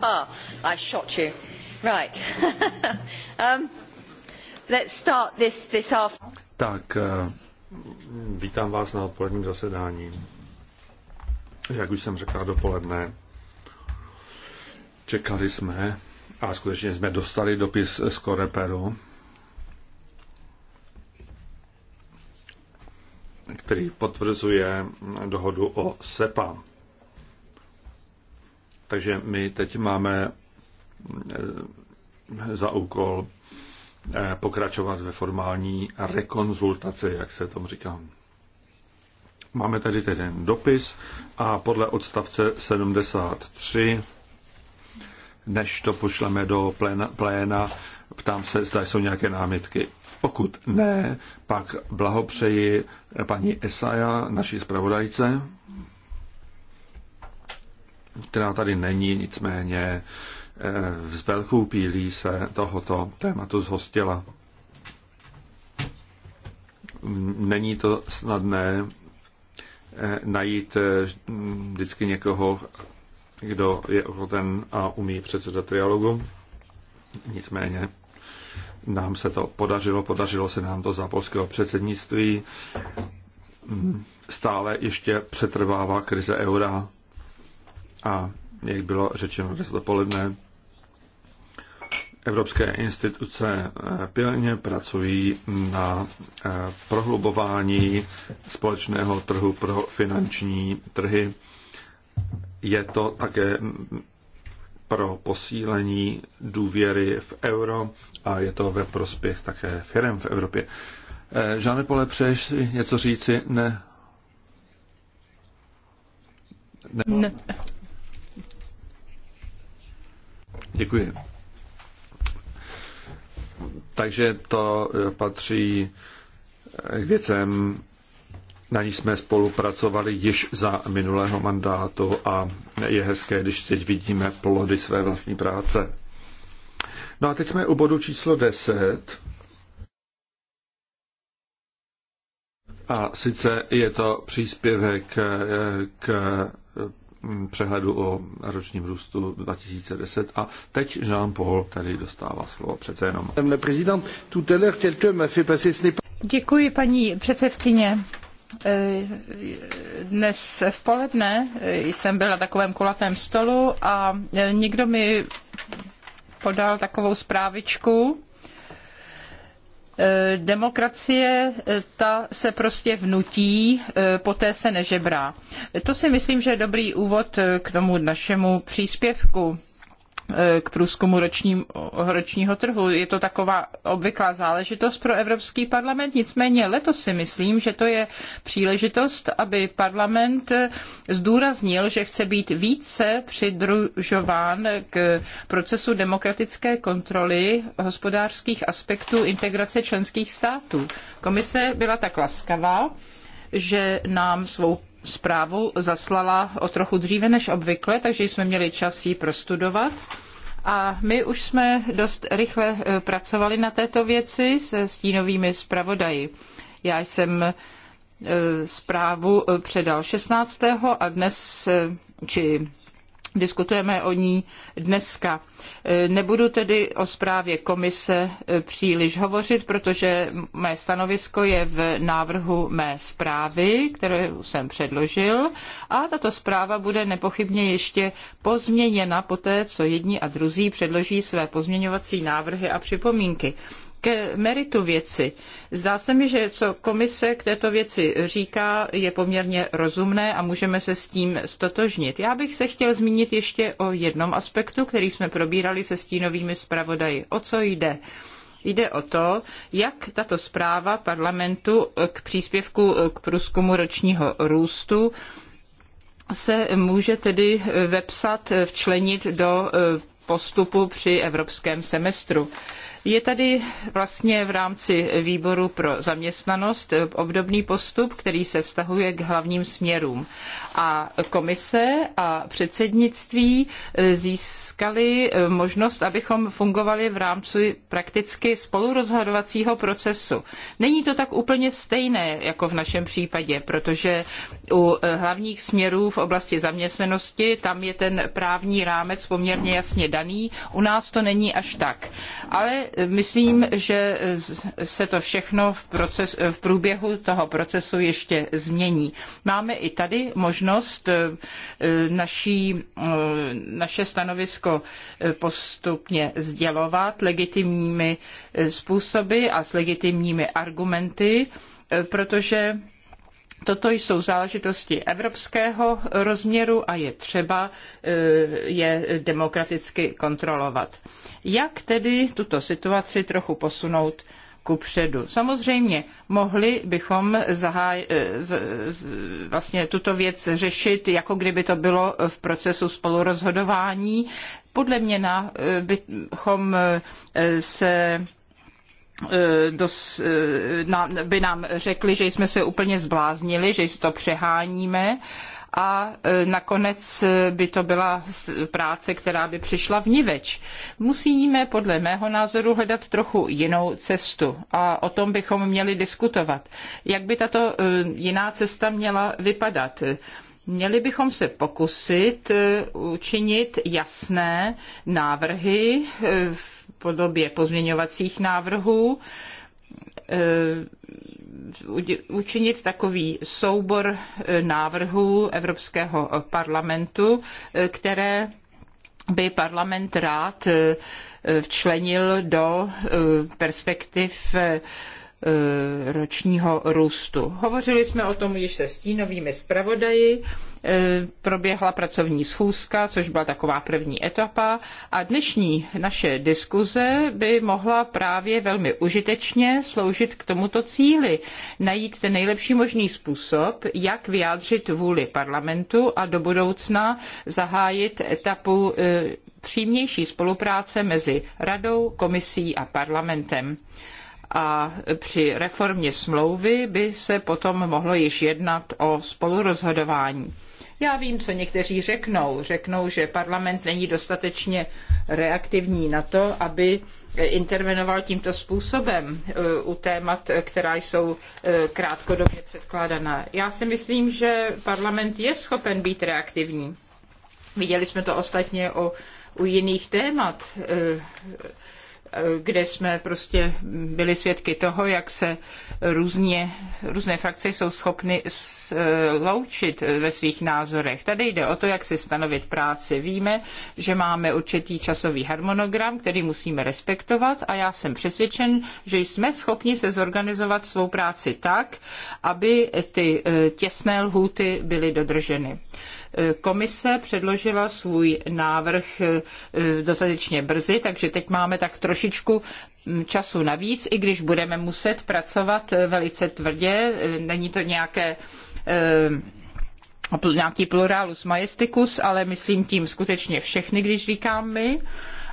I shot you. Right. um, let's start this, this afternoon. Tak, eh, vítám vás na odpoledním zasedání. Jak už jsem řekla dopoledne, čekali jsme a skutečně jsme dostali dopis z Koreperu, který potvrzuje dohodu o SEPA. Takže my teď máme eh, za úkol eh, pokračovat ve formální rekonzultaci, jak se tomu říká. Máme tady ten dopis a podle odstavce 73, než to pošleme do pléna, pléna ptám se, zda jsou nějaké námitky. Pokud ne, pak blahopřeji paní Esaja, naší zpravodajce která tady není, nicméně s eh, velkou pílí se tohoto tématu zhostila. Není to snadné eh, najít eh, vždycky někoho, kdo je ochoten a umí předsedat dialogu. Nicméně nám se to podařilo, podařilo se nám to za polského předsednictví. Stále ještě přetrvává krize eura, a jak bylo řečeno dnes dopoledne, evropské instituce eh, pilně pracují na eh, prohlubování společného trhu pro finanční trhy. Je to také pro posílení důvěry v euro a je to ve prospěch také firm v Evropě. Eh, Žáne Pole, přeješ si něco říci? Ne. Nemám. Ne. Děkuji. Takže to eh, patří eh, k věcem, na ní jsme spolupracovali již za minulého mandátu a je hezké, když teď vidíme plody své vlastní práce. No a teď jsme u bodu číslo 10. A sice je to příspěvek eh, k Mm, přehledu o ročním růstu 2010 a teď Jean-Paul tady dostává slovo přece jenom. Děkuji paní předsedkyně. Eh, dnes v poledne eh, jsem byla na takovém kulatém stolu a eh, někdo mi podal takovou zprávičku, Eh, demokracie, eh, ta se prostě vnutí, eh, poté se nežebrá. To si myslím, že je dobrý úvod k tomu našemu příspěvku. Eh, k průzkumu ročním, ročního trhu. Je to taková obvyklá záležitost pro Evropský parlament, nicméně letos si myslím, že to je příležitost, aby parlament eh, zdůraznil, že chce být více přidružován k procesu demokratické kontroly hospodářských aspektů integrace členských států. Komise byla tak laskavá, že nám svou zprávu zaslala o trochu dříve než obvykle, takže jsme měli čas ji prostudovat. A my už jsme dost rychle eh, pracovali na této věci se stínovými zpravodaji. Já jsem eh, zprávu eh, předal 16. a dnes, či Diskutujeme o ní dneska. E, nebudu tedy o zprávě komise e, příliš hovořit, protože mé stanovisko je v návrhu mé zprávy, kterou jsem předložil a tato zpráva bude nepochybně ještě pozměněna poté, co jedni a druzí předloží své pozměňovací návrhy a připomínky k meritu věci. Zdá se mi, že co komise k této věci říká, je poměrně rozumné a můžeme se s tím stotožnit. Já bych se chtěl zmínit ještě o jednom aspektu, který jsme probírali se stínovými zpravodaji. O co jde? Jde o to, jak tato zpráva parlamentu k příspěvku k průzkumu ročního růstu se může tedy vepsat, včlenit do eh, postupu při evropském semestru. Je tady vlastně v rámci výboru pro zaměstnanost obdobný postup, který se vztahuje k hlavním směrům. A komise a předsednictví získali možnost, abychom fungovali v rámci prakticky spolurozhodovacího procesu. Není to tak úplně stejné jako v našem případě, protože u hlavních směrů v oblasti zaměstnanosti tam je ten právní rámec poměrně jasně daný, u nás to není až tak. Ale myslím, že se to všechno v, proces, v průběhu toho procesu ještě změní. Máme i tady možnost eh, naší, eh, naše stanovisko eh, postupně sdělovat legitimními způsoby a s legitimními argumenty, protože Toto jsou záležitosti evropského rozměru a je třeba eh, je demokraticky kontrolovat. Jak tedy tuto situaci trochu posunout kupředu? Samozřejmě mohli bychom zahaj, eh, vlastně tuto věc řešit, jako kdyby to bylo v procesu spolurozhodování. Podle mě na, eh, bychom se Eh, dos, eh, by nám řekli, že jsme se úplně zbláznili, že si to přeháníme a eh, nakonec by to byla práce, která by přišla v niveč. Musíme podle mého názoru hledat trochu jinou cestu a o tom bychom měli diskutovat. Jak by tato jiná cesta měla vypadat? Měli bychom se pokusit učinit jasné návrhy podobě pozměňovacích návrhů eh, učinit takový soubor eh, návrhů Evropského parlamentu, eh, které by parlament rád včlenil do perspektiv ročního růstu. Hovořili jsme o tom již se stínovými zpravodaji proběhla pracovní schůzka, což byla taková první etapa a dnešní naše diskuze by mohla právě velmi užitečně sloužit k tomuto cíli, najít ten nejlepší možný způsob, jak vyjádřit vůli parlamentu a do budoucna zahájit etapu e, přímější spolupráce mezi radou, komisí a parlamentem a při reformě smlouvy by se potom mohlo již jednat o spolurozhodování. Já vím, co někteří řeknou. Řeknou, že parlament není dostatečně reaktivní na to, aby intervenoval tímto způsobem eh, u témat, která jsou eh, krátkodobě předkládaná. Já si myslím, že parlament je schopen být reaktivní. Viděli jsme to ostatně o, u jiných témat eh, kde jsme prostě byli svědky toho, jak se různě, různé frakce jsou schopny sloučit ve svých názorech. Tady jde o to, jak si stanovit práci. Víme, že máme určitý časový harmonogram, který musíme respektovat a já jsem přesvědčen, že jsme schopni se zorganizovat svou práci tak, aby ty eh, těsné lhůty byly dodrženy. Komise předložila svůj návrh e, dostatečně brzy, takže teď máme tak trošičku času navíc, i když budeme muset pracovat e, velice tvrdě. E, není to nějaké nějaký pluralus majestikus, ale myslím tím skutečně všechny, když říkám my.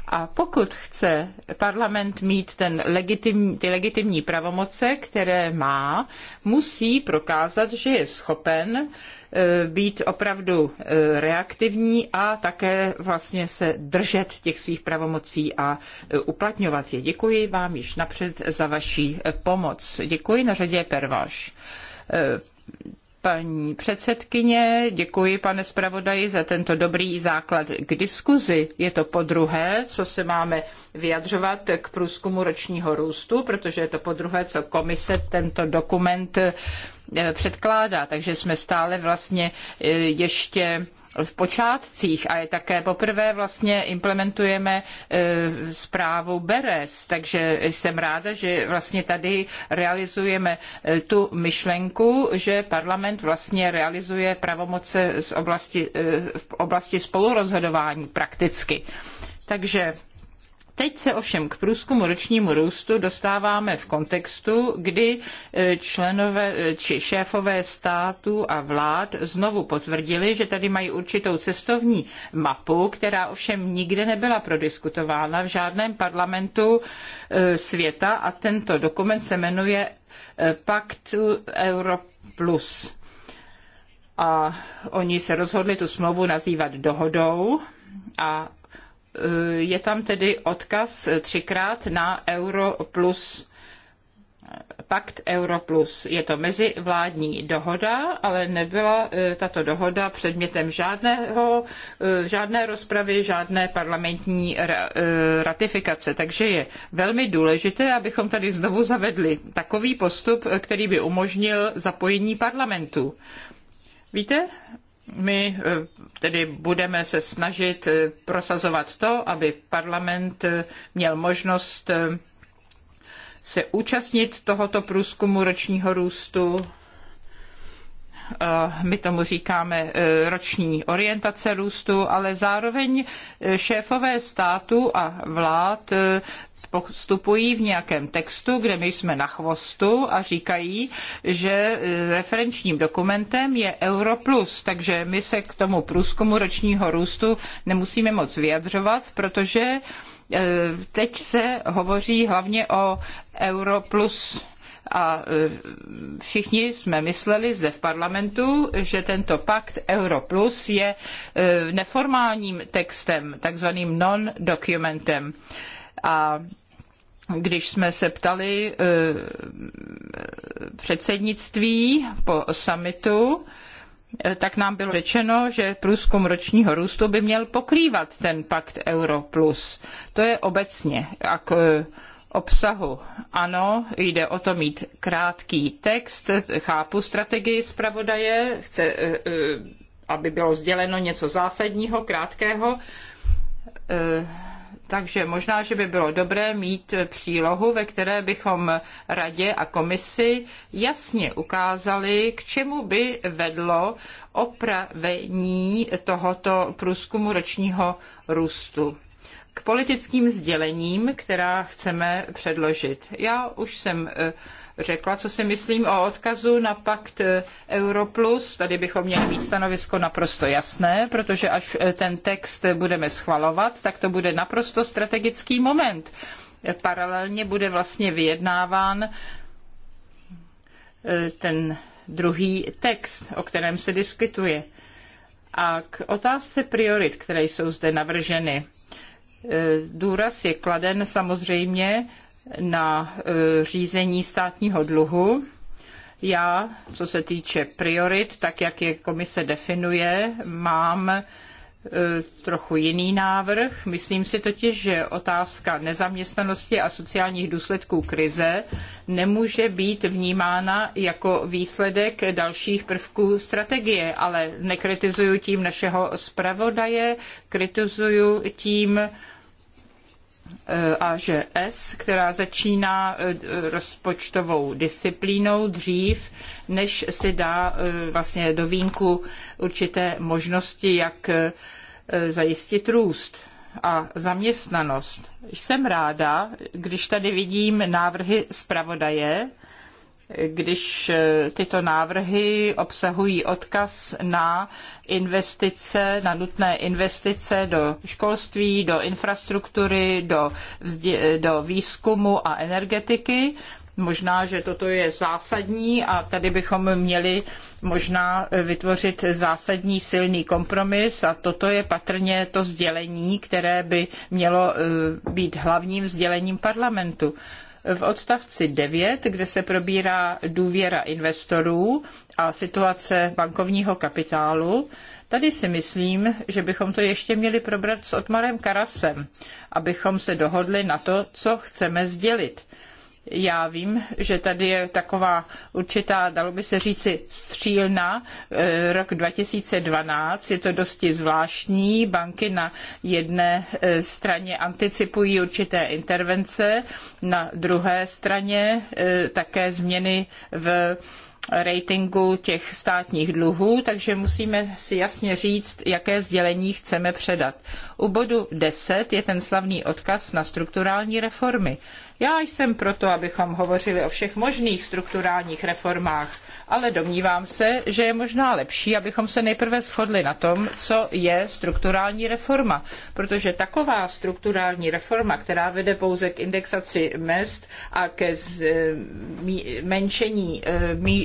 A pokud chce parlament mít ten legitim, ty legitimní pravomoce, které má, musí prokázat, že je schopen Eh, být opravdu eh, reaktivní a také vlastně se držet těch svých pravomocí a eh, uplatňovat je. Děkuji vám již napřed za vaší pomoc. Děkuji na řadě Perváš paní předsedkyně, děkuji pane zpravodaji za tento dobrý základ k diskuzi. Je to po druhé, co se máme vyjadřovat k průzkumu ročního růstu, protože je to po druhé, co komise tento dokument eh, předkládá, takže jsme stále vlastně eh, ještě v počátcích a je také poprvé vlastně implementujeme e, zprávu BERES, takže jsem ráda, že vlastně tady realizujeme e, tu myšlenku, že parlament vlastně realizuje pravomoce z oblasti, e, v oblasti spolurozhodování prakticky. Takže Teď se ovšem k průzkumu ročnímu růstu dostáváme v kontextu, kdy e, členové e, či šéfové států a vlád znovu potvrdili, že tady mají určitou cestovní mapu, která ovšem nikde nebyla prodiskutována v žádném parlamentu e, světa a tento dokument se jmenuje Pakt Euro Plus. A oni se rozhodli tu smlouvu nazývat dohodou a Eh, je tam tedy odkaz třikrát na Euro plus pakt Euro plus. Je to mezivládní dohoda, ale nebyla eh, tato dohoda předmětem žádného, eh, žádné rozpravy, žádné parlamentní ratifikace. Takže je velmi důležité, abychom tady znovu zavedli takový postup, který by umožnil zapojení parlamentu. Víte, my eh, tedy budeme se snažit eh, prosazovat to, aby parlament eh, měl možnost se účastnit tohoto průzkumu ročního růstu. My tomu říkáme roční orientace růstu, ale zároveň šéfové států a vlád postupují v nějakém textu, kde my jsme na chvostu a říkají, že e, referenčním dokumentem je Euro plus, takže my se k tomu průzkumu ročního růstu nemusíme moc vyjadřovat, protože e, teď se hovoří hlavně o Euro plus a e, všichni jsme mysleli zde v parlamentu, že tento pakt Euro Plus je neformálním textem, takzvaným non-dokumentem. A když jsme se ptali eh, předsednictví po summitu, eh, tak nám bylo řečeno, že průzkum ročního růstu by měl pokrývat ten pakt Euro+. Plus. To je obecně a k eh, obsahu. Ano, jde o to mít krátký text, chápu strategii zpravodaje, chce, aby bylo sděleno něco zásadního, krátkého, takže možná, že by bylo dobré mít přílohu, ve které bychom radě a komisi jasně ukázali, k čemu by vedlo opravení tohoto průzkumu ročního růstu k politickým sdělením, která chceme předložit. Já už jsem eh, řekla, co si myslím o odkazu na pakt eh, Europlus. Tady bychom měli mít stanovisko naprosto jasné, protože až eh, ten text budeme schvalovat, tak to bude naprosto strategický moment. Eh, paralelně bude vlastně vyjednáván ten druhý text, o kterém se diskutuje. A k otázce priorit, které jsou zde navrženy. Důraz je kladen samozřejmě na e, řízení státního dluhu. Já, co se týče priorit, tak jak je komise definuje, mám e, trochu jiný návrh. Myslím si totiž, že otázka nezaměstnanosti a sociálních důsledků krize nemůže být vnímána jako výsledek dalších prvků strategie, ale nekritizuju tím našeho zpravodaje, kritizuju tím a že S, která začíná e, rozpočtovou disciplínou dřív, než si dá e, vlastně do vínku určité možnosti, jak e, zajistit růst a zaměstnanost. Jsem ráda, když tady vidím návrhy zpravodaje, když eh, tyto návrhy obsahují odkaz na investice, na nutné investice do školství, do infrastruktury, do, do výzkumu a energetiky, Možná, že toto je zásadní a tady bychom měli možná vytvořit zásadní silný kompromis a toto je patrně to sdělení, které by mělo eh, být hlavním sdělením parlamentu v odstavci 9, kde se probírá důvěra investorů a situace bankovního kapitálu, Tady si myslím, že bychom to ještě měli probrat s Otmarem Karasem, abychom se dohodli na to, co chceme sdělit. Já vím, že tady je taková určitá, dalo by se říci, střílna. E, rok 2012 je to dosti zvláštní. Banky na jedné e, straně anticipují určité intervence, na druhé straně e, také změny v ratingu těch státních dluhů, takže musíme si jasně říct, jaké sdělení chceme předat. U bodu 10 je ten slavný odkaz na strukturální reformy. Já jsem proto, abychom hovořili o všech možných strukturálních reformách, ale domnívám se, že je možná lepší, abychom se nejprve shodli na tom, co je strukturální reforma, protože taková strukturální reforma, která vede pouze k indexaci mest a ke zmenšení eh,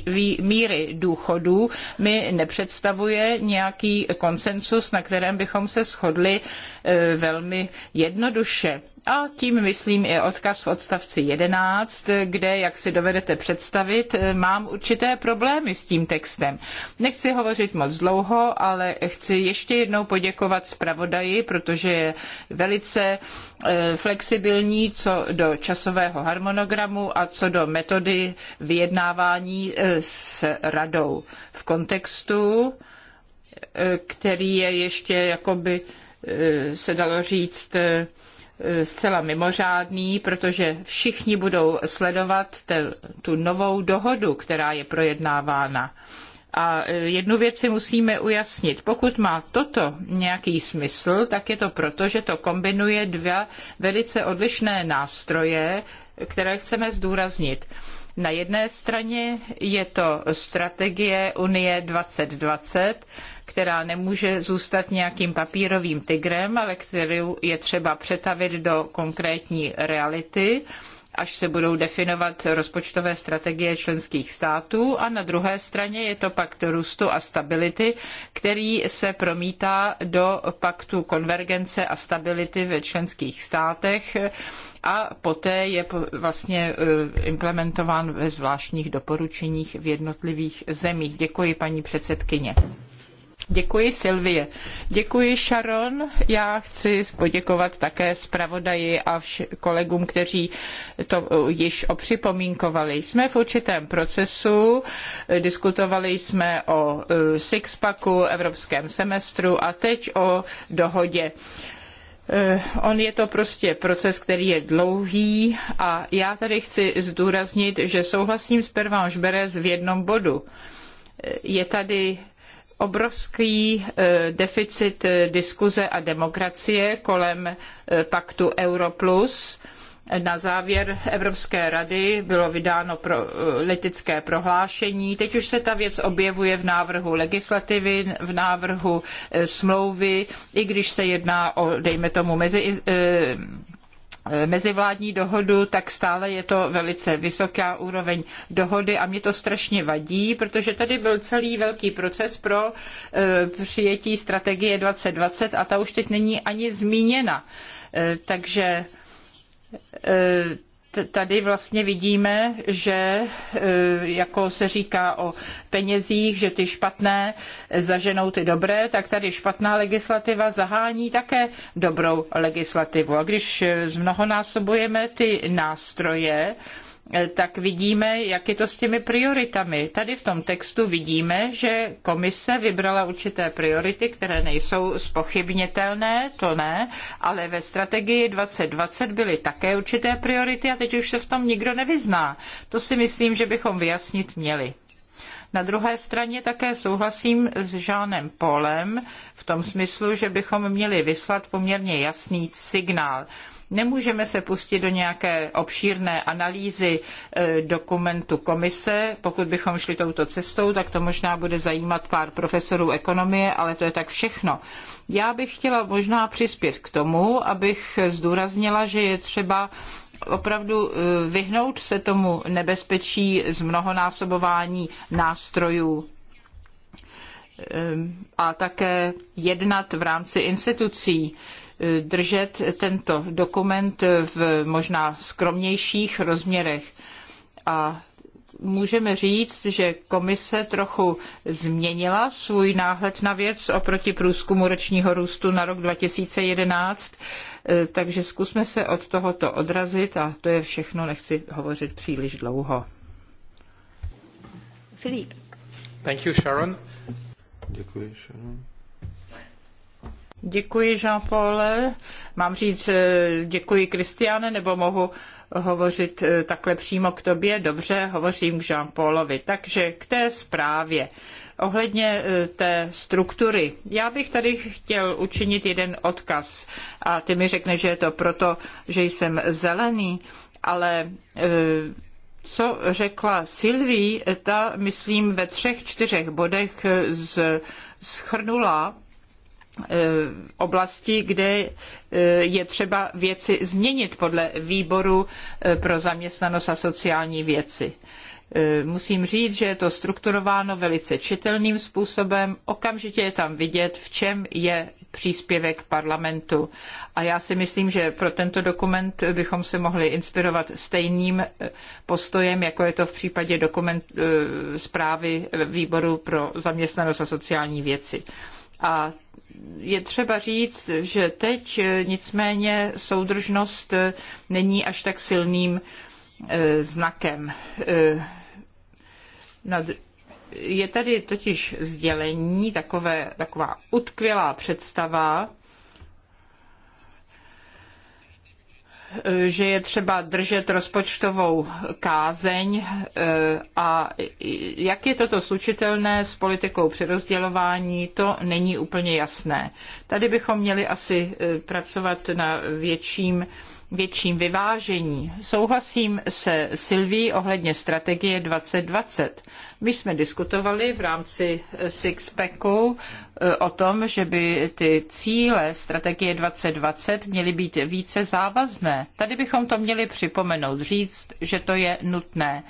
eh, míry důchodů, mi nepředstavuje nějaký konsensus, na kterém bychom se shodli eh, velmi jednoduše. A tím myslím i odkaz v odstavci 11, kde, jak si dovedete představit, eh, mám určité problémy s tím textem. Nechci hovořit moc dlouho, ale chci ještě jednou poděkovat zpravodaji, protože je velice eh, flexibilní co do časového harmonogramu a co do metody vyjednávání eh, s radou v kontextu, který je ještě jakoby se dalo říct Eh, zcela mimořádný, protože všichni budou sledovat te, tu novou dohodu, která je projednávána. A eh, jednu věc si musíme ujasnit. Pokud má toto nějaký smysl, tak je to proto, že to kombinuje dva velice odlišné nástroje, které chceme zdůraznit. Na jedné straně je to strategie Unie 2020, která nemůže zůstat nějakým papírovým tigrem, ale kterou je třeba přetavit do konkrétní reality až se budou definovat rozpočtové strategie členských států a na druhé straně je to pakt růstu a stability, který se promítá do paktu konvergence a stability ve členských státech a poté je vlastně eh, implementován ve zvláštních doporučeních v jednotlivých zemích. Děkuji paní předsedkyně. Děkuji Silvie. Děkuji Sharon. Já chci poděkovat také zpravodaji a kolegům, kteří to již opřipomínkovali. Jsme v určitém procesu, diskutovali jsme o e, Sixpacku, evropském semestru a teď o dohodě. E, on je to prostě proces, který je dlouhý a já tady chci zdůraznit, že souhlasím s Pervanche Berez v jednom bodu. E, je tady obrovský eh, deficit eh, diskuze a demokracie kolem eh, paktu Europlus. Na závěr Evropské rady bylo vydáno pro, prohlášení. Teď už se ta věc objevuje v návrhu legislativy, v návrhu smlouvy, i když se jedná o, dejme tomu, mezi Eh, mezivládní dohodu, tak stále je to velice vysoká úroveň dohody a mě to strašně vadí, protože tady byl celý velký proces pro eh, přijetí strategie 2020 a ta už teď není ani zmíněna. Eh, takže tady vlastně vidíme, že e, jako se říká o penězích, že ty špatné zaženou ty dobré, tak tady špatná legislativa zahání také dobrou legislativu. A když e, zmnohonásobujeme ty nástroje, tak vidíme, jak je to s těmi prioritami. Tady v tom textu vidíme, že komise vybrala určité priority, které nejsou spochybnitelné, to ne, ale ve strategii 2020 byly také určité priority a teď už se v tom nikdo nevyzná. To si myslím, že bychom vyjasnit měli. Na druhé straně také souhlasím s Žánem Polem v tom smyslu, že bychom měli vyslat poměrně jasný signál Nemůžeme se pustit do nějaké obšírné analýzy eh, dokumentu komise. Pokud bychom šli touto cestou, tak to možná bude zajímat pár profesorů ekonomie, ale to je tak všechno. Já bych chtěla možná přispět k tomu, abych zdůraznila, že je třeba opravdu eh, vyhnout se tomu nebezpečí zmnohonásobování nástrojů eh, a také jednat v rámci institucí držet tento dokument v možná skromnějších rozměrech. A můžeme říct, že komise trochu změnila svůj náhled na věc oproti průzkumu ročního růstu na rok 2011, e, takže zkusme se od tohoto odrazit a to je všechno, nechci hovořit příliš dlouho. Filip. Thank you, Sharon. Děkuji, Sharon. Děkuji, Jean-Paul. Mám říct eh, děkuji, Kristiane, nebo mohu hovořit eh, takhle přímo k tobě? Dobře, hovořím k Jean-Paulovi. Takže k té zprávě. Ohledně eh, té struktury, já bych tady chtěl učinit jeden odkaz a ty mi řekneš, že je to proto, že jsem zelený, ale co řekla Sylvie, ta, myslím, ve třech, čtyřech bodech z, schrnula Eh, oblasti, kde eh, je třeba věci změnit podle výboru eh, pro zaměstnanost a sociální věci. Musím říct, že je to strukturováno velice čitelným způsobem. Okamžitě je tam vidět, v čem je příspěvek parlamentu. A já si myslím, že pro tento dokument bychom se mohli inspirovat stejným postojem, jako je to v případě dokument zprávy výboru pro zaměstnanost a sociální věci. A je třeba říct, že teď eh, nicméně soudržnost eh, není až tak silným eh, znakem. Je tady totiž sdělení, takové, taková utkvělá představa, že je třeba držet rozpočtovou kázeň eh, a jak je toto slučitelné s politikou přerozdělování, to není úplně jasné. Tady bychom měli asi eh, pracovat na větším větším vyvážení. Souhlasím se Silví ohledně strategie 2020. My jsme diskutovali v rámci eh, Sixpacku eh, o tom, že by ty cíle strategie 2020 měly být více závazné. Tady bychom to měli připomenout, říct, že to je nutné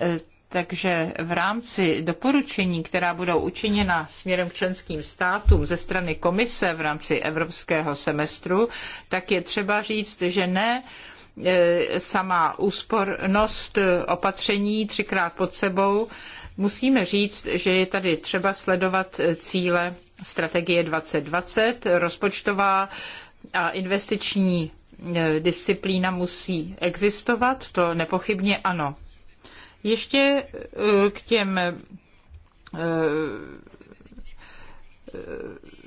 eh, takže v rámci doporučení, která budou učiněna směrem k členským státům ze strany komise v rámci evropského semestru, tak je třeba říct, že ne e, sama úspornost opatření třikrát pod sebou, musíme říct, že je tady třeba sledovat cíle strategie 2020, rozpočtová a investiční e, disciplína musí existovat, to nepochybně ano. Ještě eh, k těm eh, eh,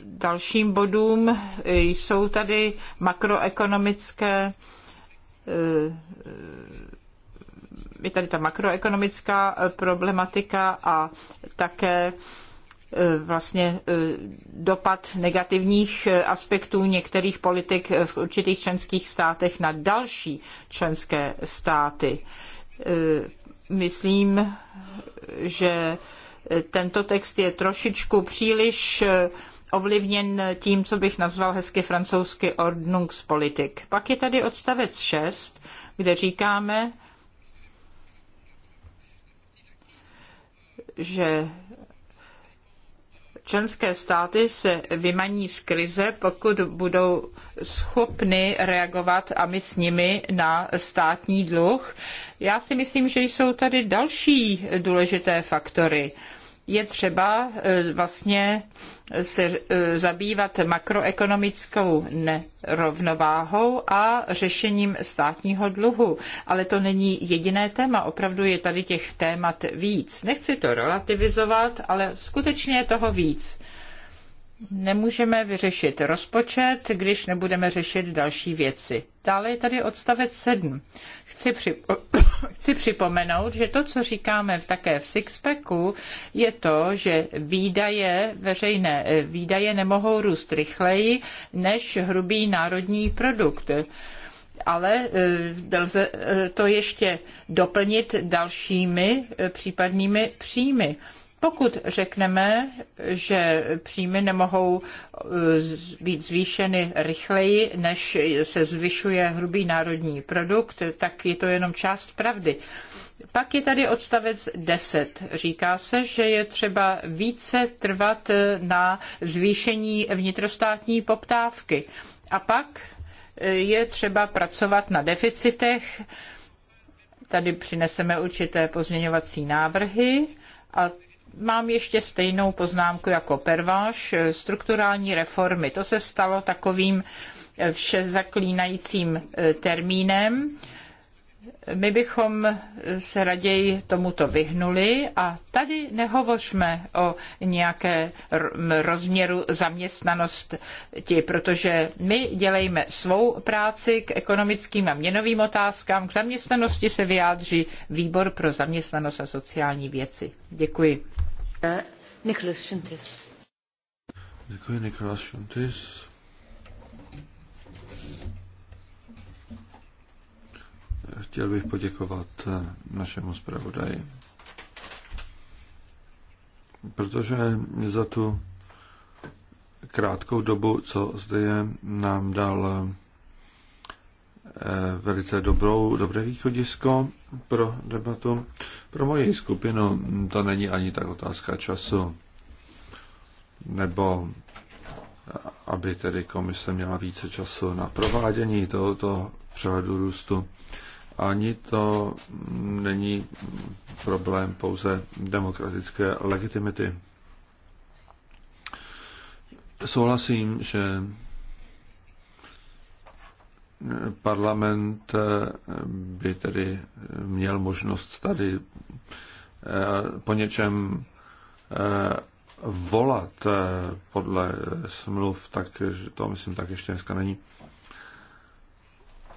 dalším bodům jsou tady makroekonomické je tady ta makroekonomická problematika a také vlastně dopad negativních aspektů některých politik v určitých členských státech na další členské státy myslím, že tento text je trošičku příliš eh, ovlivněn tím, co bych nazval hezky francouzsky ordnungspolitik. Pak je tady odstavec 6, kde říkáme, že členské státy se vymaní z krize, pokud budou schopny reagovat a my s nimi na státní dluh. Já si myslím, že jsou tady další důležité faktory je třeba eh, vlastně se eh, zabývat makroekonomickou nerovnováhou a řešením státního dluhu. Ale to není jediné téma, opravdu je tady těch témat víc. Nechci to relativizovat, ale skutečně je toho víc nemůžeme vyřešit rozpočet, když nebudeme řešit další věci. Dále je tady odstavec 7. Chci, připo- chci připomenout, že to, co říkáme také v Sixpacku, je to, že výdaje, veřejné eh, výdaje nemohou růst rychleji než hrubý národní produkt ale eh, lze eh, to ještě doplnit dalšími případnými příjmy. Pokud řekneme, že příjmy nemohou e, být zvýšeny rychleji, než se zvyšuje hrubý národní produkt, tak je to jenom část pravdy. Pak je tady odstavec 10. Říká se, že je třeba více trvat na zvýšení vnitrostátní poptávky. A pak e, je třeba pracovat na deficitech. Tady přineseme určité pozměňovací návrhy a mám ještě stejnou poznámku jako perváš, eh, strukturální reformy. To se stalo takovým eh, vše zaklínajícím eh, termínem. My bychom se raději tomuto vyhnuli a tady nehovořme o nějaké rozměru zaměstnanosti, protože my dělejme svou práci k ekonomickým a měnovým otázkám. K zaměstnanosti se vyjádří Výbor pro zaměstnanost a sociální věci. Děkuji. Uh, Niklas Šuntis. Děkuji, Niklas Šuntis. Chtěl bych poděkovat eh, našemu zpravodaji, protože za tu krátkou dobu, co zde je, nám dal eh, Eh, velice dobrou, dobré východisko pro debatu. Pro moji skupinu to není ani tak otázka času, nebo eh, aby tedy komise měla více času na provádění tohoto přehledu růstu. Ani to není problém pouze demokratické legitimity. Souhlasím, že parlament eh, by tedy měl možnost tady eh, po něčem eh, volat podle smluv, tak to myslím tak ještě dneska není.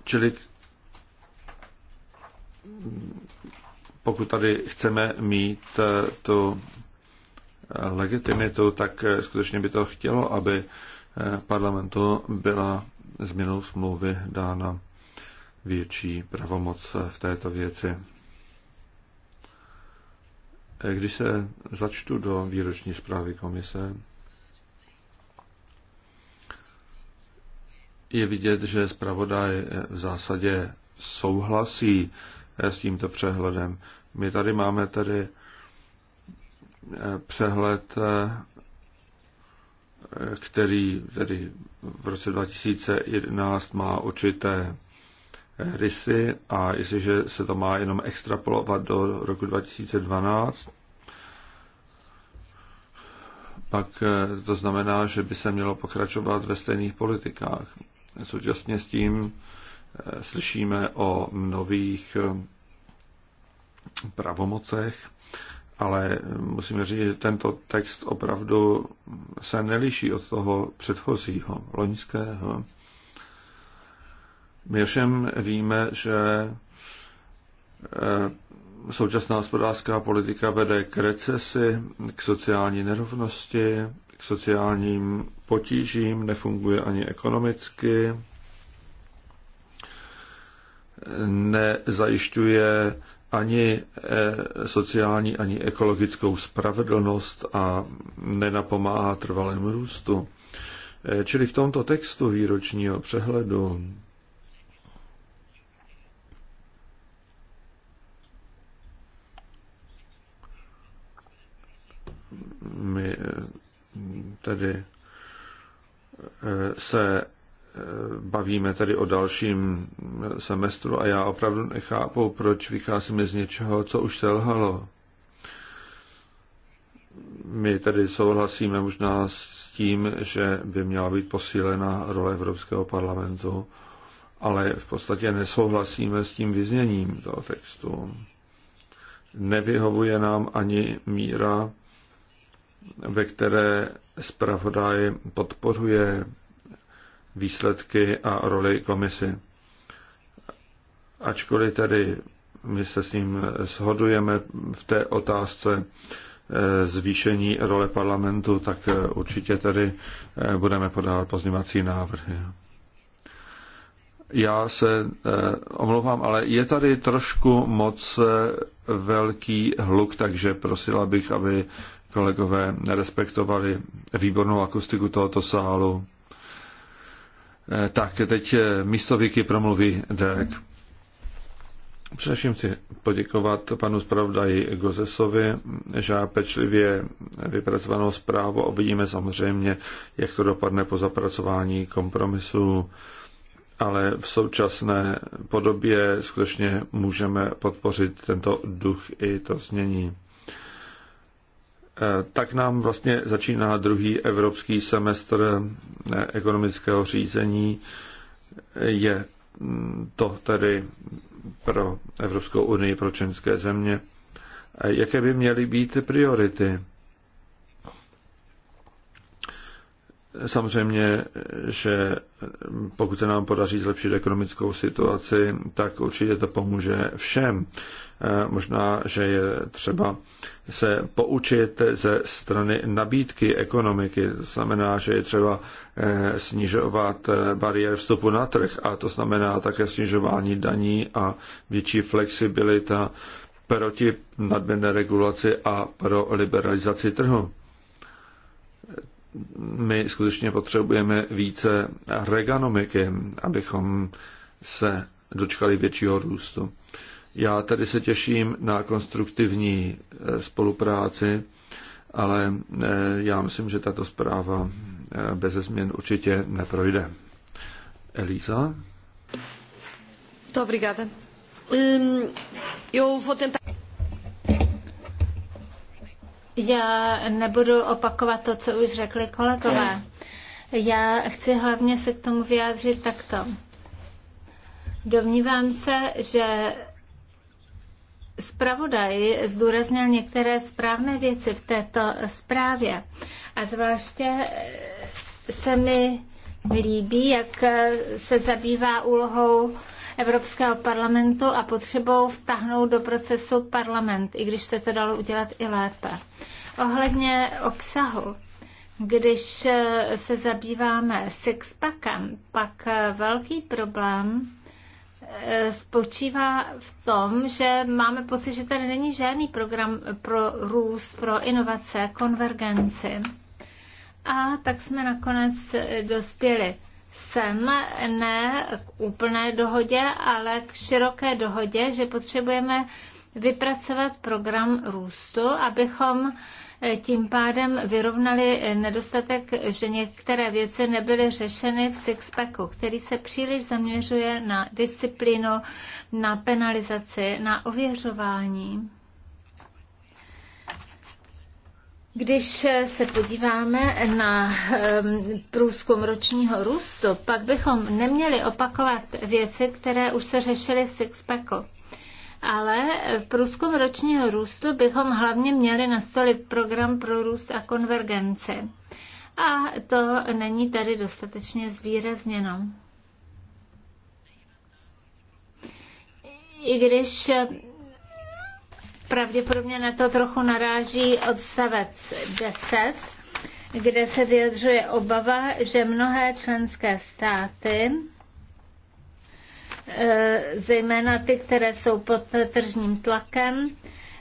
Čili pokud tady chceme mít tu legitimitu, tak skutečně by to chtělo, aby parlamentu byla změnou smlouvy dána větší pravomoc v této věci. Když se začtu do výroční zprávy komise, je vidět, že zpravodaj v zásadě souhlasí s tímto přehledem. My tady máme tedy eh, přehled, eh, který tedy v roce 2011 má určité rysy a jestliže se to má jenom extrapolovat do roku 2012, pak eh, to znamená, že by se mělo pokračovat ve stejných politikách. Současně s tím eh, slyšíme o nových eh, pravomocech ale musím říct, že tento text opravdu se neliší od toho předchozího, loňského. My všem víme, že eh, současná hospodářská politika vede k recesi, k sociální nerovnosti, k sociálním potížím, nefunguje ani ekonomicky, nezajišťuje ani eh, sociální, ani ekologickou spravedlnost a nenapomáhá trvalému růstu. Eh, čili v tomto textu výročního přehledu my eh, tedy se bavíme tady o dalším semestru a já opravdu nechápu, proč vycházíme z něčeho, co už selhalo. My tady souhlasíme možná s tím, že by měla být posílena role Evropského parlamentu, ale v podstatě nesouhlasíme s tím vyzněním toho textu. Nevyhovuje nám ani míra, ve které zpravodaj podporuje výsledky a roli komisy. Ačkoliv tedy my se s ním shodujeme v té otázce eh, zvýšení role parlamentu, tak eh, určitě tedy eh, budeme podávat pozněvací návrhy. Já se omlouvám, ale je tady trošku moc velký hluk, takže prosila bych, aby kolegové respektovali výbornou akustiku tohoto sálu. Eh, tak, teď eh, místo Vicky promluví Derek. Především chci poděkovat panu zpravodaji Gozesovi za pečlivě vypracovanou zprávu a uvidíme samozřejmě, jak to dopadne po zapracování kompromisu. Ale v současné podobě skutečně můžeme podpořit tento duch i to znění. Eh, tak nám vlastně začíná druhý evropský semestr eh, ekonomického řízení. Je mm, to tedy pro Evropskou unii, pro členské země. Eh, jaké by měly být priority? Samozřejmě, že mm, pokud se nám podaří zlepšit ekonomickou situaci, tak určitě to pomůže všem. Eh, možná, že je třeba se poučit ze strany nabídky ekonomiky. To znamená, že je třeba eh, snižovat eh, bariér vstupu na trh a to znamená také snižování daní a větší flexibilita proti nadměrné regulaci a pro liberalizaci trhu my skutečně potřebujeme více reganomiky, abychom se dočkali většího růstu. Já tady se těším na konstruktivní eh, spolupráci, ale eh, já myslím, že tato zpráva eh, bez změn určitě neprojde. Elisa? Já nebudu opakovat to, co už řekli kolegové. Já chci hlavně se k tomu vyjádřit takto. Domnívám se, že Spravodaj zdůraznil některé správné věci v této zprávě a zvláště eh, se mi líbí, jak eh, se zabývá úlohou Evropského parlamentu a potřebou vtáhnout do procesu parlament, i když se to dalo udělat i lépe. Ohledně obsahu, když eh, se zabýváme sixpackem, pak velký problém Eh, spočívá v tom, že máme pocit, že tady není žádný program pro růst, pro inovace, konvergenci. A tak jsme nakonec eh, dospěli sem ne k úplné dohodě, ale k široké dohodě, že potřebujeme vypracovat program růstu, abychom tím pádem vyrovnali nedostatek, že některé věci nebyly řešeny v Sixpacku, který se příliš zaměřuje na disciplínu, na penalizaci, na ověřování. Když se podíváme na průzkum ročního růstu, pak bychom neměli opakovat věci, které už se řešily v Sixpacku ale v průzkum ročního růstu bychom hlavně měli nastolit program pro růst a konvergenci. A to není tady dostatečně zvýrazněno. I když pravděpodobně na to trochu naráží odstavec 10, kde se vyjadřuje obava, že mnohé členské státy Eh, zejména ty, které jsou pod tržním tlakem,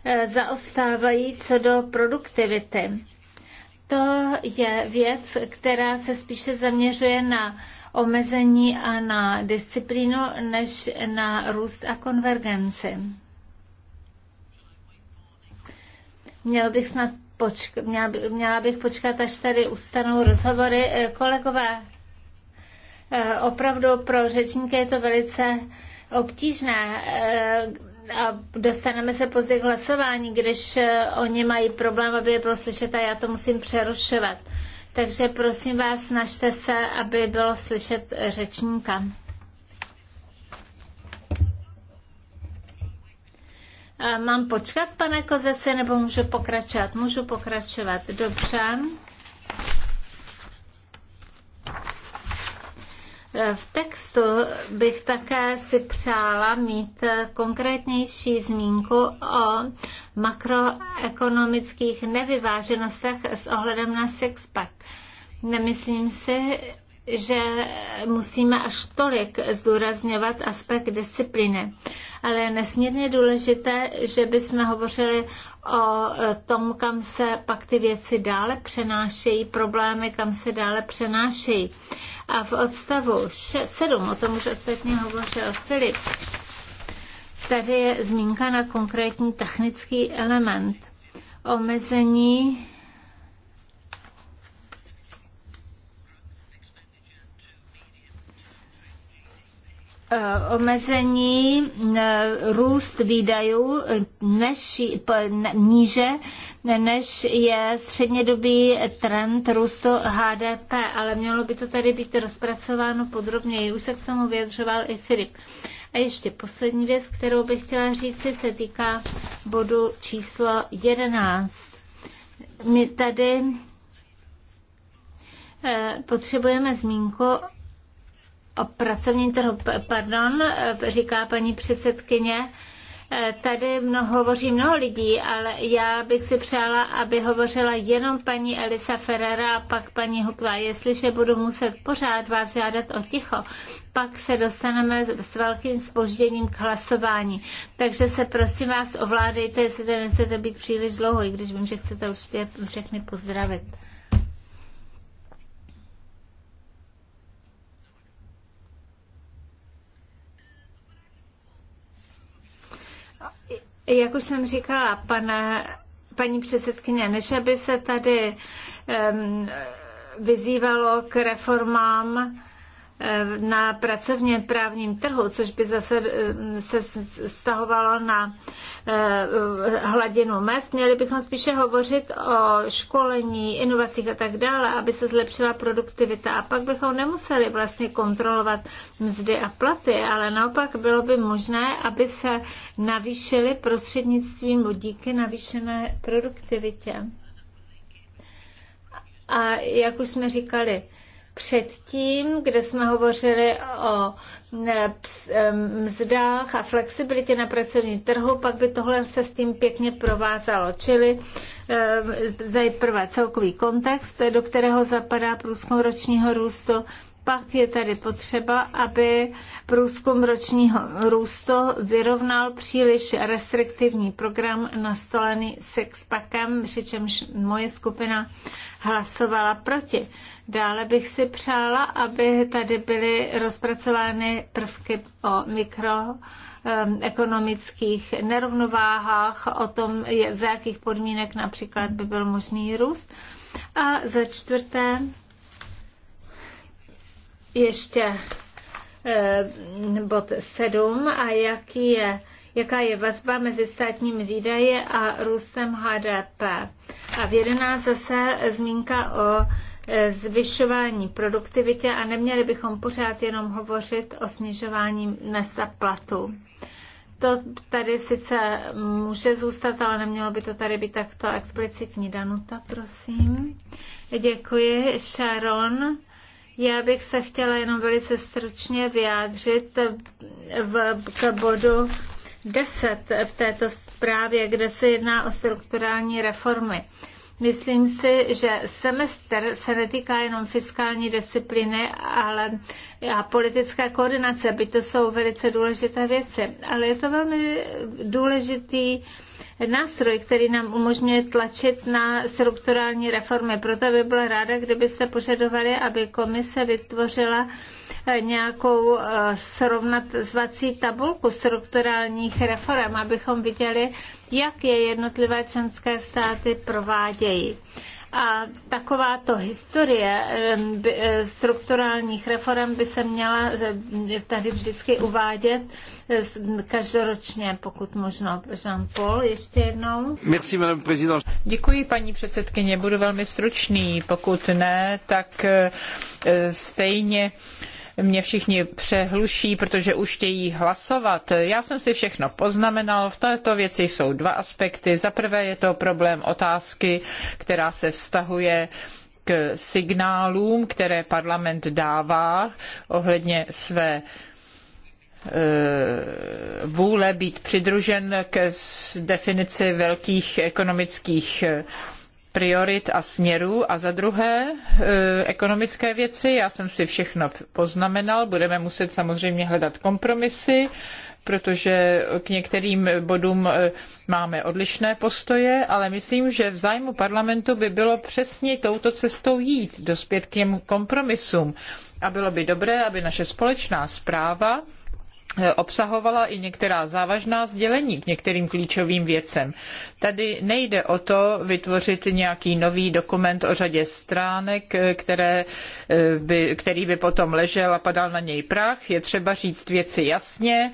eh, zaostávají co do produktivity. To je věc, která se spíše zaměřuje na omezení a na disciplínu, než na růst a konvergenci. Měl bych snad počk- měla, by, měla bych počkat, až tady ustanou rozhovory eh, kolegové Eh, opravdu pro řečníky je to velice obtížné eh, a dostaneme se později k hlasování, když eh, oni mají problém, aby je slyšet a já to musím přerušovat. Takže prosím vás, snažte se, aby bylo slyšet řečníka. Mám počkat, pane Kozese, nebo můžu pokračovat? Můžu pokračovat. Dobře. V textu bych také si přála mít konkrétnější zmínku o makroekonomických nevyváženostech s ohledem na sixpack. Nemyslím si, že musíme až tolik zdůrazňovat aspekt disciplíny. Ale je nesmírně důležité, že bychom hovořili o tom, kam se pak ty věci dále přenášejí, problémy, kam se dále přenášejí. A v odstavu 6, 7, o tom už ostatně hovořil Filip, tady je zmínka na konkrétní technický element omezení Eh, omezení eh, růst výdajů eh, než, níže, než je střednědobý trend růstu HDP, ale mělo by to tady být rozpracováno podrobněji. Už se k tomu vyjadřoval i Filip. A ještě poslední věc, kterou bych chtěla říci, se týká bodu číslo 11. My tady potřebujeme zmínku pracovní trhu, pardon, říká paní předsedkyně, Tady mnoho, hovoří mnoho lidí, ale já bych si přála, aby hovořila jenom paní Elisa Ferrera a pak paní Hopla. Jestliže budu muset pořád vás žádat o ticho, pak se dostaneme s velkým spožděním k hlasování. Takže se prosím vás ovládejte, jestli to nechcete být příliš dlouho, i když vím, že chcete určitě všechny pozdravit. Jak už jsem říkala, pana, paní předsedkyně, než aby se tady um, vyzývalo k reformám, Eh, na pracovně právním trhu, což by zase eh, se stahovalo na eh, hladinu mest. Měli bychom spíše hovořit o školení, inovacích a tak dále, aby se zlepšila produktivita. A pak bychom nemuseli vlastně kontrolovat mzdy a platy, ale naopak bylo by možné, aby se navýšily prostřednictvím díky navýšené produktivitě. A jak už jsme říkali, předtím, kde jsme hovořili o mzdách a flexibilitě na pracovním trhu, pak by tohle se s tím pěkně provázalo. Čili nejprve eh, celkový kontext, do kterého zapadá průzkum ročního růstu, pak je tady potřeba, aby průzkum ročního růstu vyrovnal příliš restriktivní program nastolený sexpackem, přičemž moje skupina hlasovala proti. Dále bych si přála, aby tady byly rozpracovány prvky o mikro ekonomických nerovnováhách, o tom, za jakých podmínek například by byl možný růst. A za čtvrté ještě eh, bod sedm a jaký je jaká je vazba mezi státními výdaje a růstem HDP. A v jedenáct zase zmínka o zvyšování produktivitě a neměli bychom pořád jenom hovořit o snižování mesta platu. To tady sice může zůstat, ale nemělo by to tady být takto explicitní. Danuta, prosím. Děkuji. Sharon. Já bych se chtěla jenom velice stručně vyjádřit v, k bodu 10 v této zprávě, kde se jedná o strukturální reformy. Myslím si, že semestr se netýká jenom fiskální disciplíny, ale a politická koordinace, byť to jsou velice důležité věci, ale je to velmi důležitý nástroj, který nám umožňuje tlačit na strukturální reformy. Proto by byla ráda, kdybyste požadovali, aby komise vytvořila eh, nějakou eh, srovnatvací tabulku strukturálních reform, abychom viděli, jak je jednotlivé členské státy provádějí. A takováto historie e, strukturálních reform by se měla e, tady vždycky uvádět e, každoročně, pokud možno. Jean-Paul, ještě jednou. Merci, madame président. Děkuji, paní předsedkyně. Budu velmi stručný. Pokud ne, tak stejně mě všichni přehluší, protože už chtějí hlasovat. Já jsem si všechno poznamenal. V této věci jsou dva aspekty. Za prvé je to problém otázky, která se vztahuje k signálům, které parlament dává ohledně své eh, vůle být přidružen k definici velkých ekonomických eh, priorit a směrů a za druhé eh, ekonomické věci. Já jsem si všechno poznamenal, budeme muset samozřejmě hledat kompromisy, protože k některým bodům eh, máme odlišné postoje, ale myslím, že v zájmu parlamentu by bylo přesně touto cestou jít, dospět k těm kompromisům. A bylo by dobré, aby naše společná zpráva Eh, obsahovala i některá závažná sdělení k některým klíčovým věcem. Tady nejde o to vytvořit nějaký nový dokument o řadě stránek, eh, které eh, by, který by potom ležel a padal na něj prach. Je třeba říct věci jasně,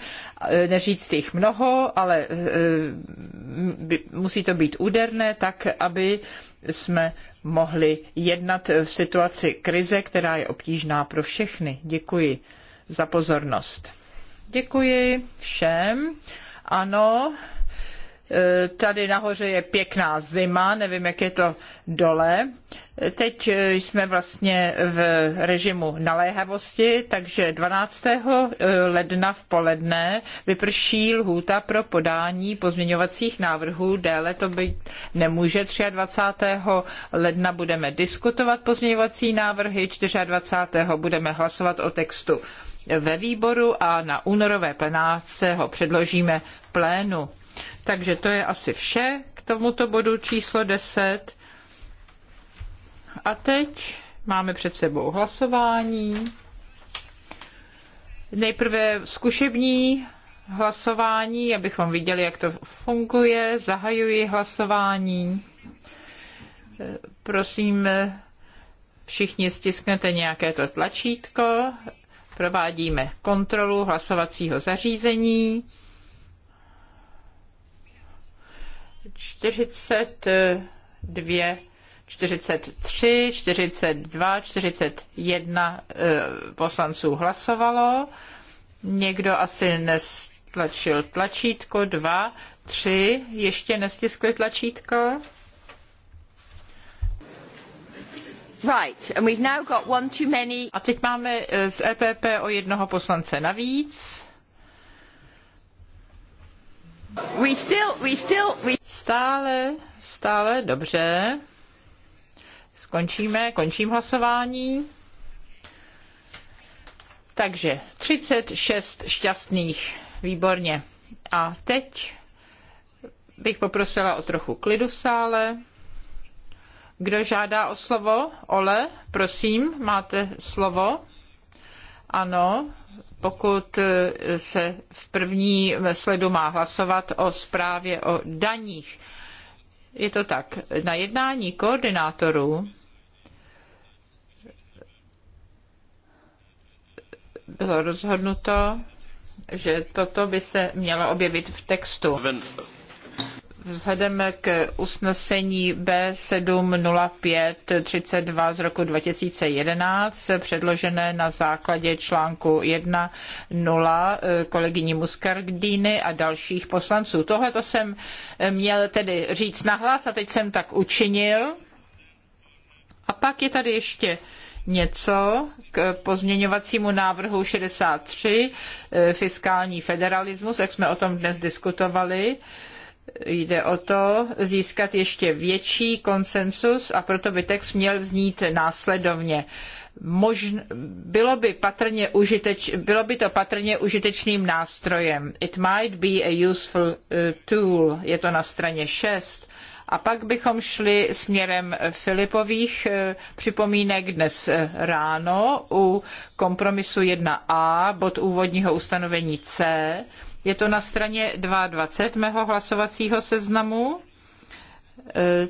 neříct jich mnoho, ale musí to být úderné, tak aby jsme mohli jednat v situaci krize, která je obtížná pro všechny. Děkuji za pozornost. Děkuji všem. Ano, e, tady nahoře je pěkná zima, nevím, jak je to dole. Teď e, jsme vlastně v režimu naléhavosti, takže 12. E, ledna v poledne vyprší lhůta pro podání pozměňovacích návrhů. Déle to být nemůže. 23. ledna budeme diskutovat pozměňovací návrhy, 24. budeme hlasovat o textu ve výboru a na únorové plenárce ho předložíme plénu. Takže to je asi vše k tomuto bodu číslo 10. A teď máme před sebou hlasování. Nejprve zkušební hlasování, abychom viděli, jak to funguje. Zahajuji hlasování. Prosím, všichni stisknete nějaké to tlačítko. Provádíme kontrolu hlasovacího zařízení. 42 43, 42, 41 poslanců hlasovalo. Někdo asi nestlačil tlačítko, dva, tři ještě nestiskli tlačítko. Right, and we've now got one too many. A teď máme eh, z EPP o jednoho poslance navíc. We still, we still, we... Stále, stále, dobře. Skončíme, končím hlasování. Takže 36 šťastných, výborně. A teď bych poprosila o trochu klidu v sále. Kdo žádá o slovo? Ole, prosím, máte slovo. Ano, pokud eh, se v první sledu má hlasovat o zprávě o daních. Je to tak. Na jednání koordinátorů bylo rozhodnuto, že toto by se mělo objevit v textu. Vzhledem k usnesení B70532 z roku 2011, předložené na základě článku 1.0 eh, kolegyní Muscardini a dalších poslanců. Tohle to jsem eh, měl tedy říct nahlas a teď jsem tak učinil. A pak je tady ještě něco k pozměňovacímu návrhu 63, eh, fiskální federalismus, jak jsme o tom dnes diskutovali. Jde o to získat ještě větší konsensus a proto by text měl znít následovně. Možn, bylo, by patrně užiteč, bylo by to patrně užitečným nástrojem. It might be a useful uh, tool. Je to na straně 6. A pak bychom šli směrem Filipových eh, připomínek dnes eh, ráno u kompromisu 1a, bod úvodního ustanovení C. Je to na straně 22 mého hlasovacího seznamu e,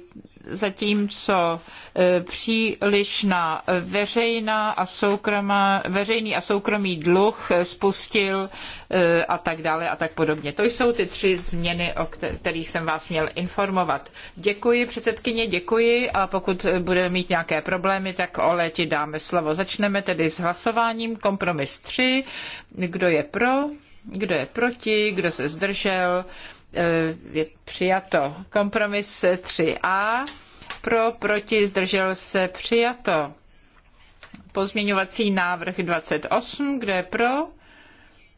zatímco e, přílišná veřejná a soukromá, veřejný a soukromý dluh spustil e, a tak dále a tak podobně. To jsou ty tři změny, o kterých jsem vás měl informovat. Děkuji předsedkyně, děkuji a pokud budeme mít nějaké problémy, tak Ole ti dáme slovo. Začneme tedy s hlasováním. Kompromis 3. Kdo je pro? Kdo je proti? Kdo se zdržel? Eh, je přijato. Kompromis 3a. Pro, proti, zdržel se, přijato. Pozměňovací návrh 28. Kdo je pro?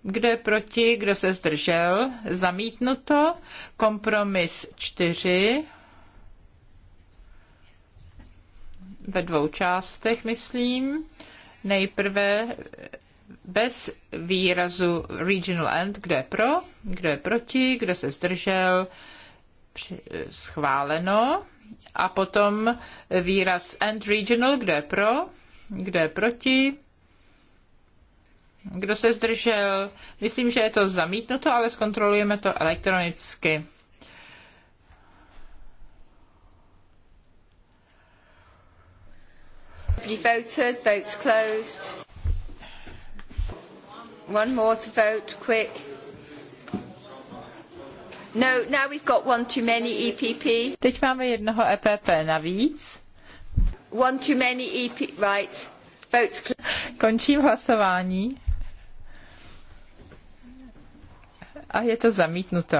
Kdo je proti? Kdo se zdržel? Zamítnuto. Kompromis 4. Ve dvou částech, myslím. Nejprve bez výrazu regional end, kdo je pro, kdo je proti, kdo se zdržel, schváleno. A potom výraz end regional, kdo je pro, kdo je proti, kdo se zdržel. Myslím, že je to zamítnuto, ale zkontrolujeme to elektronicky. Voted, votes closed. One more to vote, quick. No, now we've got one too many EPP. Teď máme jednoho EPP navíc. One too many EP, right. Votes Končím hlasování. A je to zamítnuto.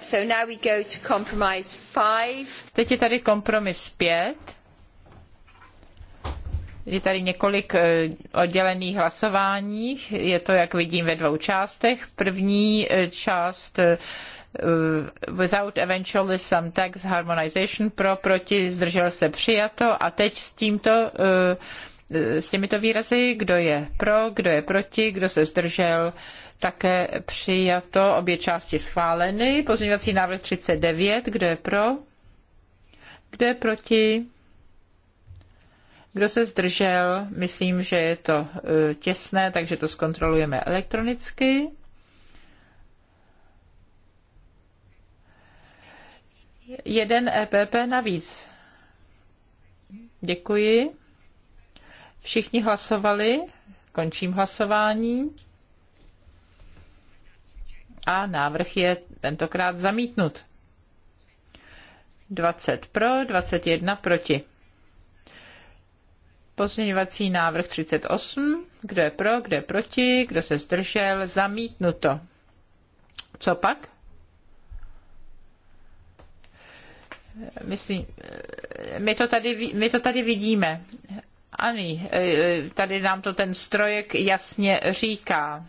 So now we go to compromise five. Teď je tady kompromis 5. Je tady několik eh, oddělených hlasování. Je to, jak vidím, ve dvou částech. První eh, část eh, without eventually some tax harmonization pro, proti, zdržel se přijato a teď s tímto s těmito výrazy, kdo je pro, kdo je proti, kdo se zdržel, také přijato, obě části schváleny. Pozměňovací návrh 39, kdo je pro, kdo je proti, kdo se zdržel, myslím, že je to e, těsné, takže to zkontrolujeme elektronicky. Jeden EPP navíc. Děkuji. Všichni hlasovali. Končím hlasování. A návrh je tentokrát zamítnut. 20 pro, 21 proti. Pozměňovací návrh 38. Kdo je pro, kdo je proti, kdo se zdržel, zamítnuto. Co pak? Myslím, my to tady, my to tady vidíme. Ani, e, e, tady nám to ten strojek jasně říká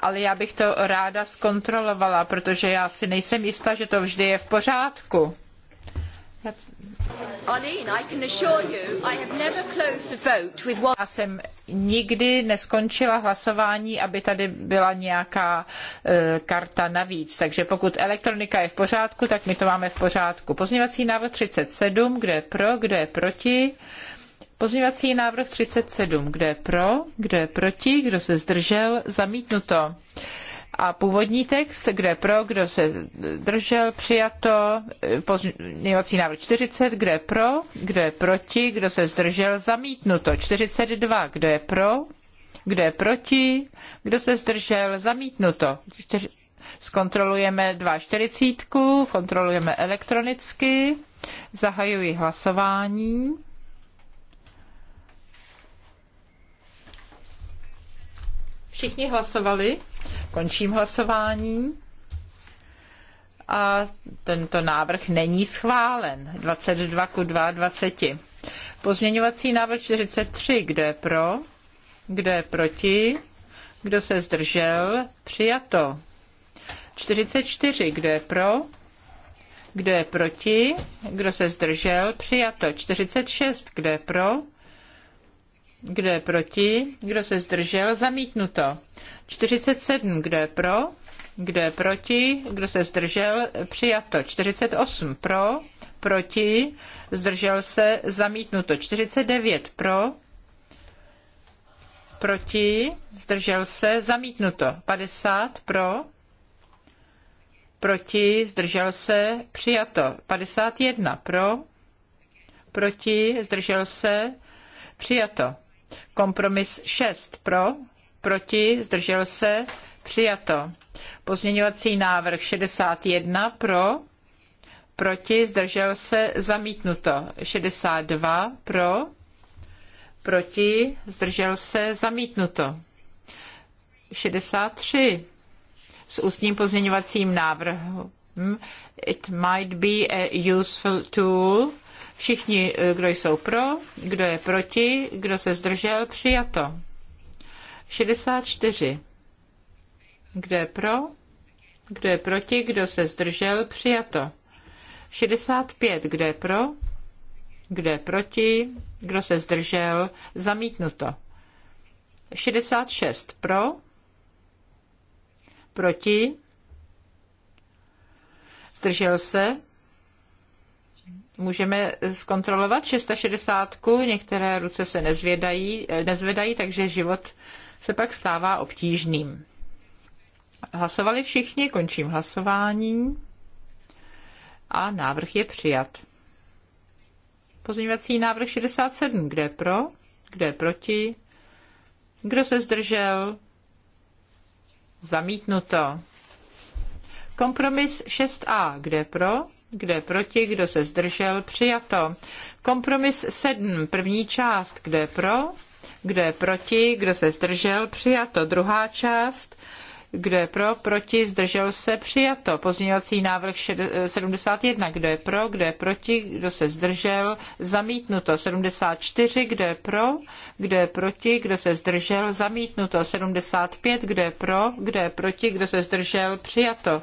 ale já bych to ráda zkontrolovala, protože já si nejsem jistá, že to vždy je v pořádku. Já jsem nikdy neskončila hlasování, aby tady byla nějaká eh, karta navíc. Takže pokud elektronika je v pořádku, tak my to máme v pořádku. Pozměňovací návrh 37, kdo je pro, kdo je proti? Pozměňovací návrh 37, kdo je pro, kdo je proti, kdo se zdržel, zamítnuto. A původní text, kde pro, kdo se držel, přijato, e, pozměňovací návrh 40, kde pro, kdo je proti, kdo se zdržel, zamítnuto. 42, kdo je pro, kdo je proti, kdo se zdržel, zamítnuto. Zkontrolujeme 2.40, kontrolujeme elektronicky, zahajuji hlasování. Všichni hlasovali? Končím hlasování. A tento návrh není schválen. 22 ku 22. Pozměňovací návrh 43. Kdo je pro? Kdo je proti? Kdo se zdržel? Přijato. 44. Kdo je pro? Kdo je proti? Kdo se zdržel? Přijato. 46. Kdo je pro? Kdo je proti? Kdo se zdržel? Zamítnuto. 47. Kdo je pro? Kdo je proti? Kdo se zdržel? Přijato. 48. Pro? Proti? Zdržel se? Zamítnuto. 49. Pro? Proti? Zdržel se? Zamítnuto. 50. Pro? Proti? Zdržel se? Přijato. 51. Pro? Proti? Zdržel se? Přijato. Kompromis 6 pro, proti, zdržel se, přijato. Pozměňovací návrh 61 pro, proti, zdržel se, zamítnuto. 62 pro, proti, zdržel se, zamítnuto. 63 s ústním pozměňovacím návrhem. It might be a useful tool Všichni, eh, kdo jsou pro, kdo je proti, kdo se zdržel, přijato. 64. Kdo je pro, kdo je proti, kdo se zdržel, přijato. 65. Kdo je pro, kdo je proti, kdo se zdržel, zamítnuto. 66 pro, proti, zdržel se, můžeme zkontrolovat 660, některé ruce se nezvědají, nezvedají, takže život se pak stává obtížným. Hlasovali všichni, končím hlasování a návrh je přijat. Pozměňovací návrh 67, kde je pro, kde je proti, kdo se zdržel, zamítnuto. Kompromis 6a, kde je pro, kdo je proti? Kdo se zdržel? Přijato. Kompromis 7. První část. Kdo je pro? Kdo je proti? Kdo se zdržel? Přijato. Druhá část. Kdo je pro? Proti? Zdržel se? Přijato. Pozměňovací návrh 71. Kdo je pro? Kdo je proti? Kdo se zdržel? Zamítnuto. 74. Kdo je pro? Kdo je proti? Kdo se zdržel? Zamítnuto. 75. Kdo je pro? Kdo je proti? Kdo se zdržel? Přijato.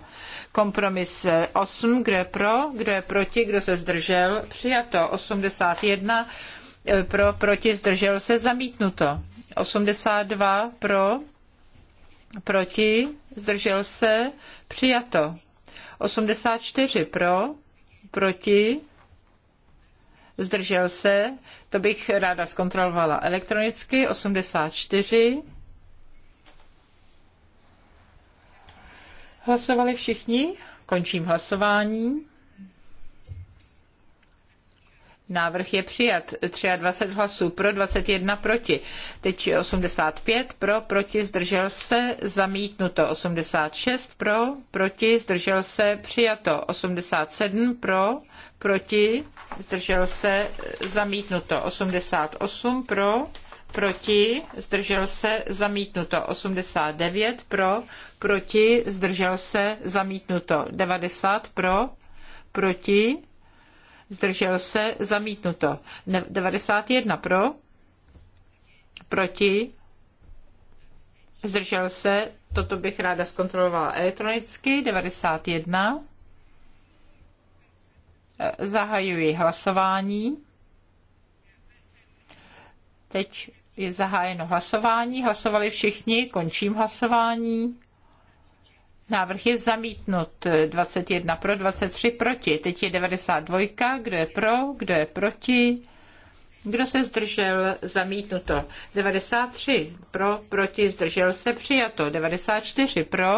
Kompromis 8, eh, kdo je pro, kdo je proti, kdo se zdržel, přijato. 81 eh, pro, proti, zdržel se, zamítnuto. 82 pro, proti, zdržel se, přijato. 84 pro, proti, zdržel se, to bych ráda zkontrolovala elektronicky, 84 Hlasovali všichni? Končím hlasování. Návrh je přijat. 23 hlasů pro, 21 proti. Teď 85 pro, proti, zdržel se, zamítnuto. 86 pro, proti, zdržel se, přijato. 87 pro, proti, zdržel se, zamítnuto. 88 pro, proti, zdržel se, zamítnuto 89 pro, proti, zdržel se, zamítnuto 90 pro, proti, zdržel se, zamítnuto 91 pro, proti, zdržel se, toto bych ráda zkontrolovala elektronicky, 91. Zahajuji hlasování. Teď je zahájeno hlasování. Hlasovali všichni. Končím hlasování. Návrh je zamítnut. 21 pro, 23 proti. Teď je 92. Kdo je pro, kdo je proti? Kdo se zdržel? Zamítnuto. 93 pro, proti, zdržel se, přijato. 94 pro,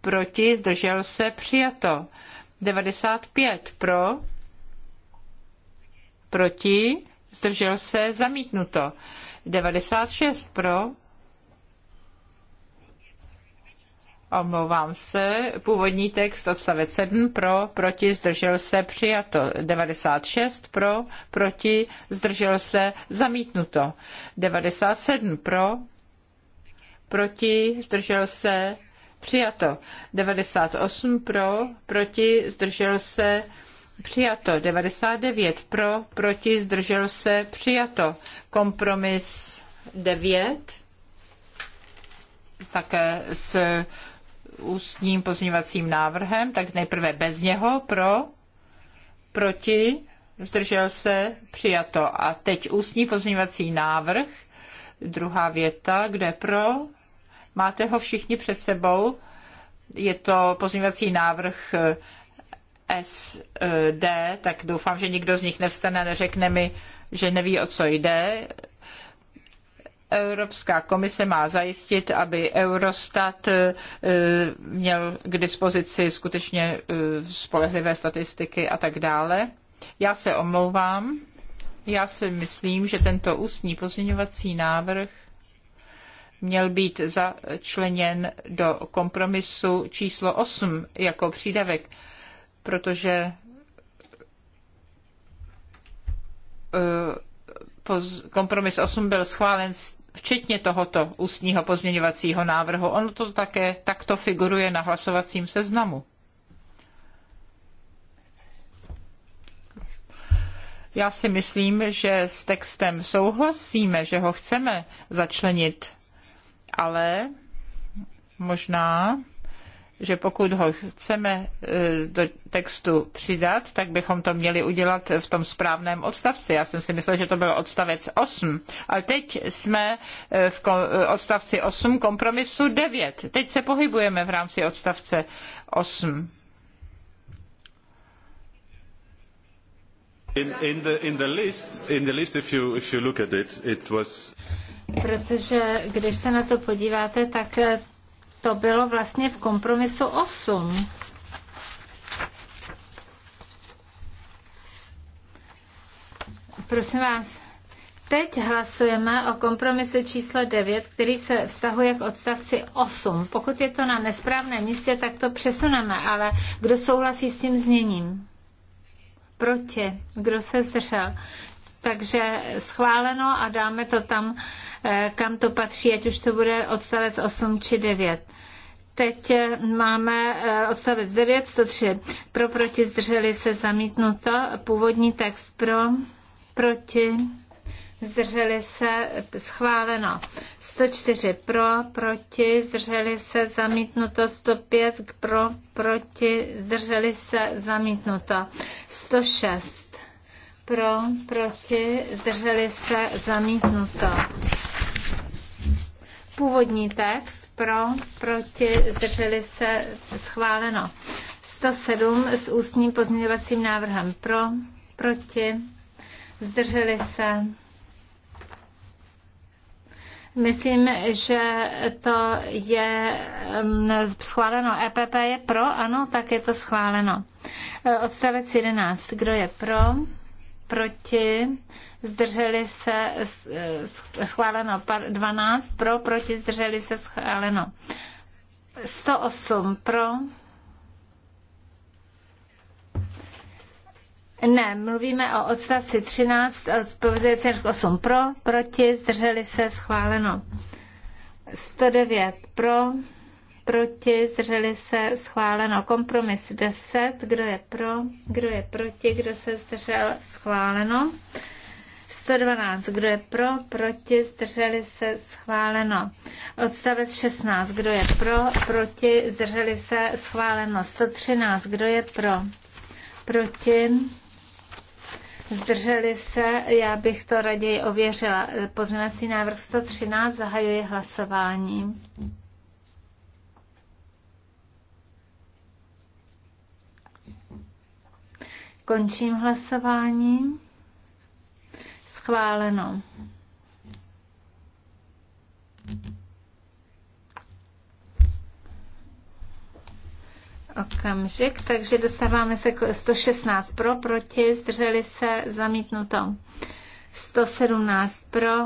proti, zdržel se, přijato. 95 pro, proti, zdržel se, zamítnuto. 96 pro. Omlouvám se. Původní text odstavec 7 pro, proti, zdržel se, přijato. 96 pro, proti, zdržel se, zamítnuto. 97 pro, proti, zdržel se, přijato. 98 pro, proti, zdržel se, Přijato 99 pro, proti, zdržel se, přijato. Kompromis 9, také s ústním pozměňovacím návrhem, tak nejprve bez něho pro, proti, zdržel se, přijato. A teď ústní pozměňovací návrh, druhá věta, kde pro, máte ho všichni před sebou, je to pozměňovací návrh SD, tak doufám, že nikdo z nich nevstane a neřekne mi, že neví, o co jde. Evropská komise má zajistit, aby Eurostat eh, měl k dispozici skutečně eh, spolehlivé statistiky a tak dále. Já se omlouvám. Já si myslím, že tento ústní pozměňovací návrh měl být začleněn do kompromisu číslo 8 jako přídavek protože eh, kompromis 8 byl schválen včetně tohoto ústního pozměňovacího návrhu. Ono to také takto figuruje na hlasovacím seznamu. Já si myslím, že s textem souhlasíme, že ho chceme začlenit, ale možná že pokud ho chceme e, do textu přidat, tak bychom to měli udělat v tom správném odstavci. Já jsem si myslel, že to byl odstavec 8, ale teď jsme e, v e, odstavci 8 kompromisu 9. Teď se pohybujeme v rámci odstavce 8. Protože když se na to podíváte, tak to bylo vlastně v kompromisu 8. Prosím vás, teď hlasujeme o kompromisu číslo 9, který se vztahuje k odstavci 8. Pokud je to na nesprávném místě, tak to přesuneme, ale kdo souhlasí s tím změním? Proti. Kdo se zdržel? Takže schváleno a dáme to tam, eh, kam to patří, ať už to bude odstavec 8 či 9. Teď eh, máme eh, odstavec 9, 103. Pro, proti, zdrželi se, zamítnuto. Původní text pro, proti, zdrželi se, schváleno. 104 pro, proti, zdrželi se, zamítnuto. 105 pro, proti, zdrželi se, zamítnuto. 106 pro, proti, zdrželi se, zamítnuto. Původní text pro, proti, zdrželi se, schváleno. 107 s ústním pozměňovacím návrhem pro, proti, zdrželi se. Myslím, že to je schváleno. EPP je pro, ano, tak je to schváleno. E, odstavec 11. Kdo je pro? proti, zdrželi se schváleno 12, pro, proti, zdrželi se schváleno 108, pro, Ne, mluvíme o odstavci 13, se 8 pro, proti, zdrželi se, schváleno. 109 pro, proti, zdrželi se, schváleno. Kompromis 10, kdo je pro, kdo je proti, kdo se zdržel, schváleno. 112, kdo je pro, proti, zdrželi se, schváleno. Odstavec 16, kdo je pro, proti, zdrželi se, schváleno. 113, kdo je pro, proti, zdrželi se, já bych to raději ověřila. Pozměňovací návrh 113, zahajuji hlasování. Končím hlasování. Schváleno. Okamžik, takže dostáváme se 116 pro, proti, zdrželi se, zamítnuto. 117 pro,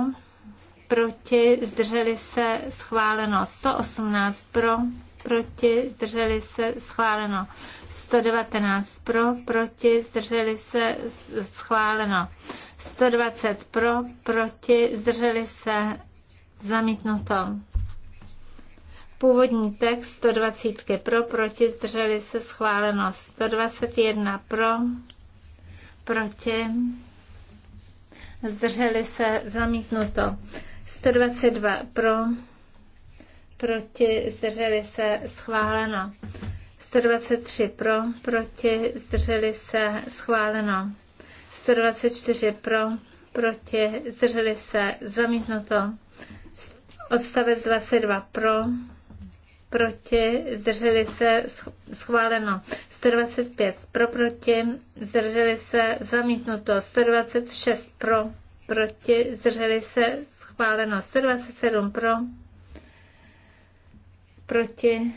proti, zdrželi se, schváleno. 118 pro, proti, zdrželi se, schváleno. 119 pro, proti, zdrželi se, schváleno. 120 pro, proti, zdrželi se, zamítnuto. Původní text 120 pro, proti, zdrželi se, schváleno. 121 pro, proti, zdrželi se, zamítnuto. 122 pro, proti, zdrželi se, schváleno. 123 pro, proti, zdrželi se, schváleno. 124 pro, proti, zdrželi se, zamítnuto. Odstavec 22 pro, proti, zdrželi se, schváleno. 125 pro, proti, zdrželi se, zamítnuto. 126 pro, proti, zdrželi se, schváleno. 127 pro, proti,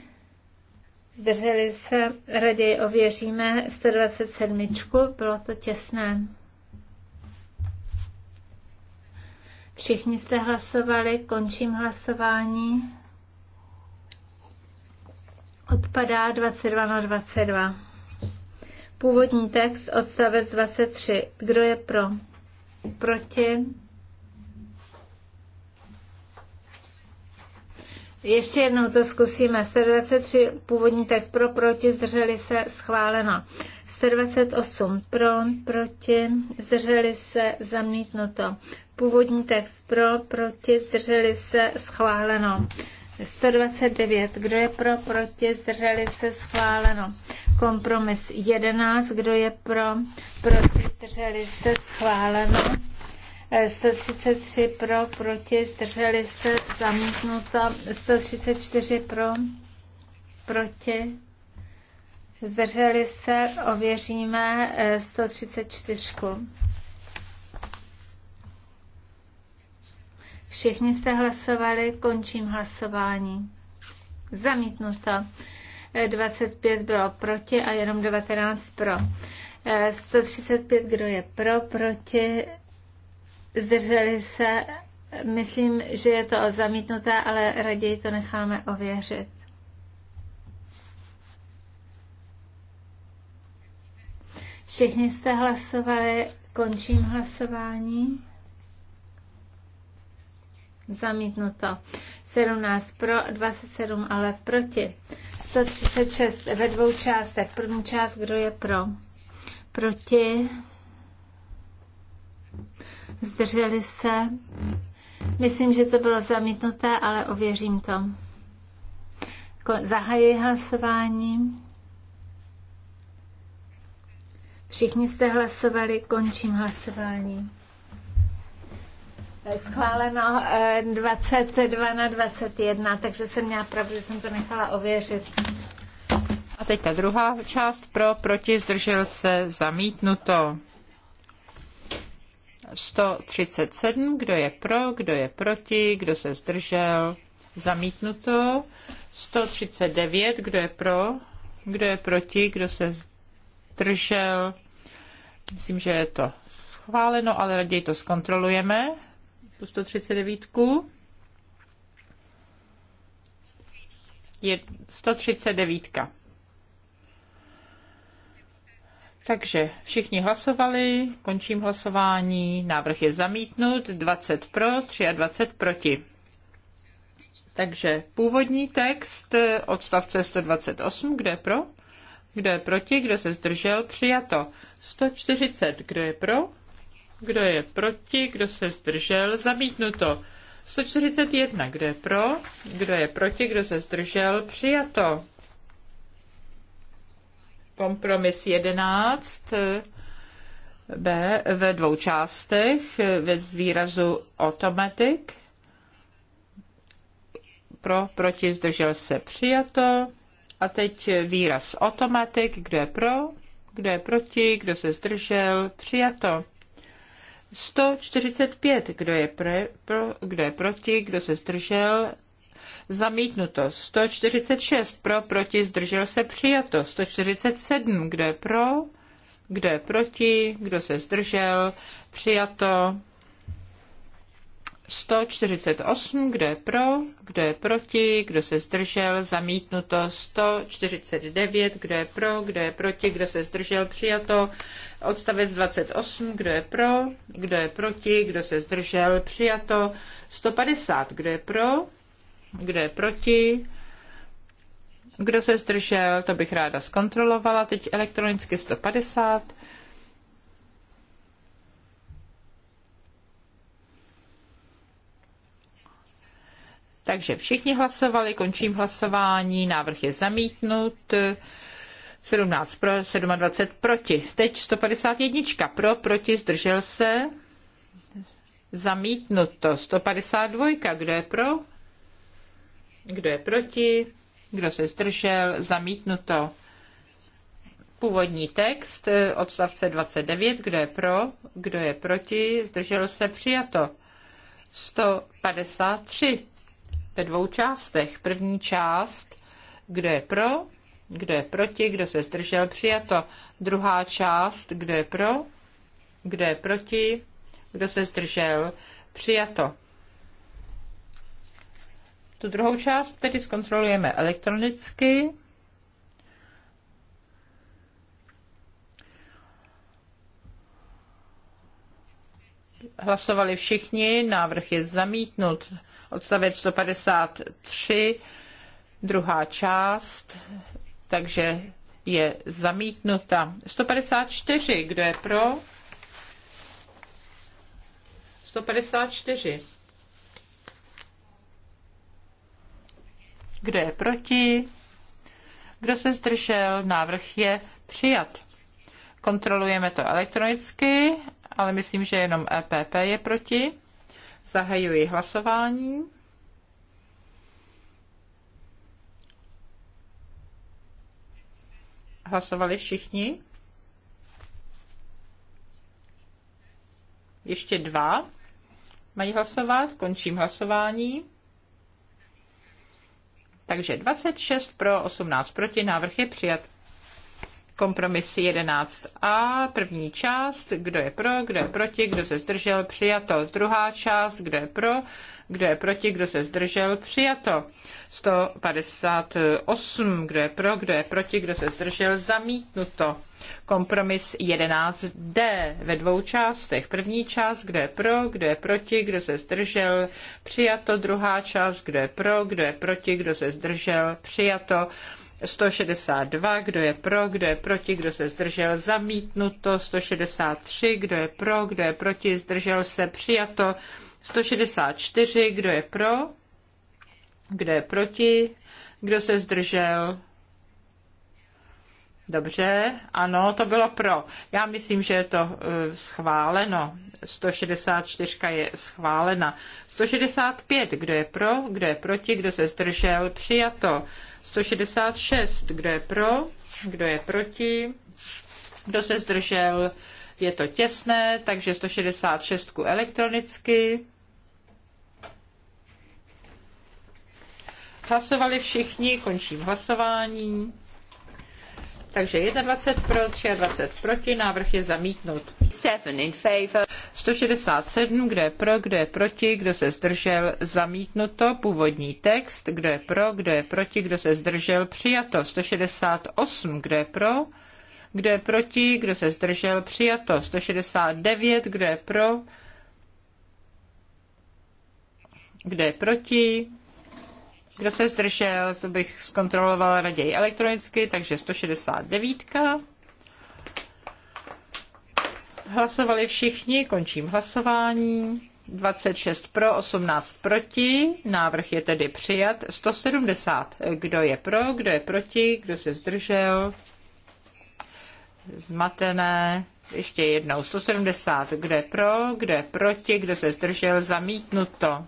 Zdrželi se, raději ověříme 127. Bylo to těsné. Všichni jste hlasovali, končím hlasování. Odpadá 22 na 22. Původní text, odstavec 23. Kdo je pro? Proti? Ještě jednou to zkusíme. 123 původní text pro, proti, zdrželi se, schváleno. 128 pro, proti, zdrželi se, zamítnuto. Původní text pro, proti, zdrželi se, schváleno. 129, kdo je pro, proti, zdrželi se, schváleno. Kompromis 11, kdo je pro, proti, zdrželi se, schváleno. 133 pro, proti, zdrželi se, zamítnuto. 134 pro, proti, zdrželi se, ověříme 134. Eh, Všichni jste hlasovali, končím hlasování. Zamítnuto. 25 eh, bylo proti a jenom 19 pro. 135, eh, kdo je pro, proti, zdrželi se, myslím, že je to zamítnuté, ale raději to necháme ověřit. Všichni jste hlasovali, končím hlasování. Zamítnuto. 17 pro, 27 ale proti. 136 ve dvou částech. První část, kdo je pro? Proti zdrželi se. Myslím, že to bylo zamítnuté, ale ověřím to. Zahajuji hlasování. Všichni jste hlasovali, končím hlasování. Eh, schváleno 22 eh, na 21, takže jsem měla pravdu, že jsem to nechala ověřit. A teď ta druhá část pro, proti, zdržel se, zamítnuto. 137, kdo je pro, kdo je proti, kdo se zdržel, zamítnuto. 139, kdo je pro, kdo je proti, kdo se zdržel. Myslím, že je to schváleno, ale raději to zkontrolujeme. Tu 139. Je 139. Takže všichni hlasovali, končím hlasování, návrh je zamítnut, 20 pro, 23 proti. Takže původní text odstavce 128, kde je pro, kdo je proti, kdo se zdržel, přijato. 140, kdo je pro, kdo je proti, kdo se zdržel, zamítnuto. 141, kdo je pro, kdo je proti, kdo se zdržel, přijato. Kompromis 11 B ve dvou částech ve výrazu automatic. Pro, proti, zdržel se, přijato. A teď výraz automatic, kdo je pro, kdo je proti, kdo se zdržel, přijato. 145, kdo je, pre, pro, kdo je proti, kdo se zdržel, zamítnuto. 146 pro, proti, zdržel se, přijato. 147, kdo je pro, kdo je proti, kdo se zdržel, přijato. 148, kdo je pro, kdo je proti, kdo se zdržel, zamítnuto 149, kdo je pro, kdo je proti, kdo se zdržel, přijato. Odstavec 28, kdo je pro, kdo je proti, kdo se zdržel, přijato. 150, kdo je pro, kdo je proti? Kdo se zdržel? To bych ráda zkontrolovala. Teď elektronicky 150. Takže všichni hlasovali, končím hlasování, návrh je zamítnut. 17 pro, 27 proti. Teď 151 pro, proti, zdržel se. Zamítnuto. 152, kdo je pro? Kdo je proti? Kdo se zdržel? Zamítnuto. Původní text e, odstavce 29. Kdo je pro? Kdo je proti? Zdržel se? Přijato. 153 ve dvou částech. První část, kdo je pro, kdo je proti, kdo se zdržel, přijato. Druhá část, kdo je pro, kdo je proti, kdo se zdržel, přijato. Tu druhou část tedy zkontrolujeme elektronicky. Hlasovali všichni, návrh je zamítnut. Odstavec 153, druhá část, takže je zamítnuta. 154, kdo je pro? 154. Kdo je proti? Kdo se zdržel? Návrh je přijat. Kontrolujeme to elektronicky, ale myslím, že jenom EPP je proti. Zahajuji hlasování. Hlasovali všichni? Ještě dva mají hlasovat. Končím hlasování. Takže 26 pro, 18 proti, návrh je přijat. Kompromis 11a, první část, kdo je pro, kdo je proti, kdo se zdržel, přijato. Druhá část, kdo je pro, kdo je proti, kdo se zdržel, přijato. 158, kdo je pro, kdo je proti, kdo se zdržel, zamítnuto. Kompromis 11D ve dvou částech. První část, kdo je pro, kdo je proti, kdo se zdržel, přijato. Druhá část, kdo je pro, kdo je proti, kdo se zdržel, přijato. 162, kdo je pro, kdo je proti, kdo se zdržel, zamítnuto, 163, kdo je pro, kdo je proti, zdržel se, přijato, 164, kdo je pro, kdo je proti, kdo se zdržel, Dobře, ano, to bylo pro. Já myslím, že je to e, schváleno. 164 je schválena. 165, kdo je pro, kdo je proti, kdo se zdržel, přijato. 166. Kdo je pro? Kdo je proti? Kdo se zdržel? Je to těsné, takže 166 elektronicky. Hlasovali všichni, končím hlasování. Takže 21 pro, 23 proti, návrh je zamítnut. 167, kdo je pro, kdo je proti, kdo se zdržel, zamítnuto. Původní text, kdo je pro, kdo je proti, kdo se zdržel, přijato. 168, kdo je pro, kdo je proti, kdo se zdržel, přijato. 169, kdo je pro, kdo je proti, kdo se zdržel, to bych zkontrolovala raději elektronicky, takže 169. Hlasovali všichni, končím hlasování. 26 pro, 18 proti. Návrh je tedy přijat. 170. Kdo je pro, kdo je proti, kdo se zdržel? Zmatené. Ještě jednou. 170. Kdo je pro, kdo je proti, kdo se zdržel? Zamítnuto.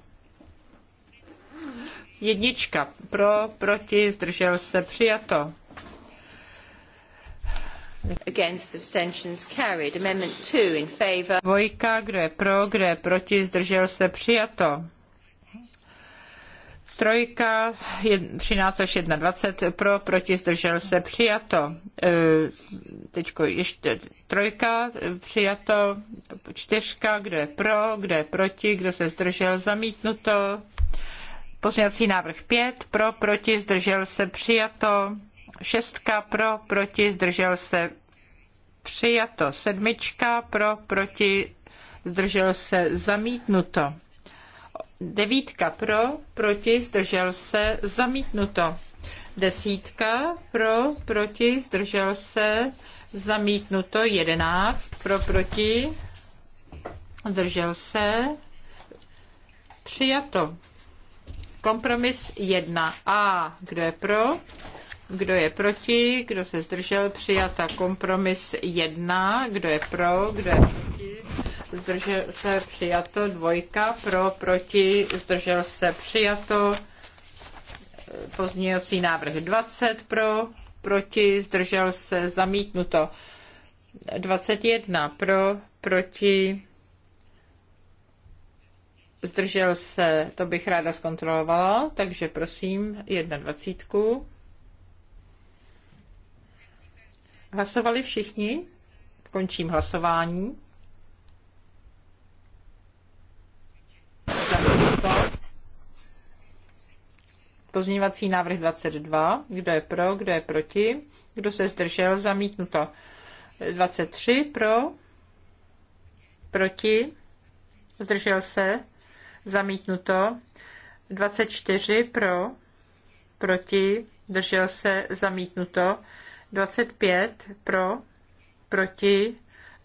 Jednička pro, proti, zdržel se, přijato. Against abstentions carried. Amendment 2 in favor. Dvojka, kdo je pro, kdo je proti, zdržel se, přijato. Trojka, 13 až 21, pro, proti, zdržel se, přijato. E, teďko ještě trojka, e, přijato, čtyřka, kdo je pro, kdo je proti, kdo se zdržel, zamítnuto. Pozměňovací návrh 5 pro, proti, zdržel se, přijato. Šestka pro, proti, zdržel se, přijato. Sedmička pro, proti, zdržel se, zamítnuto. Devítka pro, proti, zdržel se, zamítnuto. Desítka pro, proti, zdržel se, zamítnuto. Jedenáct pro, proti, zdržel se, přijato. Kompromis 1a. Kdo je pro? Kdo je proti? Kdo se zdržel? Přijata. Kompromis 1. Kdo je pro? Kdo je proti? Zdržel se přijato. Dvojka. Pro, proti. Zdržel se přijato. Pozdějovací návrh 20. Pro, proti. Zdržel se zamítnuto. 21. Pro, proti zdržel se, to bych ráda zkontrolovala, takže prosím, jedna dvacítku. Hlasovali všichni? Končím hlasování. Pozměňovací návrh 22. Kdo je pro, kdo je proti? Kdo se zdržel? Zamítnuto. 23 pro, proti, zdržel se, zamítnuto, 24 pro, proti, držel se, zamítnuto, 25 pro, proti,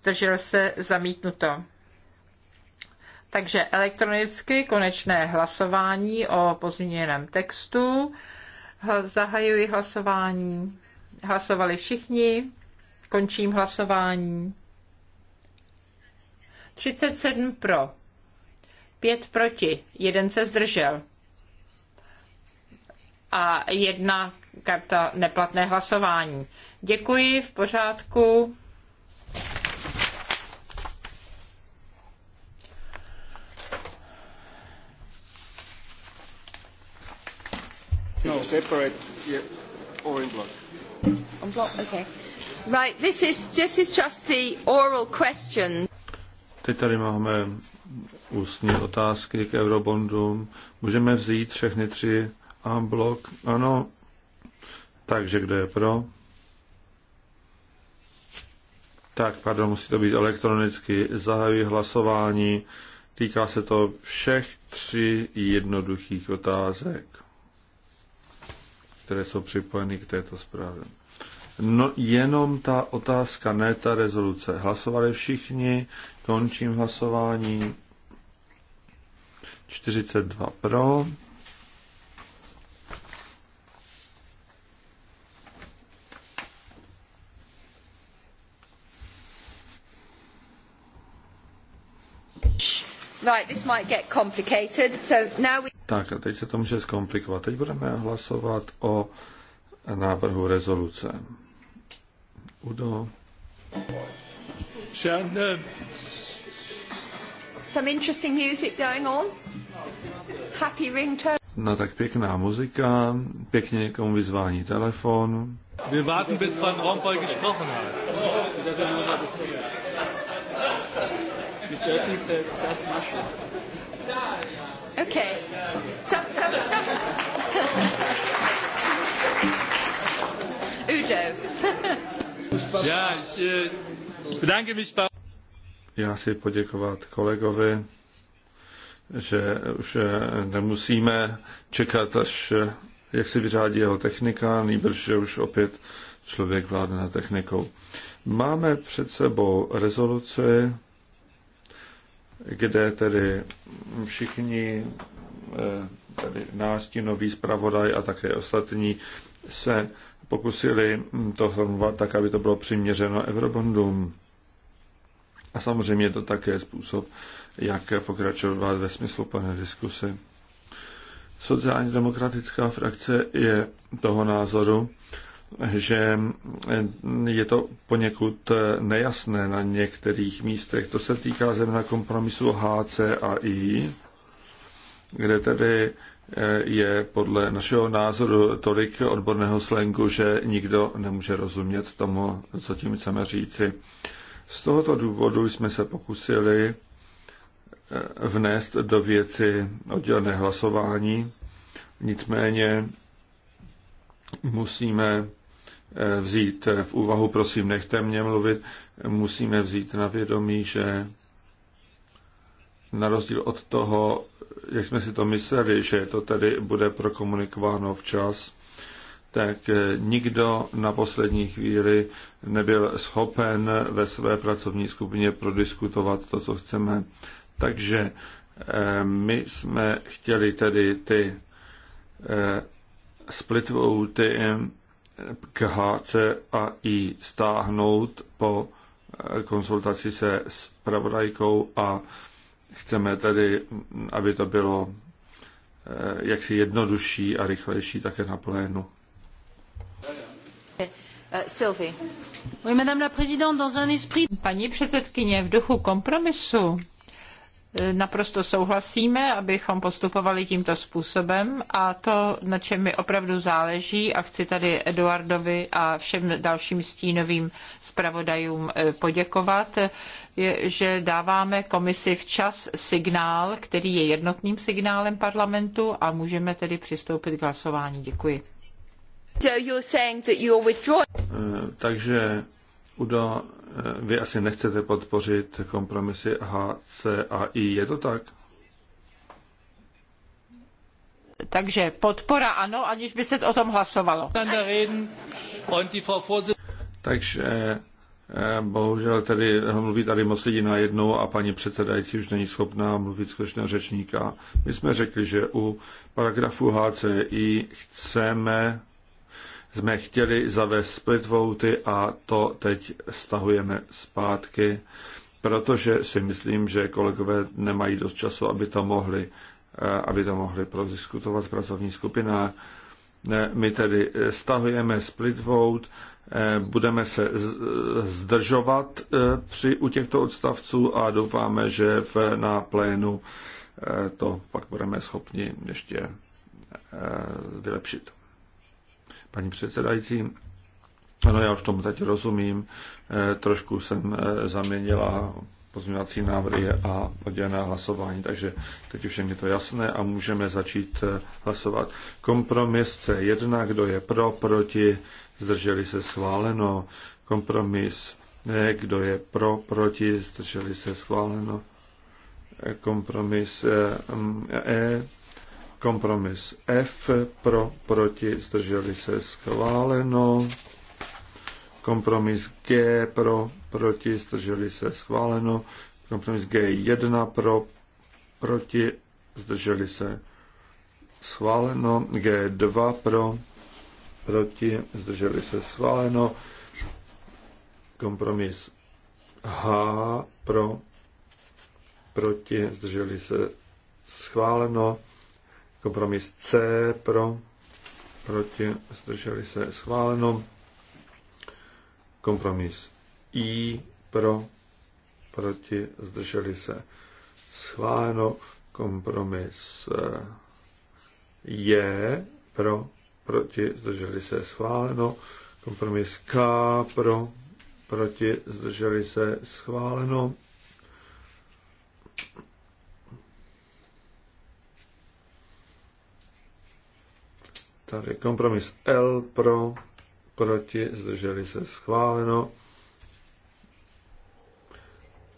držel se, zamítnuto. Takže elektronicky konečné hlasování o pozměněném textu. Zahajuji hlasování. Hlasovali všichni. Končím hlasování. 37 pro, pět proti, jeden se zdržel a jedna karta neplatné hlasování. Děkuji, v pořádku. No. Separate, yeah, or in block. On block, okay. Right, this is, this is just the oral question. Teď tady máme ústní otázky k eurobondům. Můžeme vzít všechny tři a blok? Ano. Takže kdo je pro? Tak, pardon, musí to být elektronicky. Zahajuji hlasování. Týká se to všech tři jednoduchých otázek, které jsou připojeny k této zprávě. No, jenom ta otázka, ne ta rezoluce. Hlasovali všichni, končím hlasování. 42 pro. Right, this might get complicated. So now we... Tak a teď se to může zkomplikovat. Teď budeme hlasovat o návrhu rezoluce. Udo. Eh, Some interesting music going on. Happy ringtone. No tak pěkná muzika, pěkně někomu vyzvání telefon. Wir warten, bis Van Rompuy gesprochen hat. Okay. So, so, so. Udo. Já chci poděkovat kolegovi, že už eh, nemusíme čekat, až eh, jak si vyřádí jeho technika, nejbrž, že už opět člověk vládne na technikou. Máme před sebou rezoluci, kde tedy všichni, eh, tedy nástinový zpravodaj a také ostatní, se pokusili to formovat tak, aby to bylo přiměřeno eurobondům. A samozřejmě je to také způsob, jak pokračovat ve smyslu plné diskuse. Sociálně demokratická frakce je toho názoru, že je to poněkud nejasné na některých místech. To se týká zejména kompromisu HC a I, kde tedy je podle našeho názoru tolik odborného slengu, že nikdo nemůže rozumět tomu, co tím chceme říci. Z tohoto důvodu jsme se pokusili eh, vnést do věci oddělené hlasování. Nicméně musíme eh, vzít v úvahu, prosím, nechte mě mluvit, musíme vzít na vědomí, že na rozdíl od toho, jak jsme si to mysleli, že to tedy bude prokomunikováno včas, tak eh, nikdo na poslední chvíli nebyl schopen ve své pracovní skupině prodiskutovat to, co chceme. Takže eh, my jsme chtěli tedy ty eh, splitvou ty k HC a I stáhnout po konsultaci se s pravodajkou a Chceme tedy, aby to bylo eh, jaksi jednodušší a rychlejší také na plénu. Eh, madame la présidente, Paní předsedkyně, v duchu kompromisu eh, naprosto souhlasíme, abychom postupovali tímto způsobem a to, na čem mi opravdu záleží a chci tady Eduardovi a všem dalším stínovým zpravodajům poděkovat, je, že dáváme komisi včas signál, který je jednotným signálem parlamentu a můžeme tedy přistoupit k hlasování. Děkuji. Eh, takže Udo, eh, vy asi nechcete podpořit kompromisy H, C a I. Je to tak? Takže podpora ano, aniž by se o tom hlasovalo. Takže Eh, bohužel tedy mluví tady moc lidí najednou a paní předsedající už není schopná mluvit skutečného řečníka. My jsme řekli, že u paragrafu HCI chceme, jsme chtěli zavést split voty a to teď stahujeme zpátky, protože si myslím, že kolegové nemají dost času, aby to mohli, eh, aby to mohli prodiskutovat v pracovní skupinách. Eh, my tedy stahujeme split vote, Eh, budeme se zdržovat eh, při, u těchto odstavců a doufáme, že v, na plénu eh, to pak budeme schopni ještě vylepšit. Paní předsedající, ano, já už tomu teď rozumím. Trošku jsem zaměnila pozměňovací návrhy a oddělené hlasování, takže teď už je mi to jasné a můžeme začít hlasovat. Kompromis C1, kdo je pro, proti, zdrželi se schváleno. Kompromis e, kdo je pro, proti, zdrželi se schváleno. Kompromis eh, E, kompromis F, pro, proti, zdrželi se schváleno. Kompromis G, pro, proti, zdrželi se schváleno. Kompromis G1, pro, proti, zdrželi se schváleno. G2, pro, proti, zdrželi se schváleno. Kompromis H pro, proti, zdrželi se schváleno. Kompromis C pro, proti, zdrželi se schváleno. Kompromis I pro, proti, zdrželi se schváleno. Kompromis eh, je pro, proti, zdrželi se schváleno. Kompromis K pro, proti, zdrželi se schváleno. Tady kompromis L pro, proti, zdrželi se schváleno.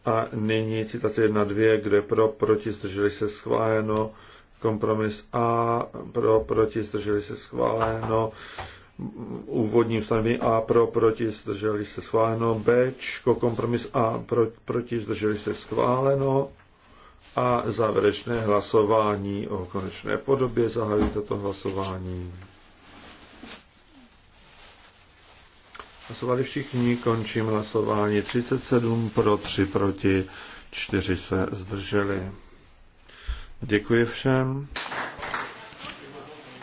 A nyní citace 1.2, kde pro, proti, zdrželi se schváleno. Kompromis A pro, proti, zdrželi se schváleno. Úvodní ustanovení A pro, proti, zdrželi se schváleno. B, kompromis A pro, proti, zdrželi se schváleno. A závěrečné hlasování o konečné podobě zahajuji toto hlasování. Hlasovali všichni, končím hlasování. 37 pro, 3 proti, 4 se zdrželi. Děkuji všem.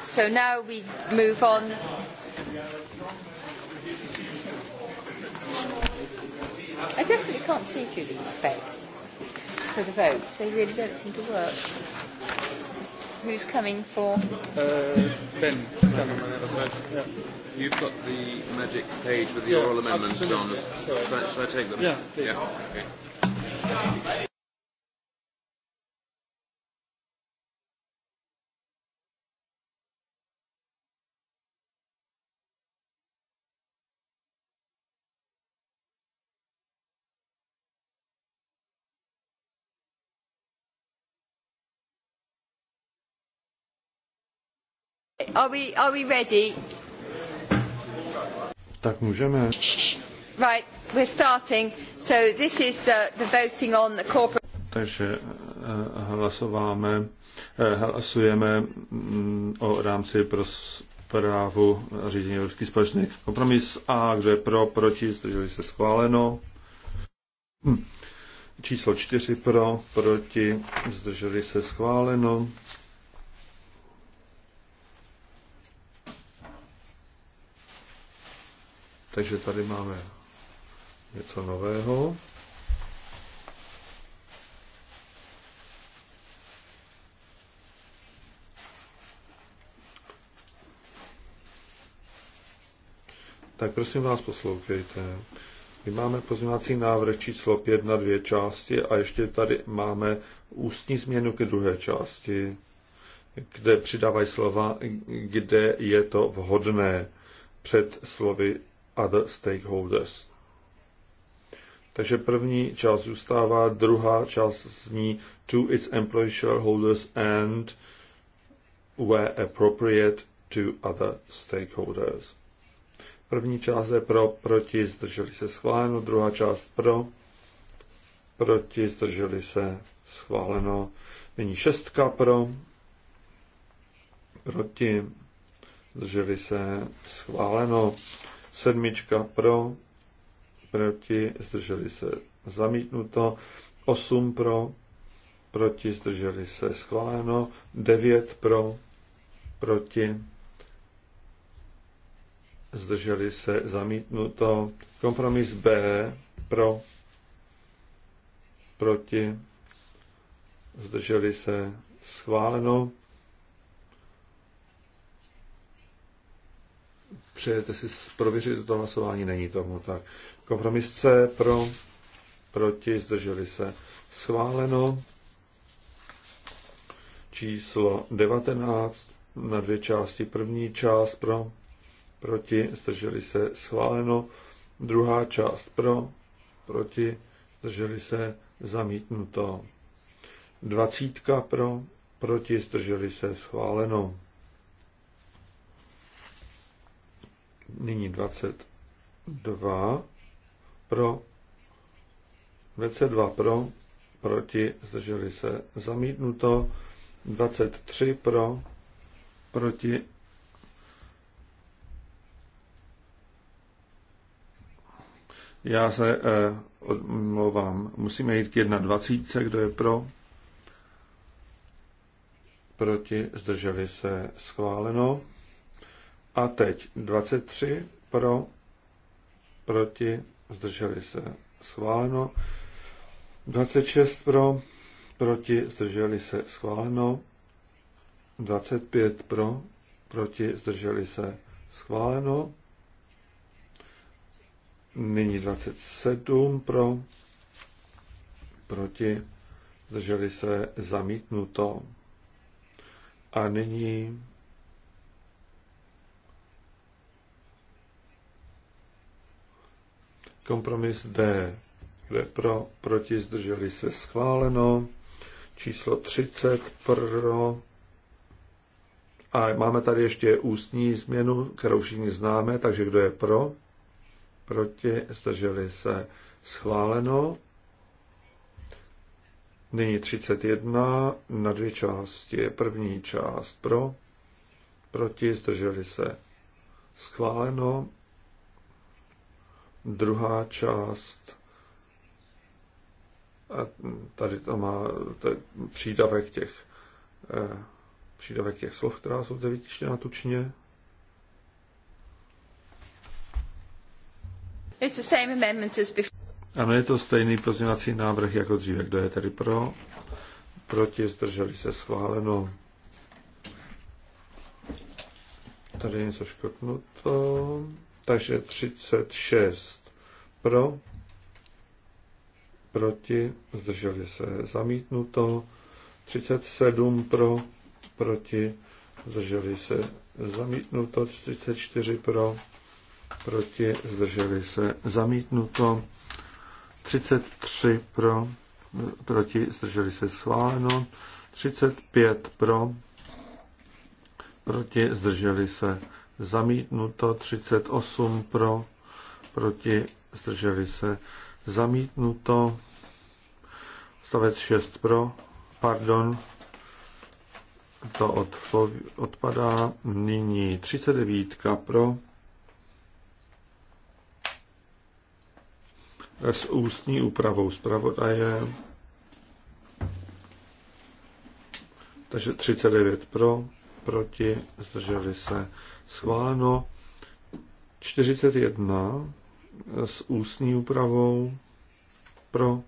So now we move on. I definitely can't see through these specs for the votes. They really don't seem to work. Who's coming for? Uh, ben is coming on the other side. Yeah. You've got the magic page with the yeah, oral amendments absolutely. on. Should I, should I take them? Yeah. Please. Yeah. Okay. Are we, are we ready? Tak můžeme. Right, we're starting. So this is the, uh, the voting on the corporate... Takže eh, hlasováme, eh, hlasujeme mm, o rámci pro zprávu řízení Evropské společné kompromis A, kdo je pro, proti, zdrželi se schváleno. Hm. Číslo čtyři pro, proti, zdrželi se schváleno. Takže tady máme něco nového. Tak prosím vás, poslouchejte. My máme pozměňovací návrh číslo 5 na dvě části a ještě tady máme ústní změnu ke druhé části, kde přidávají slova, kde je to vhodné před slovy other stakeholders. Takže první část zůstává, druhá část zní to its employee shareholders and where appropriate to other stakeholders. První část je pro, proti, zdrželi se schváleno, druhá část pro, proti, zdrželi se schváleno. Nyní šestka pro, proti, zdrželi se schváleno. Sedmička pro, proti, zdrželi se zamítnuto. Osm pro, proti, zdrželi se schváleno. Devět pro, proti, zdrželi se zamítnuto. Kompromis B pro, proti, zdrželi se schváleno. Přejete si prověřit toto hlasování? Není tomu tak. Kompromis C pro, proti, zdrželi se. Schváleno číslo 19 na dvě části. První část pro, proti, zdrželi se. Schváleno druhá část pro, proti, zdrželi se. Zamítnuto. Dvacítka pro, proti, zdrželi se. Schváleno. Nyní 22 pro, 22 pro, proti, zdrželi se, zamítnuto, 23 pro, proti, Já se eh, odmlouvám. Musíme jít k 21. Kdo je pro? Proti? Zdrželi se? Schváleno. A teď 23 pro, proti, zdrželi se schváleno. 26 pro, proti, zdrželi se schváleno. 25 pro, proti, zdrželi se schváleno. Nyní 27 pro, proti, zdrželi se zamítnuto. A nyní Kompromis D. Kde pro, proti, zdrželi se schváleno. Číslo 30 pro. A máme tady ještě ústní změnu, kterou všichni známe, takže kdo je pro? Proti, zdrželi se schváleno. Nyní 31 na dvě části. První část pro, proti, zdrželi se schváleno. Druhá část, a tady to má to přídavek těch, eh, přídavek těch slov, která jsou zde vytištěna tučně. It's the same amendment as before. Ano, je to stejný pozměňovací návrh jako dříve. Kdo je tady pro? Proti zdrželi se schváleno. Tady je něco škrtnuto. Takže 36 pro, proti, zdrželi se zamítnuto, 37 pro, proti, zdrželi se zamítnuto, 34 pro, proti, zdrželi se zamítnuto, 33 pro, proti, zdrželi se schváleno, 35 pro, proti, zdrželi se zamítnuto 38 pro, proti, zdrželi se, zamítnuto stavec 6 pro, pardon, to odpov, odpadá nyní 39 pro, s ústní úpravou zpravodaje, takže 39 pro, proti, zdrželi se schváleno 41 s ústní úpravou pro,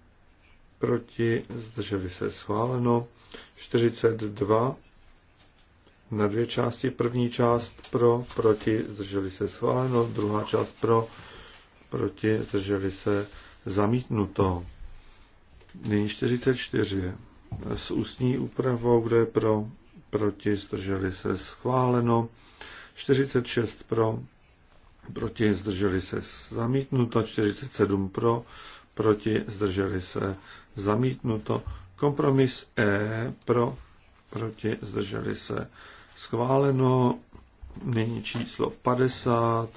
proti, zdrželi se schváleno 42 na dvě části. První část pro, proti, zdrželi se schváleno, druhá část pro, proti, zdrželi se zamítnuto. Nyní 44. S ústní úpravou, kde pro, proti, zdrželi se schváleno. 46 pro, proti zdrželi se zamítnuto, 47 pro, proti zdrželi se zamítnuto, kompromis E pro, proti zdrželi se schváleno, nyní číslo 50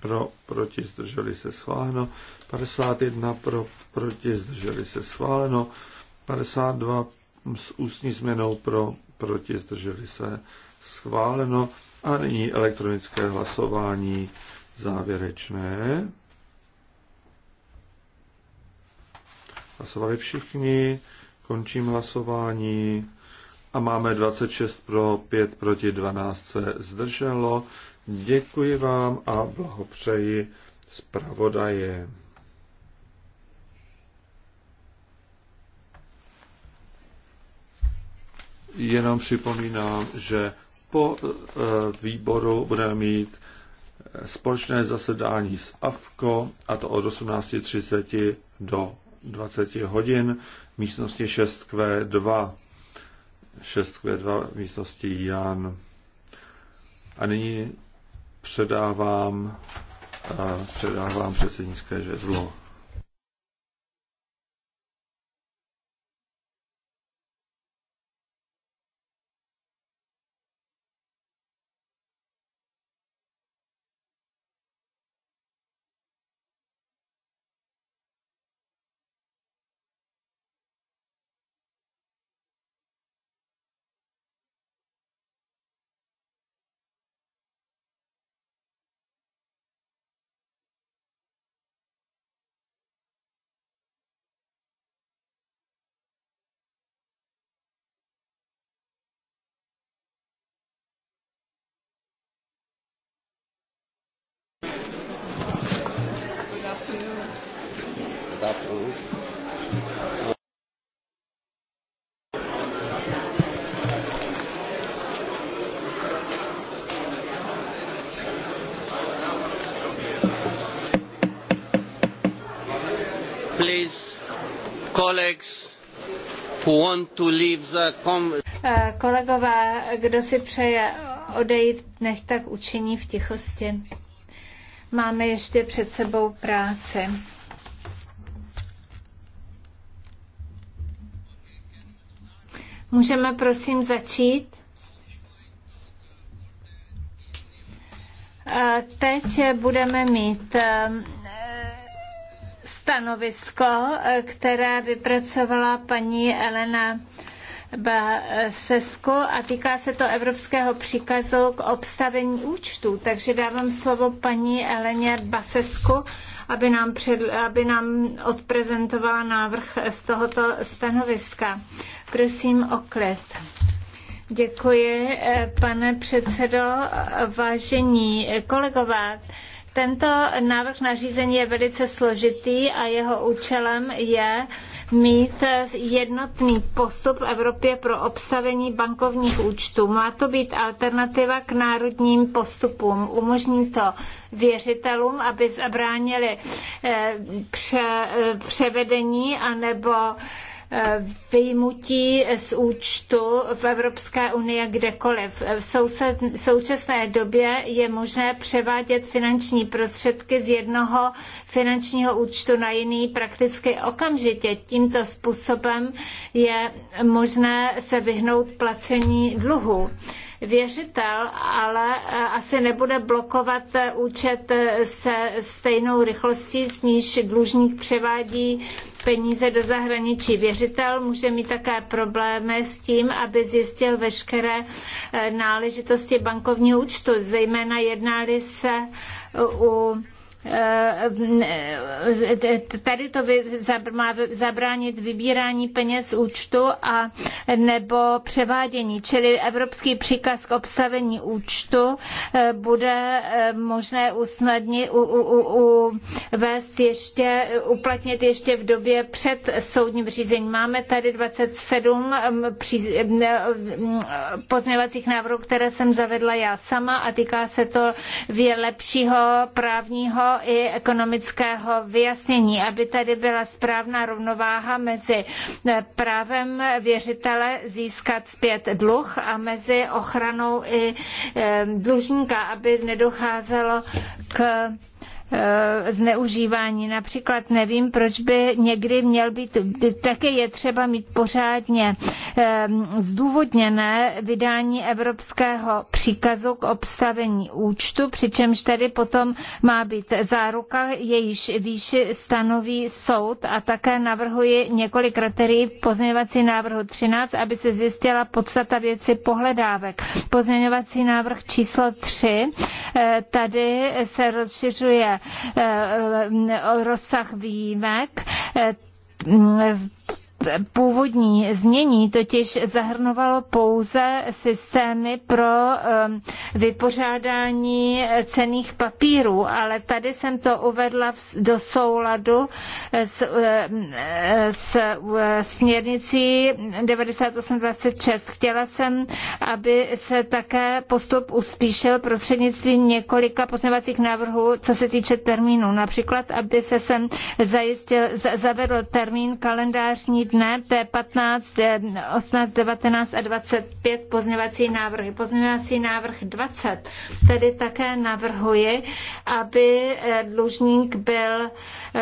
pro, proti zdrželi se schváleno, 51 pro, proti zdrželi se schváleno, 52 s ústní změnou pro, proti zdrželi se schváleno, a nyní elektronické hlasování závěrečné. Hlasovali všichni, končím hlasování a máme 26 pro, 5 proti 12 se zdrželo. Děkuji vám a blahopřeji zpravodaje. Jenom připomínám, že po eh, výboru budeme mít eh, společné zasedání s AFKO, a to od 18.30 do 20 hodin, v místnosti 6Q2. 6Q2 místnosti Jan. A nyní předávám, eh, předávám předsednické žezlo. Eh, kolegové, kdo si přeje odejít, nech tak učiní v tichosti. Máme ještě před sebou práci. Můžeme prosím začít? Eh, teď budeme mít eh, stanovisko, eh, které vypracovala paní Elena Basesko a týká se to evropského příkazu k obstavení účtu. Takže dávám slovo paní Eleně Basesku, aby nám, před, aby nám odprezentovala návrh z tohoto stanoviska. Prosím o klid. Děkuji, eh, pane předsedo, vážení kolegové. Tento návrh nařízení je velice složitý a jeho účelem je mít jednotný postup v Evropě pro obstavení bankovních účtů. Má to být alternativa k národním postupům. Umožní to věřitelům, aby zabránili eh, pře, eh, převedení anebo vyjmutí z účtu v Evropské unii kdekoliv. V současné době je možné převádět finanční prostředky z jednoho finančního účtu na jiný prakticky okamžitě. Tímto způsobem je možné se vyhnout placení dluhu věřitel, ale eh, asi nebude blokovat eh, účet eh, se stejnou rychlostí, s níž dlužník převádí peníze do zahraničí. Věřitel může mít také problémy s tím, aby zjistil veškeré náležitosti bankovního účtu, zejména jedná-li se u tady to má zabránit vybírání peněz účtu a nebo převádění, čili evropský příkaz k obstavení účtu eh, bude eh, možné usnadnit, u, u, u, vést ještě, uplatnit ještě v době před soudním řízením. Máme tady 27 mm, příz, mm, mm, pozměvacích návrhů, které jsem zavedla já sama a týká se to lepšího právního i ekonomického vyjasnění, aby tady byla správná rovnováha mezi právem věřitele získat zpět dluh a mezi ochranou i eh, dlužníka, aby nedocházelo k Eh, zneužívání. Například nevím, proč by někdy měl být, také je třeba mít pořádně eh, zdůvodněné vydání evropského příkazu k obstavení účtu, přičemž tady potom má být záruka, jejíž výši stanoví soud a také navrhuji několik kriterií v pozměňovací návrhu 13, aby se zjistila podstata věci pohledávek. Pozměňovací návrh číslo 3, eh, tady se rozšiřuje Eh, eh, rozsah výjimek eh, původní znění totiž zahrnovalo pouze systémy pro um, vypořádání cených papírů, ale tady jsem to uvedla do souladu s, uh, s uh, směrnicí 9826. Chtěla jsem, aby se také postup uspíšil prostřednictvím několika poznavacích návrhů, co se týče termínu. Například, aby se sem zajistil, zavedl termín kalendářní dne, to je 15, 18, 19 a 25 pozměvací návrhy. Pozměvací návrh 20. Tedy také navrhuji, aby eh, dlužník byl eh,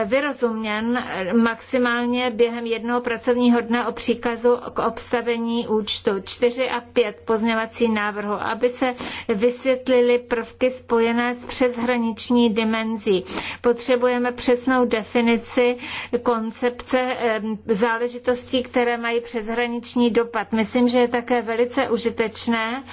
vyrozuměn eh, maximálně během jednoho pracovního dne o příkazu k obstavení účtu. 4 a 5 pozměvací návrhu, aby se vysvětlily prvky spojené s přeshraniční dimenzí. Potřebujeme přesnou definici koncepce záležitosti záležitostí, které mají přeshraniční dopad. Myslím, že je také velice užitečné,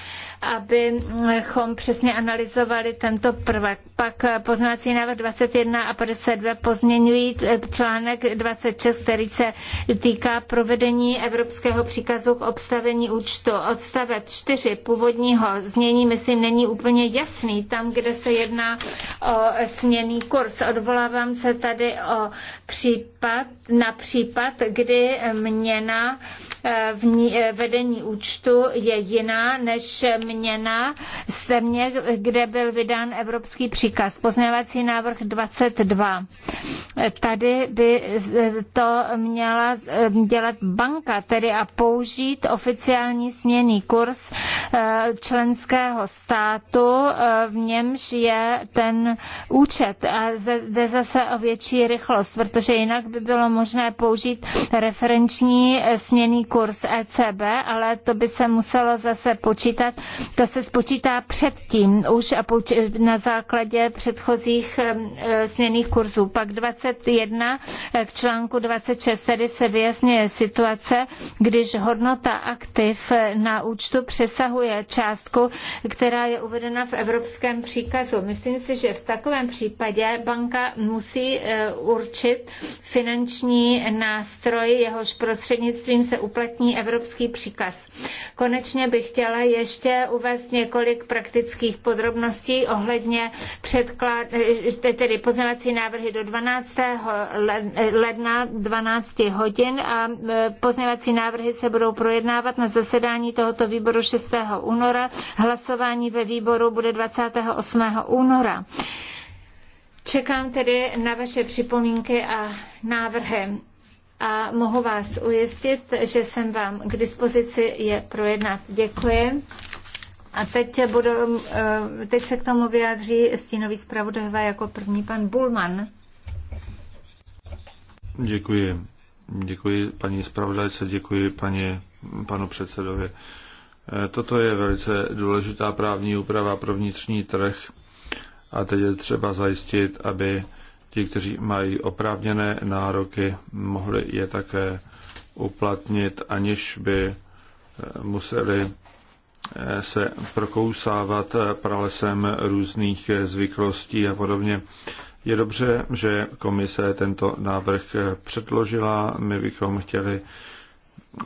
abychom přesně analyzovali tento prvek. Pak eh, poznávací návrh 21 a 52 pozměňují eh, článek 26, který se týká provedení evropského příkazu k obstavení účtu. Odstavec 4 původního znění, myslím, není úplně jasný. Tam, kde se jedná o směný kurz. Odvolávám se tady o případ, na případ, kdy měna eh, v ní, vedení účtu je jiná než změna země, kde byl vydán evropský příkaz. Poznávací návrh 22. Tady by to měla dělat banka, tedy a použít oficiální směný kurz eh, členského státu, eh, v němž je ten účet. A jde zase o větší rychlost, protože jinak by bylo možné použít referenční eh, směný kurz ECB, ale to by se muselo zase počítat to se spočítá předtím už a na základě předchozích eh, směných kurzů. Pak 21 k eh, článku 26 tedy se vyjasňuje situace, když hodnota aktiv eh, na účtu přesahuje částku, která je uvedena v evropském příkazu. Myslím si, že v takovém případě banka musí určit finanční nástroj, jehož prostřednictvím se uplatní evropský příkaz. Konečně bych chtěla ještě uvést několik praktických podrobností ohledně předklad, eh, tedy pozměňovací návrhy do 12. Eh, ledna 12 hodin a eh, pozměňovací návrhy se budou projednávat na zasedání tohoto výboru 6. února. Hlasování ve výboru bude 28. února. Čekám tedy na vaše připomínky a návrhy a mohu vás ujistit, že jsem vám k dispozici je projednat. Děkuji. A teď, budu, eh, teď se k tomu vyjádří stínový zpravodajová jako první pan Bulman. Děkuji. Děkuji paní zpravodajce, děkuji paní, panu předsedovi. Eh, toto je velice důležitá právní úprava pro vnitřní trh a teď je třeba zajistit, aby ti, kteří mají oprávněné nároky, mohli je také uplatnit, aniž by eh, museli se prokousávat pralesem různých zvyklostí a podobně. Je dobře, že komise tento návrh předložila. My bychom chtěli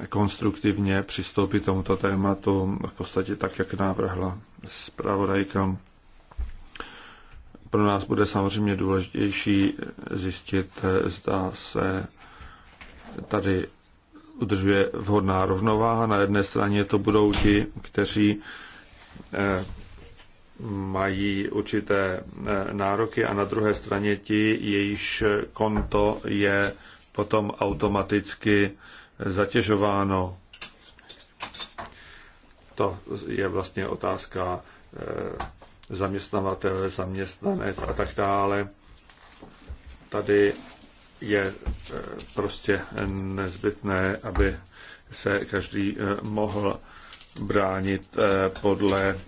konstruktivně přistoupit tomuto tématu v podstatě tak, jak s zpravodajka. Pro nás bude samozřejmě důležitější zjistit, zda se tady udržuje vhodná rovnováha. Na jedné straně to budou ti, kteří eh, mají určité eh, nároky a na druhé straně ti, jejíž konto je potom automaticky zatěžováno. To je vlastně otázka eh, zaměstnavatele, zaměstnanec a tak dále. Tady je eh, prostě nezbytné, aby se každý eh, mohl bránit eh, podle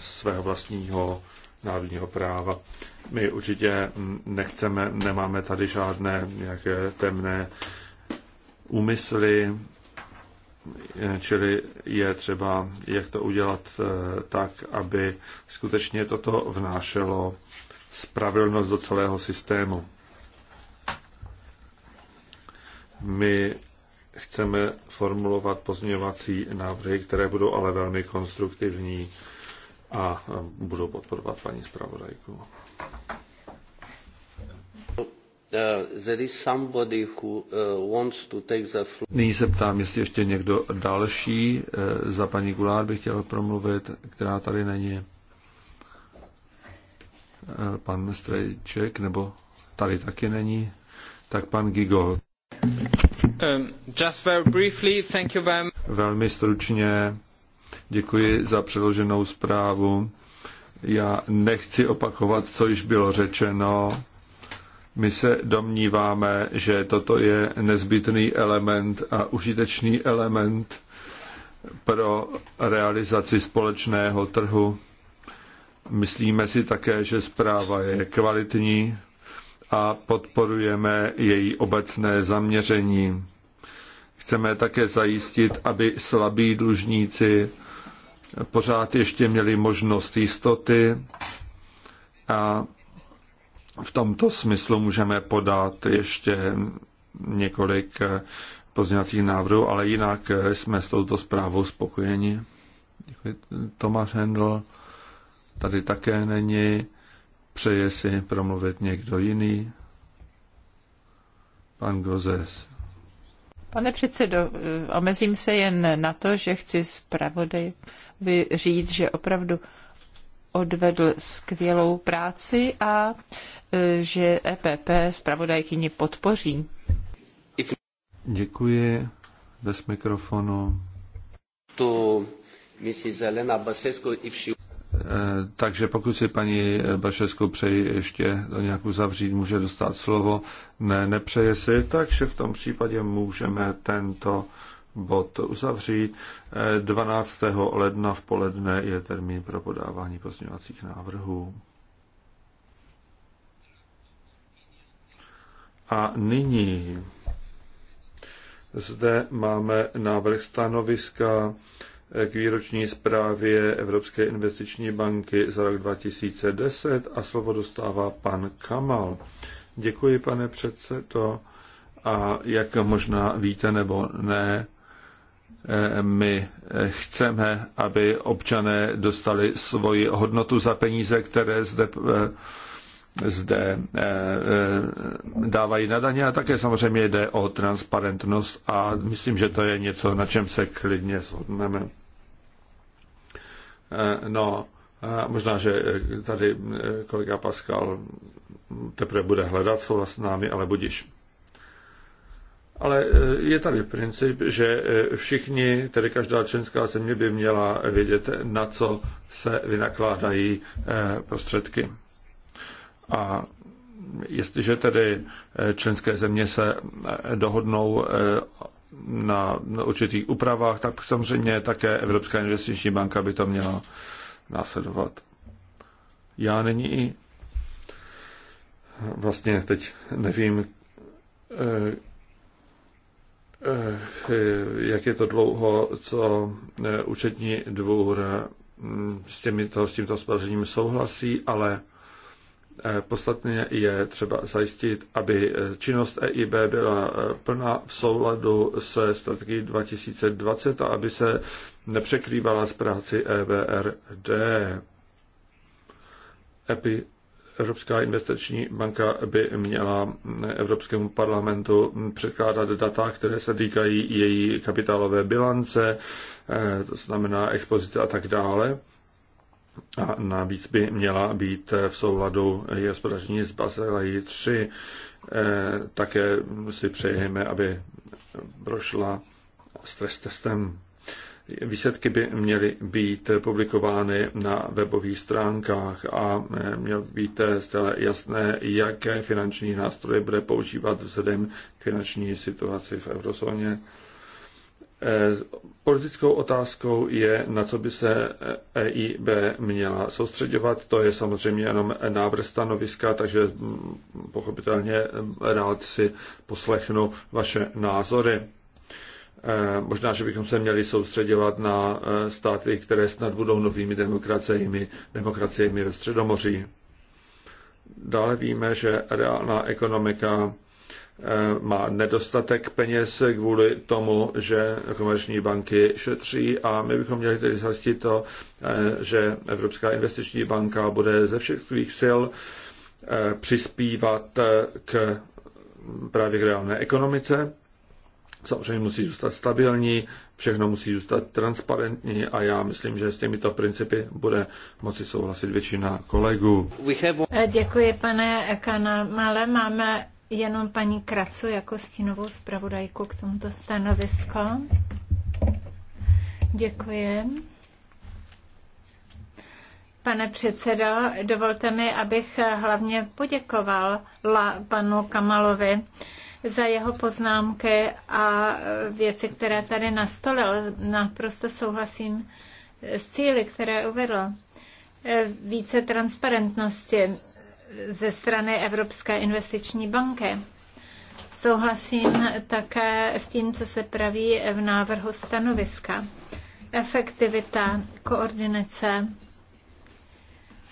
svého vlastního národního práva. My určitě mm, nechceme, nemáme tady žádné nějaké temné úmysly, čili je třeba, jak to udělat tak, aby skutečně toto vnášelo spravedlnost do celého systému. My chceme formulovat pozměňovací návrhy, které budou ale velmi konstruktivní a budou podporovat paní zpravodajku. Uh, uh, Nyní se ptám, jestli ještě někdo další uh, za paní Gulár bych chtěl promluvit, která tady není. Pan Strejček, nebo tady taky není, tak pan Gigol. Um, Velmi stručně děkuji za předloženou zprávu. Já nechci opakovat, co již bylo řečeno. My se domníváme, že toto je nezbytný element a užitečný element pro realizaci společného trhu. Myslíme si také, že zpráva je kvalitní a podporujeme její obecné zaměření. Chceme také zajistit, aby slabí dlužníci pořád ještě měli možnost jistoty a v tomto smyslu můžeme podat ještě několik pozněcích návrhů, ale jinak jsme s touto zprávou spokojeni. Děkuji. Tomáš Hendl tady také není. Přeje si promluvit někdo jiný? Pan Gozes. Pane předsedo, omezím se jen na to, že chci zpravodaj říct, že opravdu odvedl skvělou práci a e, že EPP zpravodajkyni podpoří. Děkuji. Bez mikrofonu. To Mrs. Elena Basescu, i she... Eh, takže pokud si paní Bašesku přeji ještě do nějak uzavřít, může dostat slovo. Ne, nepřeje si, takže v tom případě můžeme tento bod uzavřít. 12. Eh, ledna v poledne je termín pro podávání pozměňovacích návrhů. A nyní zde máme návrh stanoviska k výroční zprávě Evropské investiční banky za rok 2010 a slovo dostává pan Kamal. Děkuji, pane předsedo. A jak možná víte nebo ne, eh, my chceme, aby občané dostali svoji hodnotu za peníze, které zde eh, zde eh, eh, dávají na daně a také samozřejmě jde o transparentnost a myslím, že to je něco, na čem se klidně shodneme. Eh, no, možná, že tady kolega Pascal teprve bude hledat souhlas s námi, ale budiš. Ale je tady princip, že všichni, tedy každá členská země by měla vědět, na co se vynakládají prostředky. A jestliže tedy eh, členské země se eh, dohodnou eh, na určitých úpravách, tak samozřejmě také Evropská investiční banka by to měla následovat. Já i. vlastně teď nevím, jak je to dlouho, co účetní dvůr hm, s, těmito, s tímto hospodařením souhlasí, ale Eh, Podstatně je třeba zajistit, aby eh, činnost EIB byla eh, plná v souladu se strategií 2020 a aby se nepřekrývala s práci EBRD. EPI, Evropská investiční banka by měla mm, Evropskému parlamentu mm, předkládat data, které se týkají její kapitálové bilance, to znamená expozice a tak dále a navíc by měla být v souladu je hospodaření z Bazileji 3. Eh, také si přejeme, aby prošla stres testem. Výsledky by měly být publikovány na webových stránkách a eh, měl být zcela jasné, jaké finanční nástroje bude používat vzhledem k finanční situaci v eurozóně. Eh, politickou otázkou je, na co by se EIB měla soustředovat. To je samozřejmě jenom návrh stanoviska, takže mm, pochopitelně rád si poslechnu vaše názory. Eh, možná, že bychom se měli soustředovat na eh, státy, které snad budou novými demokraciemi, demokraciemi ve Středomoří. Dále víme, že reálná ekonomika Eh, má nedostatek peněz kvůli tomu, že komerční banky šetří a my bychom měli tedy zhastit to, eh, že Evropská investiční banka bude ze všech svých sil eh, přispívat k právě k reálné ekonomice. Samozřejmě musí zůstat stabilní, všechno musí zůstat transparentní a já myslím, že s těmito principy bude moci souhlasit většina kolegů. Děkuji, pane Kanamale. Máme jenom paní Kracu jako stínovou zpravodajku k tomuto stanovisku. Děkuji. Pane předsedo, dovolte mi, abych hlavně poděkoval panu Kamalovi za jeho poznámky a věci, které tady nastolil. Naprosto souhlasím s cíly, které uvedl. Více transparentnosti ze strany Evropské investiční banky. Souhlasím také s tím, co se praví v návrhu stanoviska. Efektivita, koordinace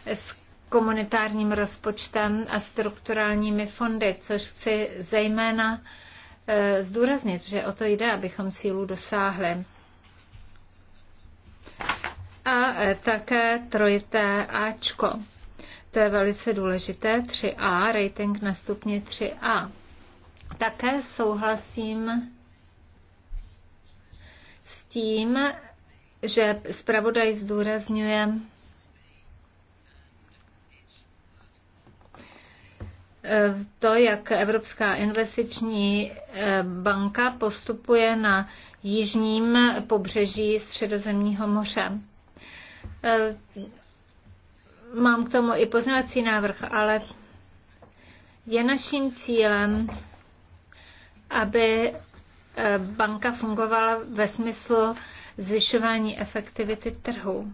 s komunitárním rozpočtem a strukturálními fondy, což chci zejména eh, zdůraznit, že o to jde, abychom cílů dosáhli. A eh, také trojité Ačko to je velice důležité, 3A, rating na stupni 3A. Také souhlasím s tím, že zpravodaj zdůrazňuje eh, to, jak Evropská investiční eh, banka postupuje na jižním pobřeží Středozemního moře. Eh, Mám k tomu i poznací návrh, ale je naším cílem, aby eh, banka fungovala ve smyslu zvyšování efektivity trhu.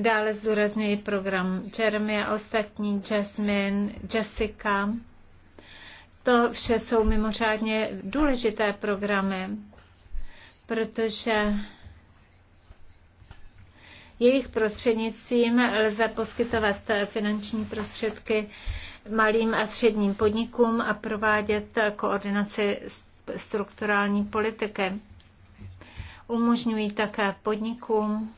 Dále zdůrazňuji program Jeremy a ostatní, Jasmine, Jessica. To vše jsou mimořádně důležité programy, protože jejich prostřednictvím lze poskytovat finanční prostředky malým a středním podnikům a provádět koordinaci strukturální politiky. Umožňují také podnikům,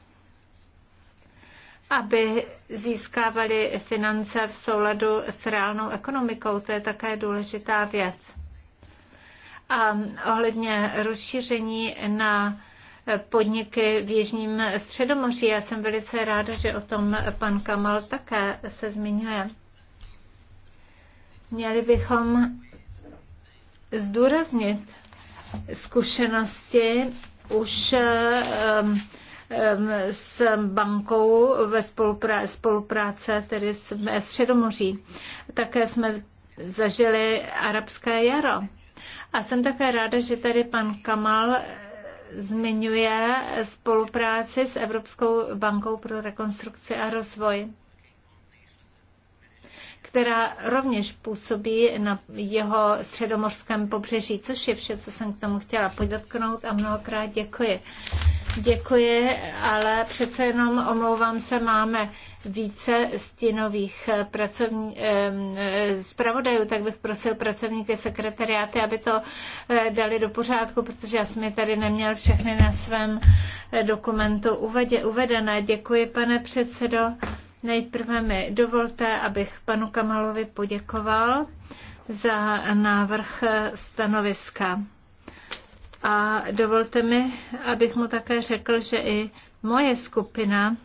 aby získávali finance v souladu s reálnou ekonomikou. To je také důležitá věc. A ohledně rozšíření na podniky v Jižním Středomoří. Já jsem velice ráda, že o tom pan Kamal také se zmiňuje. Měli bychom zdůraznit zkušenosti už um, um, s bankou ve spolupráce, spolupráce tedy s Středomoří. Také jsme zažili arabské jaro. A jsem také ráda, že tady pan Kamal zmiňuje spolupráci s Evropskou bankou pro rekonstrukci a rozvoj která rovněž působí na jeho středomorském pobřeží, což je vše, co jsem k tomu chtěla podotknout a mnohokrát děkuji. Děkuji, ale přece jenom omlouvám se, máme více stínových pracovní, zpravodajů, tak bych prosil pracovníky sekretariáty, aby to eh, dali do pořádku, protože já jsem je tady neměl všechny na svém eh, dokumentu uvedené. Děkuji, pane předsedo. Nejprve mi dovolte, abych panu Kamalovi poděkoval za návrh stanoviska. A dovolte mi, abych mu také řekl, že i moje skupina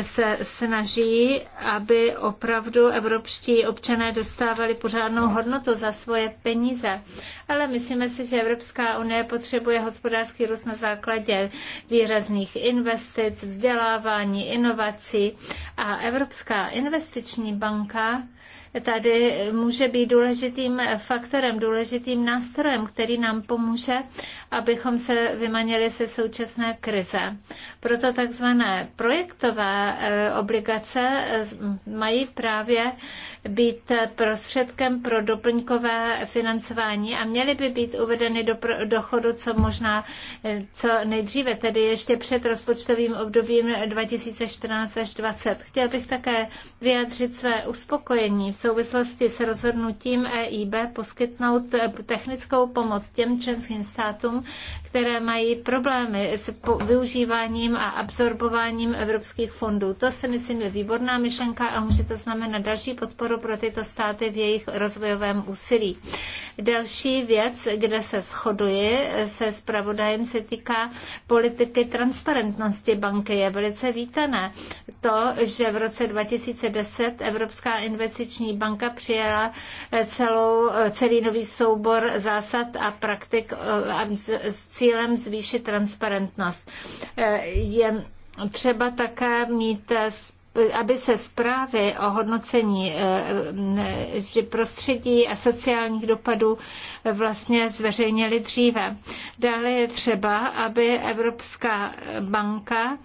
se snaží, aby opravdu evropští občané dostávali pořádnou hodnotu za svoje peníze. Ale myslíme si, že Evropská unie potřebuje hospodářský růst na základě výrazných investic, vzdělávání, inovací a Evropská investiční banka tady může být důležitým faktorem, důležitým nástrojem, který nám pomůže, abychom se vymanili se současné krize. Proto takzvané projektové eh, obligace eh, mají právě být eh, prostředkem pro doplňkové financování a měly by být uvedeny do dochodu co možná co nejdříve, tedy ještě před rozpočtovým obdobím 2014 až 2020. Chtěl bych také vyjádřit své uspokojení v souvislosti s rozhodnutím EIB poskytnout technickou pomoc těm členským státům, které mají problémy s využíváním čerpáním a absorbováním evropských fondů. To si myslím je výborná myšlenka a může to znamenat další podporu pro tyto státy v jejich rozvojovém úsilí. Další věc, kde se shoduje se zpravodajem, se týká politiky transparentnosti banky. Je velice vítané to, že v roce 2010 Evropská investiční banka přijala celou, celý nový soubor zásad a praktik eh, s cílem zvýšit transparentnost je třeba také mít aby se zprávy o hodnocení eh, eh, prostředí a sociálních dopadů vlastně zveřejnily dříve. Dále je třeba, aby Evropská banka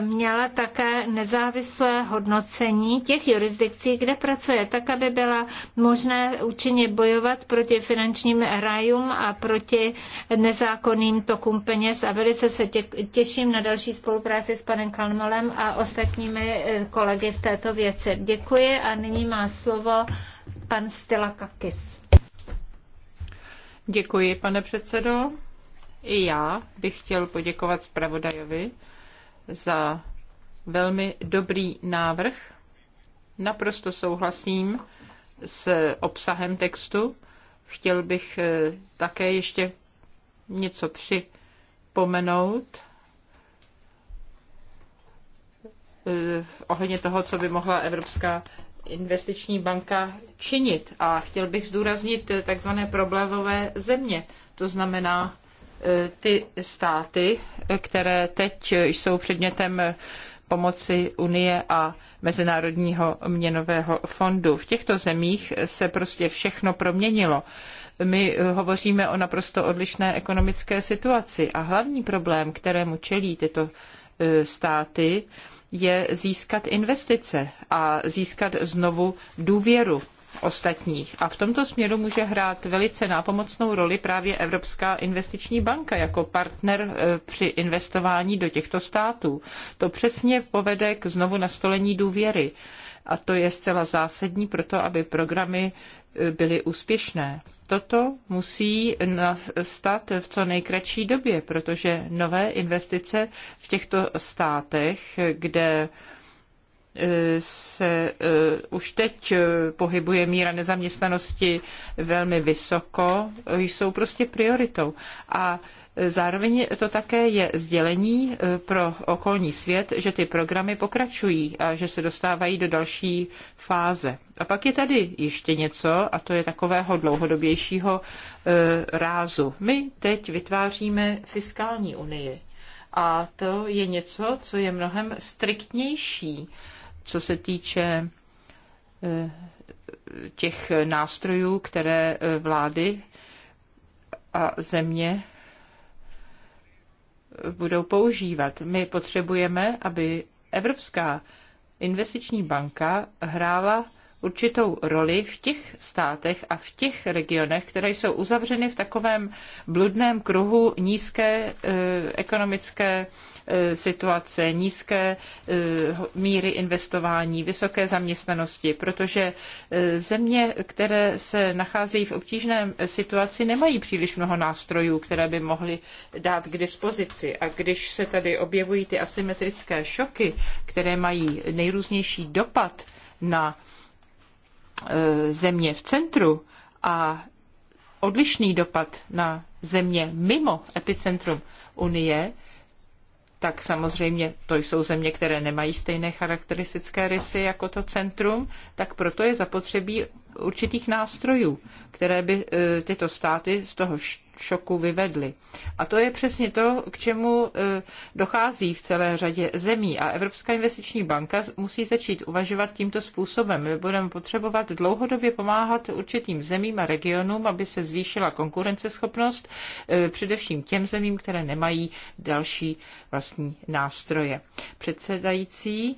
měla také nezávislé hodnocení těch jurisdikcí, kde pracuje, tak, aby byla možné účinně bojovat proti finančním rájům a proti nezákonným tokům peněz. A velice se těším na další spolupráci s panem Kalmelem a ostatními eh, kolegy v této věci. Děkuji a nyní má slovo pan Kakis. Děkuji, pane předsedo. I já bych chtěl poděkovat zpravodajovi za velmi dobrý návrh. Naprosto souhlasím s obsahem textu. Chtěl bych eh, také ještě něco připomenout eh, ohledně toho, co by mohla Evropská investiční banka činit. A chtěl bych zdůraznit eh, takzvané problémové země, to znamená ty státy, které teď jsou předmětem pomoci Unie a Mezinárodního měnového fondu. V těchto zemích se prostě všechno proměnilo. My hovoříme o naprosto odlišné ekonomické situaci a hlavní problém, kterému čelí tyto e, státy, je získat investice a získat znovu důvěru ostatních. A v tomto směru může hrát velice nápomocnou roli právě Evropská investiční banka jako partner eh, při investování do těchto států. To přesně povede k znovu nastolení důvěry. A to je zcela zásadní pro to, aby programy eh, byly úspěšné. Toto musí nastat v co nejkratší době, protože nové investice v těchto státech, kde se eh, už teď eh, pohybuje míra nezaměstnanosti velmi vysoko, jsou prostě prioritou. A eh, Zároveň to také je sdělení pro okolní svět, že ty programy pokračují a že se dostávají do další fáze. A pak je tady ještě něco, a to je takového dlouhodobějšího rázu. My teď vytváříme fiskální unii. A to je něco, co je mnohem striktnější co se týče eh, těch nástrojů, které eh, vlády a země eh, budou používat. My potřebujeme, aby Evropská investiční banka hrála určitou roli v těch státech a v těch regionech, které jsou uzavřeny v takovém bludném kruhu nízké eh, ekonomické eh, situace, nízké eh, míry investování, vysoké zaměstnanosti, protože země, které se nacházejí v obtížné situaci, nemají příliš mnoho nástrojů, které by mohly dát k dispozici. A když se tady objevují ty asymetrické šoky, které mají nejrůznější dopad na Eh, země v centru a odlišný dopad na země mimo epicentrum Unie, tak samozřejmě to jsou země, které nemají stejné charakteristické rysy jako to centrum, tak proto je zapotřebí určitých nástrojů, které by e, tyto státy z toho šoku vyvedly. A to je přesně to, k čemu e, dochází v celé řadě zemí. A Evropská investiční banka musí začít uvažovat tímto způsobem. My budeme potřebovat dlouhodobě pomáhat určitým zemím a regionům, aby se zvýšila konkurenceschopnost, e, především těm zemím, které nemají další vlastní nástroje. Předsedající,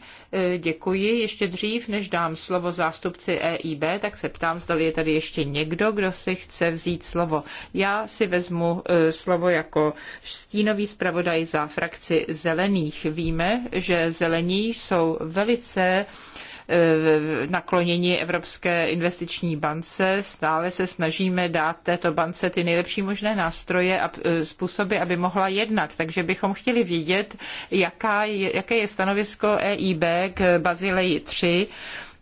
děkuji. Ještě dřív, než dám slovo zástupci EIB, tak se se ptám, zda je tady ještě někdo, kdo si chce vzít slovo. Já si vezmu e, slovo jako stínový zpravodaj za frakci zelených. Víme, že zelení jsou velice e, nakloněni Evropské investiční bance. Stále se snažíme dát této bance ty nejlepší možné nástroje a e, způsoby, aby mohla jednat. Takže bychom chtěli vědět, jaká je, jaké je stanovisko EIB k Bazileji 3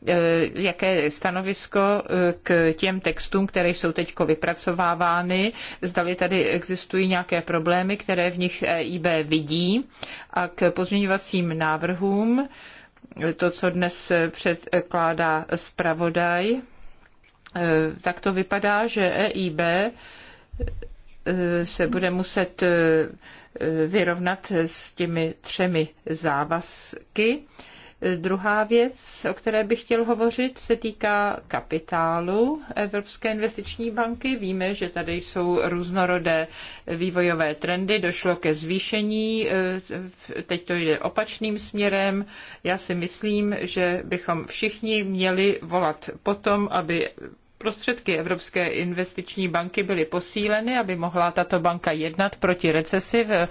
E, jaké je stanovisko e, k těm textům, které jsou teď vypracovávány, zdali tady existují nějaké problémy, které v nich EIB vidí a k pozměňovacím návrhům, to, co dnes předkládá zpravodaj, e, tak to vypadá, že EIB se bude muset vyrovnat s těmi třemi závazky Druhá věc, o které bych chtěl hovořit, se týká kapitálu Evropské investiční banky. Víme, že tady jsou různorodé vývojové trendy, došlo ke zvýšení, eh, teď to jde opačným směrem. Já si myslím, že bychom všichni měli volat potom, aby Prostředky Evropské investiční banky byly posíleny, aby mohla tato banka jednat proti recesi v,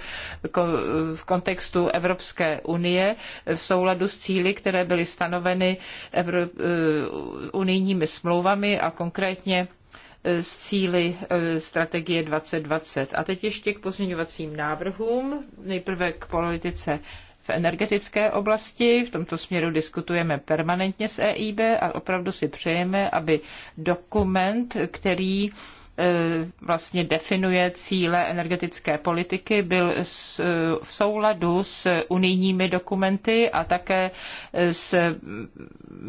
v kontextu Evropské unie v souladu s cíli, které byly stanoveny Evro, eh, unijními smlouvami a konkrétně eh, s cíly eh, strategie 2020. A teď ještě k pozměňovacím návrhům. Nejprve k politice v energetické oblasti. V tomto směru diskutujeme permanentně s EIB a opravdu si přejeme, aby dokument, který e, vlastně definuje cíle energetické politiky, byl e, v souladu s unijními dokumenty a také s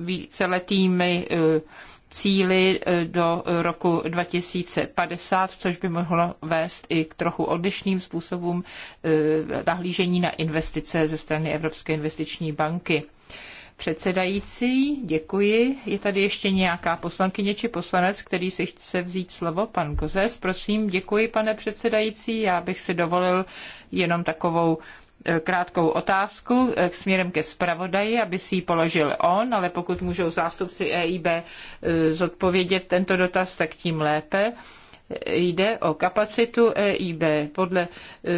víceletými e, cíly e, do roku 2050, což by mohlo vést i k trochu odlišným způsobům e, nahlížení na investice ze strany Evropské investiční banky. Předsedající, děkuji. Je tady ještě nějaká poslankyně či poslanec, který si chce vzít slovo? Pan Kozes, prosím, děkuji, pane předsedající. Já bych si dovolil jenom takovou Eh, krátkou otázku eh, směrem ke zpravodaji, aby si ji položil on, ale pokud můžou zástupci EIB eh, zodpovědět tento dotaz, tak tím lépe. Jde o kapacitu EIB. Podle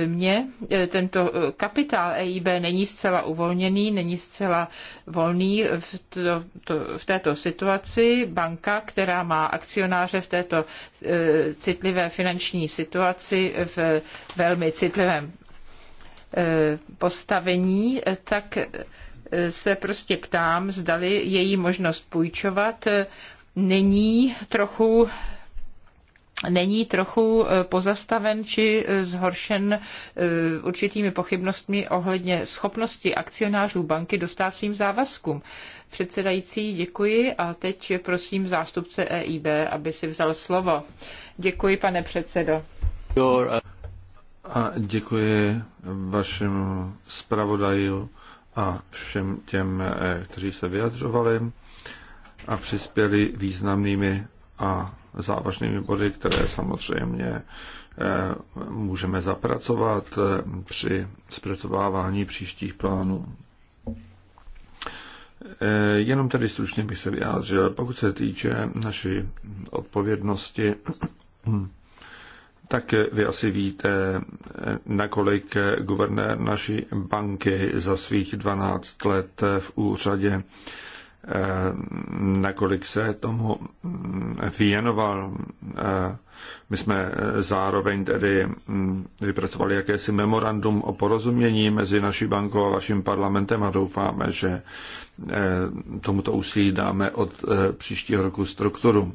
mě tento kapitál EIB není zcela uvolněný, není zcela volný v, to, to, v této situaci. Banka, která má akcionáře v této citlivé finanční situaci v velmi citlivém Eh, postavení, tak eh, se prostě ptám, zdali její možnost půjčovat není trochu není trochu eh, pozastaven či zhoršen určitými pochybnostmi ohledně schopnosti akcionářů banky dostat svým závazkům. Předsedající, děkuji a teď prosím zástupce EIB, aby si vzal slovo. Děkuji, pane předsedo. Uh, a děkuji vašemu zpravodaji a všem těm, eh, kteří se vyjadřovali a přispěli významnými a závažnými body, které samozřejmě eh, můžeme zapracovat eh, při zpracovávání příštích plánů. Jenom tedy stručně bych se vyjádřil, pokud se týče naší odpovědnosti tak vy asi víte, nakolik guvernér naší banky za svých 12 let v úřadě, eh, nakolik se tomu věnoval. Eh, my jsme zároveň tedy mm, vypracovali jakési memorandum o porozumění mezi naší bankou a vaším parlamentem a doufáme, že eh, tomuto úsilí dáme od příštího roku strukturu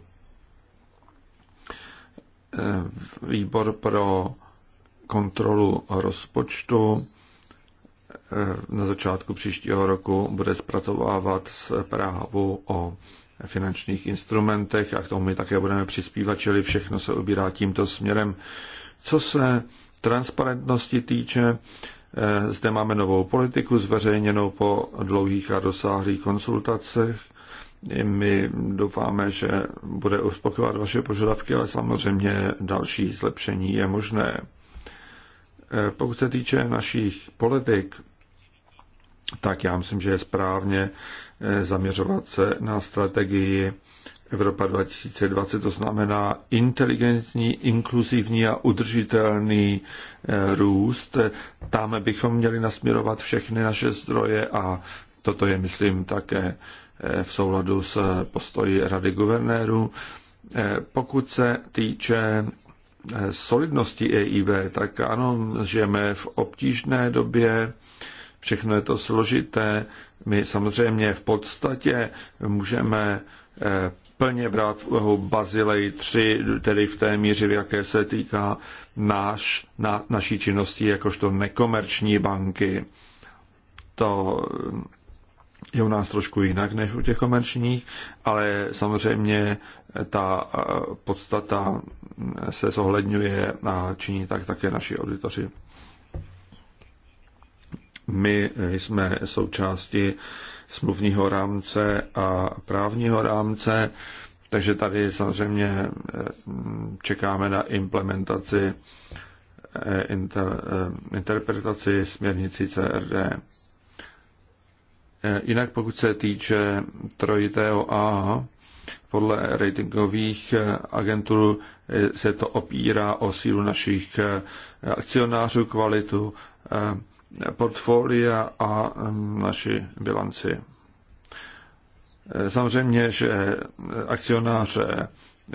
výbor pro kontrolu rozpočtu eh, na začátku příštího roku bude zpracovávat zprávu o finančních instrumentech a k tomu my také budeme přispívat, čili všechno se ubírá tímto směrem. Co se transparentnosti týče, eh, zde máme novou politiku zveřejněnou po dlouhých a rozsáhlých konsultacích my doufáme, že bude uspokojovat vaše požadavky, ale samozřejmě další zlepšení je možné. E, pokud se týče našich politik, tak já myslím, že je správně e, zaměřovat se na strategii Evropa 2020, to znamená inteligentní, inkluzivní a udržitelný e, růst. Tam bychom měli nasměrovat všechny naše zdroje a toto je, myslím, také Eh, v souladu s postoji Rady guvernérů. Eh, pokud se týče eh, solidnosti EIB, tak ano, žijeme v obtížné době, všechno je to složité. My samozřejmě v podstatě můžeme plně brát v úvahu Bazilej 3, tedy v té míře, v jaké se týká náš, na, naší činnosti jakožto nekomerční banky. To je u nás trošku jinak než u těch komerčních, ale samozřejmě ta eh, podstata se zohledňuje a činí tak také naši auditoři. My eh, jsme součástí smluvního rámce a právního rámce, takže tady samozřejmě eh, čekáme na implementaci, inter, interpretaci směrnici CRD. Eh, jinak pokud se týče trojitého A, podle ratingových eh, agentur eh, se to opírá o sílu našich akcionářů, kvalitu portfolia a naši bilanci. Samozřejmě, že akcionáře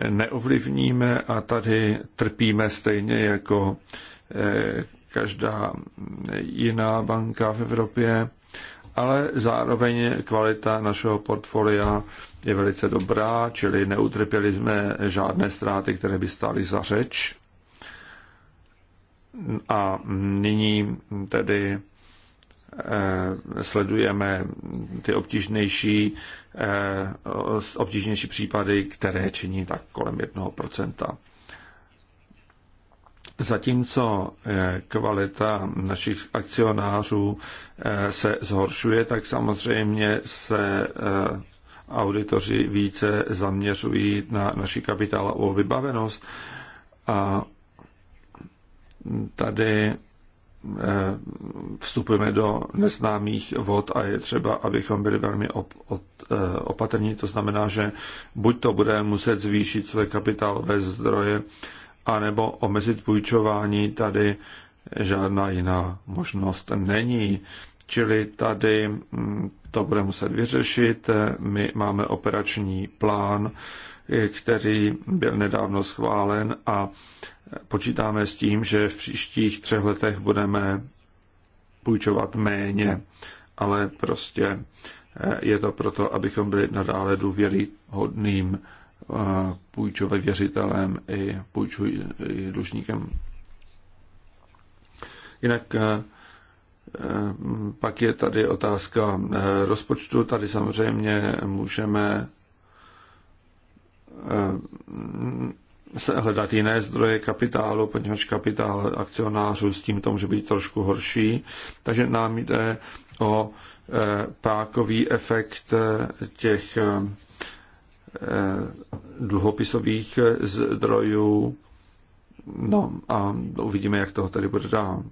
neovlivníme a tady trpíme stejně jako každá jiná banka v Evropě ale zároveň kvalita našeho portfolia je velice dobrá, čili neutrpěli jsme žádné ztráty, které by stály za řeč. A nyní tedy eh, sledujeme ty obtížnější, eh, obtížnější případy, které činí tak kolem 1%. Zatímco eh, kvalita našich akcionářů eh, se zhoršuje, tak samozřejmě se eh, auditoři více zaměřují na naši kapitálovou vybavenost a tady vstupujeme do neznámých vod a je třeba, abychom byli velmi op, od, opatrní. To znamená, že buď to budeme muset zvýšit své kapitálové zdroje, anebo omezit půjčování, tady žádná jiná možnost není. Čili tady mm, to bude muset vyřešit. My máme operační plán, který byl nedávno schválen a počítáme s tím, že v příštích třech letech budeme půjčovat méně, ale prostě eh, je to proto, abychom byli nadále důvěryhodným půjčové věřitelem i, půjčuj, i dlužníkem. Jinak eh, eh, pak je tady otázka eh, rozpočtu. Tady samozřejmě můžeme se hledat jiné zdroje kapitálu, poněvadž kapitál akcionářů s tím to může být trošku horší. Takže nám jde o pákový efekt těch Eh, dluhopisových zdrojů. No a uvidíme, jak toho tady bude dál.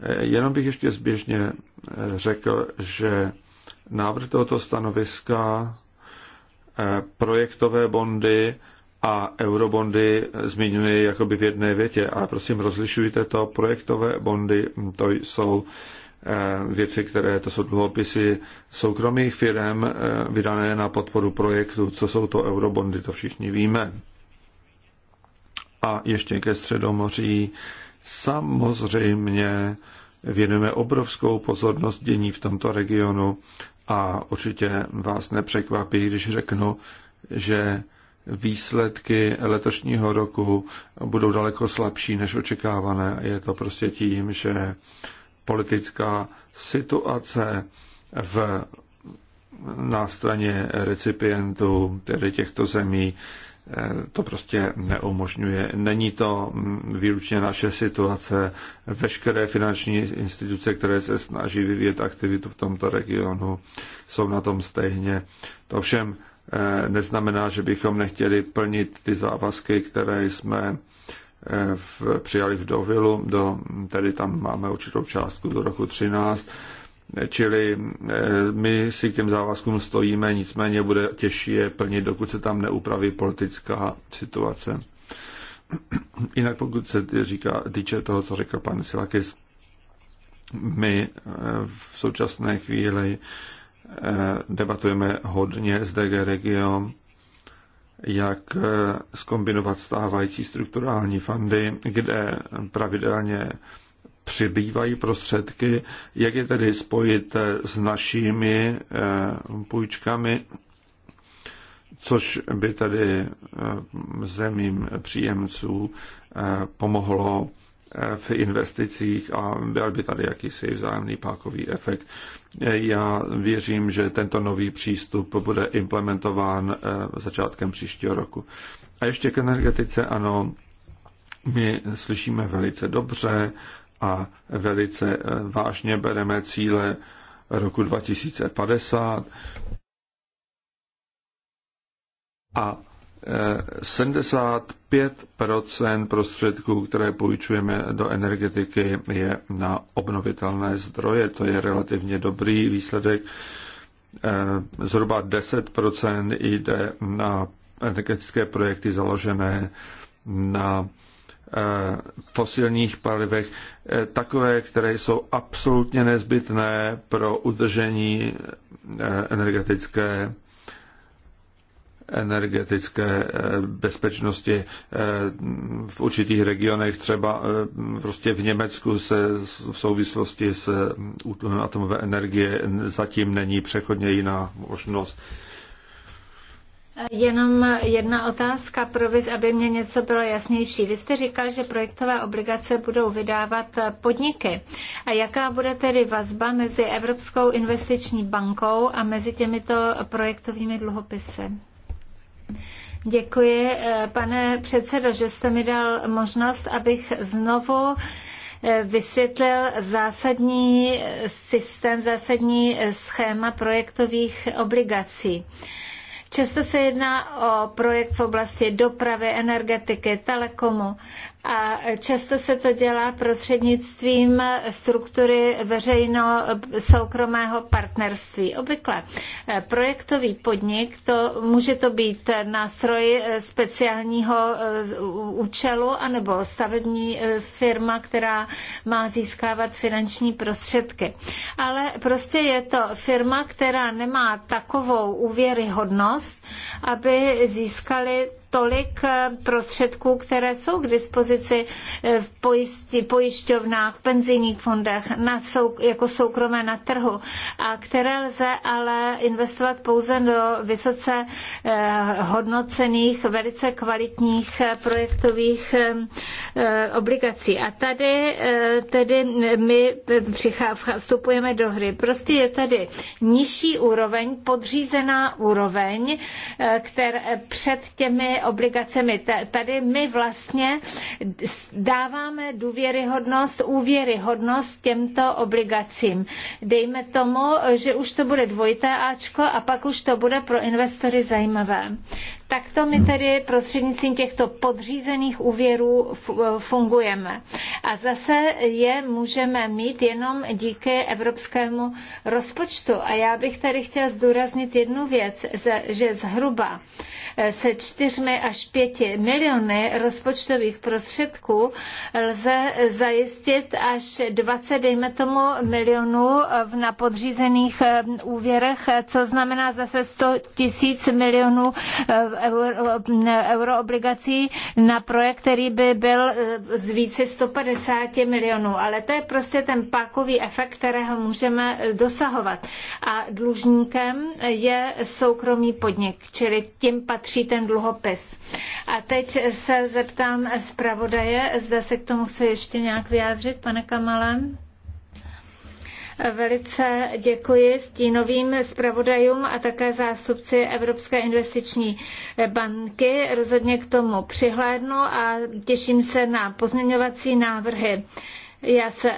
Eh, jenom bych ještě zběžně eh, řekl, že návrh tohoto stanoviska projektové bondy a eurobondy zmiňuje jakoby v jedné větě, ale prosím rozlišujte to. Projektové bondy to jsou Eh, věci, které to jsou dluhopisy soukromých firm eh, vydané na podporu projektu, co jsou to eurobondy, to všichni víme. A ještě ke Středomoří samozřejmě věnujeme obrovskou pozornost dění v tomto regionu a určitě vás nepřekvapí, když řeknu, že výsledky letošního roku budou daleko slabší než očekávané. Je to prostě tím, že politická situace v, na straně recipientů, tedy těchto zemí, eh, to prostě neumožňuje. Není to mm, výlučně naše situace. Veškeré finanční instituce, které se snaží vyvíjet aktivitu v tomto regionu, jsou na tom stejně. To všem eh, neznamená, že bychom nechtěli plnit ty závazky, které jsme v, přijali v Dovilu, do, tedy tam máme určitou částku do roku 13, Čili eh, my si k těm závazkům stojíme, nicméně bude těžší je plnit, dokud se tam neupraví politická situace. Jinak pokud se říká, týče toho, co řekl pan Silakis, my eh, v současné chvíli eh, debatujeme hodně s DG Regio jak eh, skombinovat stávající strukturální fondy, kde pravidelně přibývají prostředky, jak je tedy spojit eh, s našimi eh, půjčkami, což by tedy zemím příjemců pomohlo v investicích a byl by tady jakýsi vzájemný pákový efekt. Já věřím, že tento nový přístup bude implementován eh, začátkem příštího roku. A ještě k energetice, ano, my slyšíme velice dobře a velice eh, vážně bereme cíle roku 2050. A 75 prostředků, které půjčujeme do energetiky, je na obnovitelné zdroje. To je relativně dobrý výsledek. Eh, zhruba 10 jde na energetické projekty založené na eh, fosilních palivech, eh, takové, které jsou absolutně nezbytné pro udržení energetické energetické eh, bezpečnosti eh, v určitých regionech, třeba eh, prostě v Německu se v souvislosti s útlumem atomové energie zatím není přechodně jiná možnost. Jenom jedna otázka pro vys, aby mě něco bylo jasnější. Vy jste říkal, že projektové obligace budou vydávat podniky. A jaká bude tedy vazba mezi Evropskou investiční bankou a mezi těmito projektovými dluhopisy? Děkuji, eh, pane předsedo, že jste mi dal možnost, abych znovu eh, vysvětlil zásadní eh, systém, zásadní schéma projektových obligací. Často se jedná o projekt v oblasti dopravy, energetiky, telekomu a často se to dělá prostřednictvím struktury veřejno-soukromého partnerství. Obvykle eh, projektový podnik, to může to být nástroj eh, speciálního eh, účelu, anebo stavební firma, která má získávat finanční prostředky. Ale prostě je to firma, která nemá takovou úvěryhodnost, aby získali tolik eh, prostředků, které jsou k dispozici eh, v pojistí, pojišťovnách, penzijních fondech, na sou, jako soukromé na trhu, a které lze ale investovat pouze do vysoce eh, hodnocených, velice kvalitních projektových obligací. A tady tedy my vstupujeme do hry. Prostě je tady nižší úroveň, podřízená úroveň, které před těmi obligacemi. Tady my vlastně dáváme důvěryhodnost, úvěryhodnost těmto obligacím. Dejme tomu, že už to bude dvojité Ačko a pak už to bude pro investory zajímavé. Tak to my tedy prostřednictvím těchto podřízených úvěrů fungujeme. A zase je můžeme mít jenom díky evropskému rozpočtu. A já bych tady chtěla zdůraznit jednu věc, že zhruba eh, se čtyřmi až pěti miliony rozpočtových prostředků lze zajistit až 20, dejme tomu, milionů eh, na podřízených eh, úvěrech, co znamená zase 100 tisíc milionů euroobligací na projekt, který by byl eh, z více 150 milionů. Ale to je prostě ten pákový efekt, kterého můžeme eh, dosahovat. A dlužníkem je soukromý podnik, čili tím patří ten dluhopis. A teď se zeptám zpravodaje, zda se k tomu chce ještě nějak vyjádřit, pane Kamalem. Velice děkuji stínovým zpravodajům a také zástupci Evropské investiční banky. Rozhodně k tomu přihlédnu a těším se na pozměňovací návrhy. Já se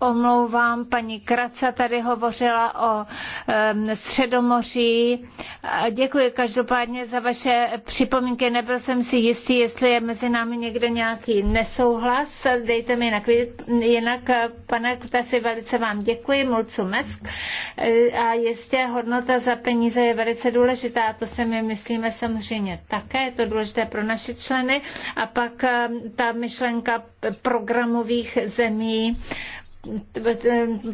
omlouvám, paní Kraca tady hovořila o um, Středomoří. Děkuji každopádně za vaše připomínky. Nebyl jsem si jistý, jestli je mezi námi někde nějaký nesouhlas. Dejte mi jinak vědět. Jinak, pane Kutasi, velice vám děkuji. Mulcu mesk. E, a jistě hodnota za peníze je velice důležitá. To se my myslíme samozřejmě také. Je to důležité pro naše členy. A pak ta myšlenka programových zemí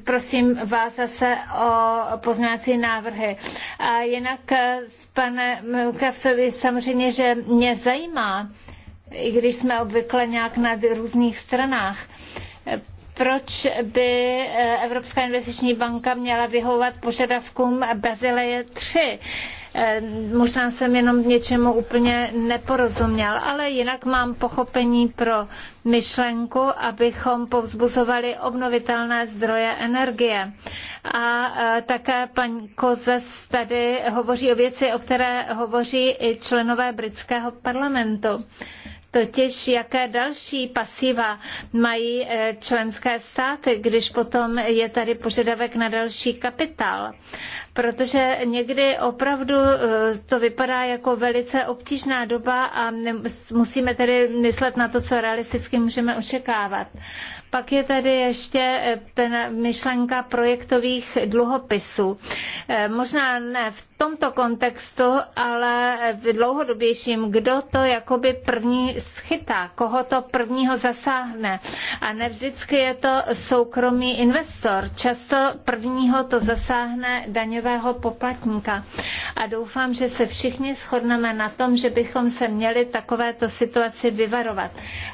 prosím vás zase o poznávací návrhy. A jinak s panem Kravcovi samozřejmě, že mě zajímá, i když jsme obvykle nějak na různých stranách, proč by eh, Evropská investiční banka měla vyhovovat požadavkům Bazileje 3. Eh, možná jsem jenom něčemu úplně neporozuměl, ale jinak mám pochopení pro myšlenku, abychom povzbuzovali obnovitelné zdroje energie. A eh, také paní Kozes tady hovoří o věci, o které hovoří i členové britského parlamentu totiž jaké další pasiva mají eh, členské státy, když potom je tady požadavek na další kapitál. Protože někdy opravdu eh, to vypadá jako velice obtížná doba a musíme tedy myslet na to, co realisticky můžeme očekávat. Pak je tady ještě eh, ten myšlenka projektových dluhopisů. Eh, možná ne v tomto kontextu, ale v dlouhodobějším, kdo to jakoby první schytá, koho to prvního zasáhne. A ne vždycky je to soukromý investor. Často prvního to zasáhne daňového poplatníka. A doufám, že se všichni shodneme na tom, že bychom se měli takovéto situaci vyvarovat.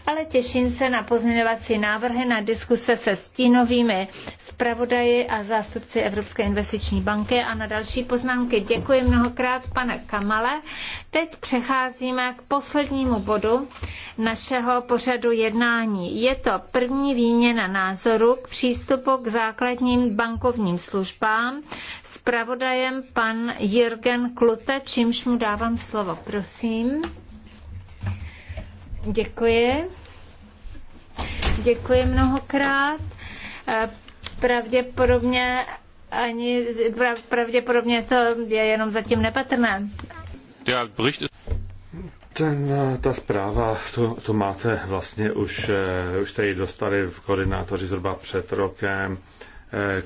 Ale těším se na pozměňovací návrhy návrhy na diskuse se stínovými zpravodaji a zástupci Evropské investiční banky a na další poznámky. Děkuji mnohokrát, pane Kamale. Teď přecházíme k poslednímu bodu našeho pořadu jednání. Je to první výměna názoru k přístupu k základním bankovním službám. Spravodajem pan Jürgen Klute, čímž mu dávám slovo. Prosím. Děkuji. Děkuji mnohokrát. Eh, pravděpodobně ani pravděpodobně to je jenom zatím nepatrné. Ten, eh, ta zpráva, to, to máte vlastně už, eh, už jste ji dostali v koordinátoři zhruba před rokem.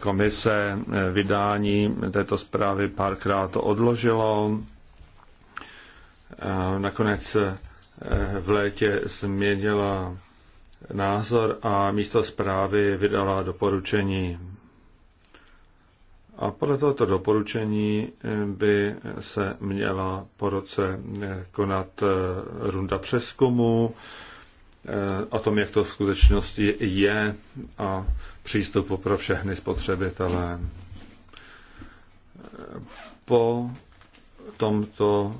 Komise vydání této zprávy párkrát to odložilo. Nakonec v létě změnila názor a místo zprávy vydala doporučení. A podle tohoto doporučení eh, by se měla po roce eh, konat eh, runda přeskumu o tom, jak to v skutečnosti je a přístupu pro všechny spotřebitelé Po tomto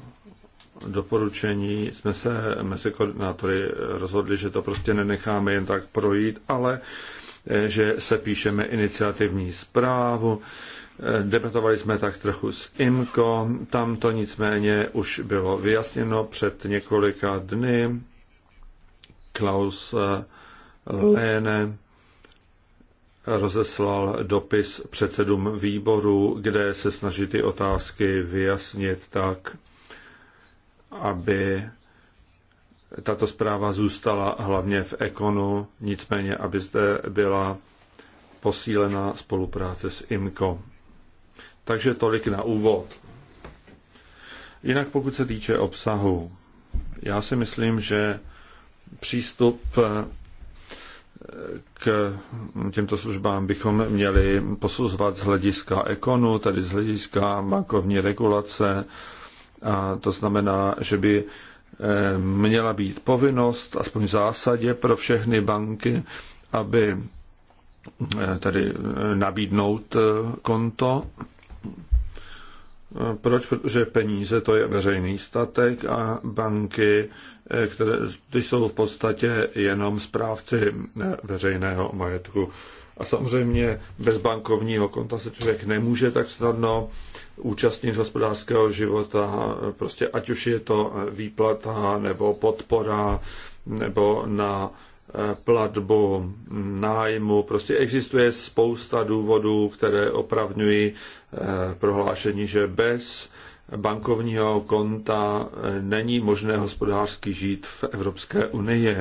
doporučení jsme se mezi koordinátory rozhodli, že to prostě nenecháme jen tak projít, ale eh, že se píšeme iniciativní zprávu. Eh, debatovali jsme tak trochu s Imko. tam to nicméně už bylo vyjasněno před několika dny. Klaus eh, Lene rozeslal dopis předsedům výboru, kde se snaží ty otázky vyjasnit tak, aby tato zpráva zůstala hlavně v Ekonu, nicméně, aby zde byla posílená spolupráce s IMCO. Takže tolik na úvod. Jinak pokud se týče obsahu, já si myslím, že přístup eh, k těmto službám bychom měli posuzovat z hlediska ekonu, tedy z hlediska bankovní regulace, a to znamená, že by eh, měla být povinnost, aspoň v zásadě, pro všechny banky, aby eh, tady eh, nabídnout konto. Proč? Protože peníze to je veřejný statek a banky, které ty jsou v podstatě jenom správci veřejného majetku. A samozřejmě bez bankovního konta se člověk nemůže tak snadno účastnit hospodářského života, prostě ať už je to výplata nebo podpora nebo na eh, platbu nájmu. Prostě existuje spousta důvodů, které opravňují eh, prohlášení, že bez bankovního konta eh, není možné hospodářsky žít v Evropské unii.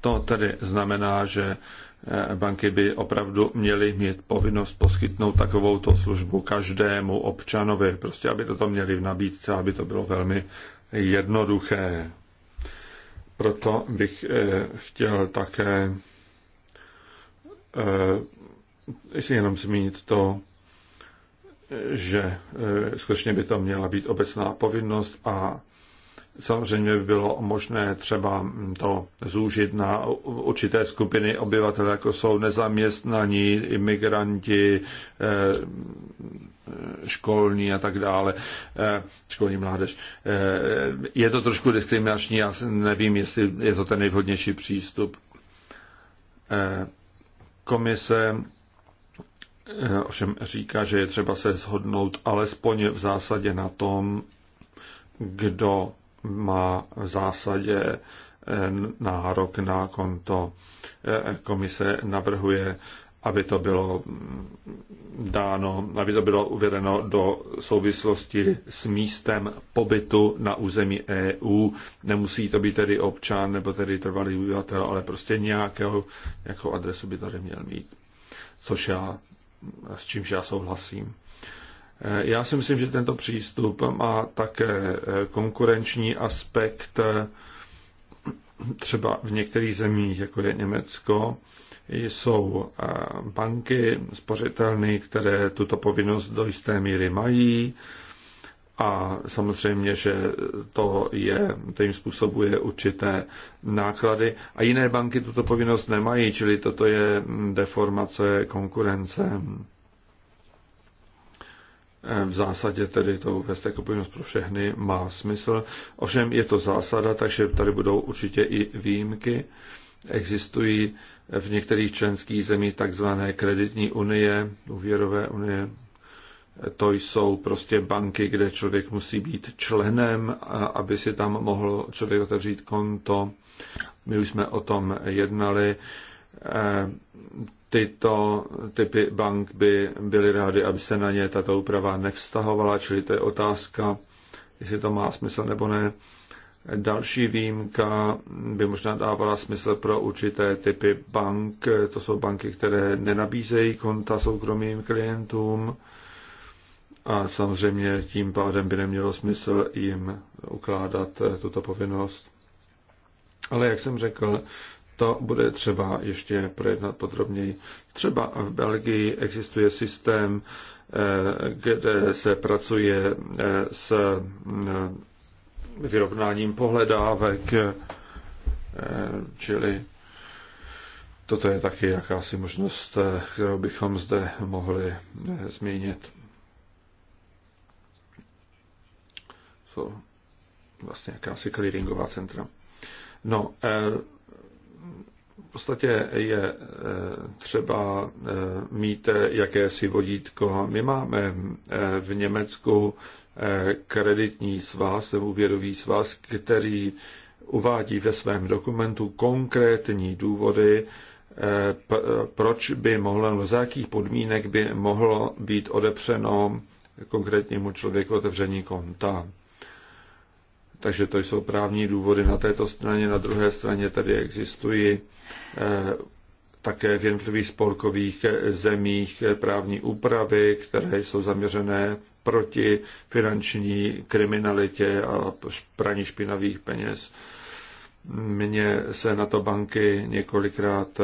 To tedy znamená, že Eh, banky by opravdu měly mít povinnost poskytnout takovouto službu každému občanovi, prostě aby toto měli v nabídce, aby to bylo velmi jednoduché. Proto bych eh, chtěl také si eh, jenom zmínit to, že skutečně by to měla být obecná povinnost a Samozřejmě by bylo možné třeba to zúžit na určité skupiny obyvatel, jako jsou nezaměstnaní, imigranti, eh, školní a tak dále, eh, školní mládež. Eh, je to trošku diskriminační, já nevím, jestli je to ten nejvhodnější přístup. Komise ovšem říká, že je třeba se shodnout alespoň v zásadě na tom, kdo má v zásadě eh, nárok na konto. Eh, komise navrhuje, aby to bylo mm, dáno, aby to bylo uvedeno do souvislosti s místem pobytu na území EU. Nemusí to být tedy občan nebo tedy trvalý obyvatel, ale prostě nějakého, nějakou adresu by tady měl mít. Což já, s čímž já souhlasím. Já si myslím, že tento přístup má také eh, konkurenční aspekt eh, třeba v některých zemích, jako je Německo, jsou eh, banky spořitelny, které tuto povinnost do jisté míry mají a samozřejmě, že to, je, to jim způsobuje určité náklady a jiné banky tuto povinnost nemají, čili toto je hm, deformace konkurence v zásadě tedy to vést jako povinnost pro všechny má smysl. Ovšem je to zásada, takže tady budou určitě i výjimky. Existují v některých členských zemích takzvané kreditní unie, úvěrové unie. To jsou prostě banky, kde člověk musí být členem, aby si tam mohl člověk otevřít konto. My už jsme o tom jednali tyto typy bank by byly rády, aby se na ně tato úprava nevztahovala, čili to je otázka, jestli to má smysl nebo ne. Další výjimka by možná dávala smysl pro určité typy bank. To jsou banky, které nenabízejí konta soukromým klientům a samozřejmě tím pádem by nemělo smysl jim ukládat tuto povinnost. Ale jak jsem řekl, to bude třeba ještě projednat podrobněji. Třeba v Belgii existuje systém, eh, kde se pracuje eh, s eh, vyrovnáním pohledávek, čili toto je taky jakási možnost, kterou bychom zde mohli změnit. Jsou vlastně jakási clearingová centra. No, podstatě je eh, třeba eh, mít eh, jakési vodítko. My máme v Německu kreditní svaz nebo úvěrový svaz, který uvádí ve svém dokumentu konkrétní důvody, proč by mohlo, za jakých podmínek by mohlo být odepřeno konkrétnímu člověku otevření konta. Takže to jsou právní důvody na této straně. Na druhé straně tady existují eh, také v jednotlivých spolkových eh, zemích eh, právní úpravy, které jsou zaměřené proti finanční kriminalitě a praní špinavých peněz. Mně se na to banky několikrát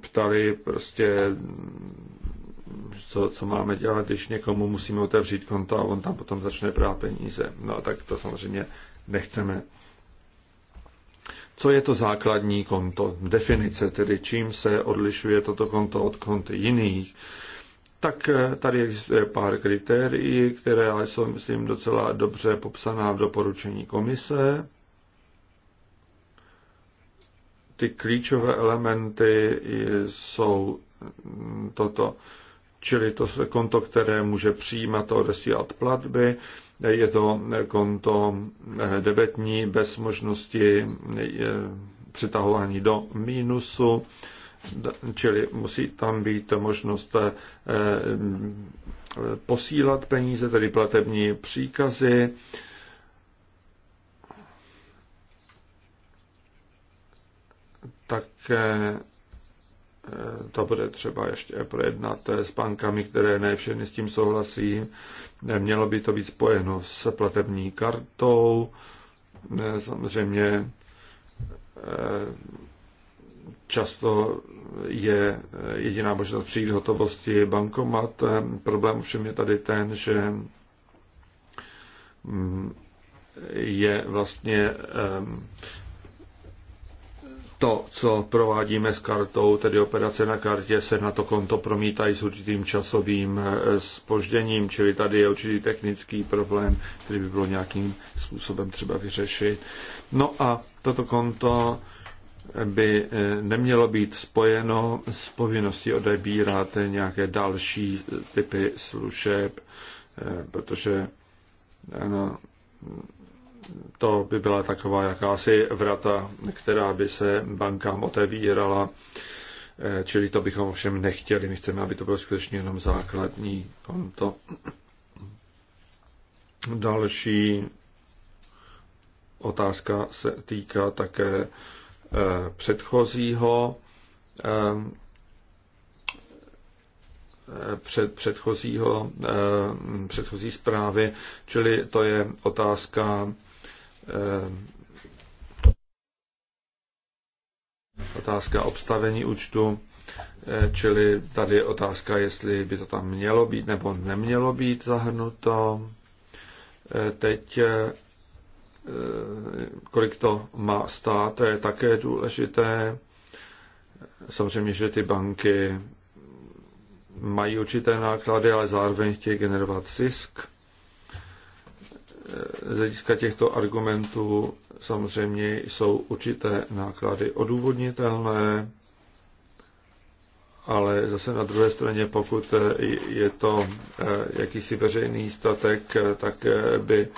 ptali prostě co, co máme dělat, když někomu musíme otevřít konto a on tam potom začne brát peníze. No tak to samozřejmě nechceme. Co je to základní konto? Definice, tedy čím se odlišuje toto konto od kont jiných. Tak eh, tady existuje pár kritérií, které ale jsou, myslím, docela dobře popsaná v doporučení komise. Ty klíčové elementy jsou toto čili to je konto, které může přijímat a odesílat platby, je to konto eh, debetní bez možnosti eh, přitahování do mínusu, čili musí tam být možnost eh, posílat peníze, tedy platební příkazy. tak. Eh, to bude třeba ještě projednat eh, s bankami, které ne všechny s tím souhlasí. Mělo by to být spojeno s platební kartou. Eh, samozřejmě často je jediná možnost přijít hotovosti bankomat. Problém všem je tady ten, že mm, je vlastně to, co provádíme s kartou, tedy operace na kartě, se na to konto promítají s určitým časovým spožděním, eh, čili tady je určitý technický problém, který by bylo nějakým způsobem třeba vyřešit. No a toto konto by eh, nemělo být spojeno s povinností odebírat nějaké další eh, typy služeb, protože ano, to by byla taková jakási vrata, která by se bankám otevírala, eh, čili to bychom ovšem nechtěli. My chceme, aby to bylo skutečně jenom základní konto. Další otázka se týká také eh, předchozího eh, před, předchozího, předchozí zprávy, čili to je otázka Eh, otázka obstavení účtu, eh, čili tady je otázka, jestli by to tam mělo být nebo nemělo být zahrnuto. Eh, teď kolik to má stát, to je také důležité. Samozřejmě, že ty banky mají určité náklady, ale zároveň chtějí generovat zisk z hlediska těchto argumentů samozřejmě jsou určité náklady odůvodnitelné, ale zase na druhé straně, pokud je to eh, jakýsi veřejný statek, eh, tak eh, by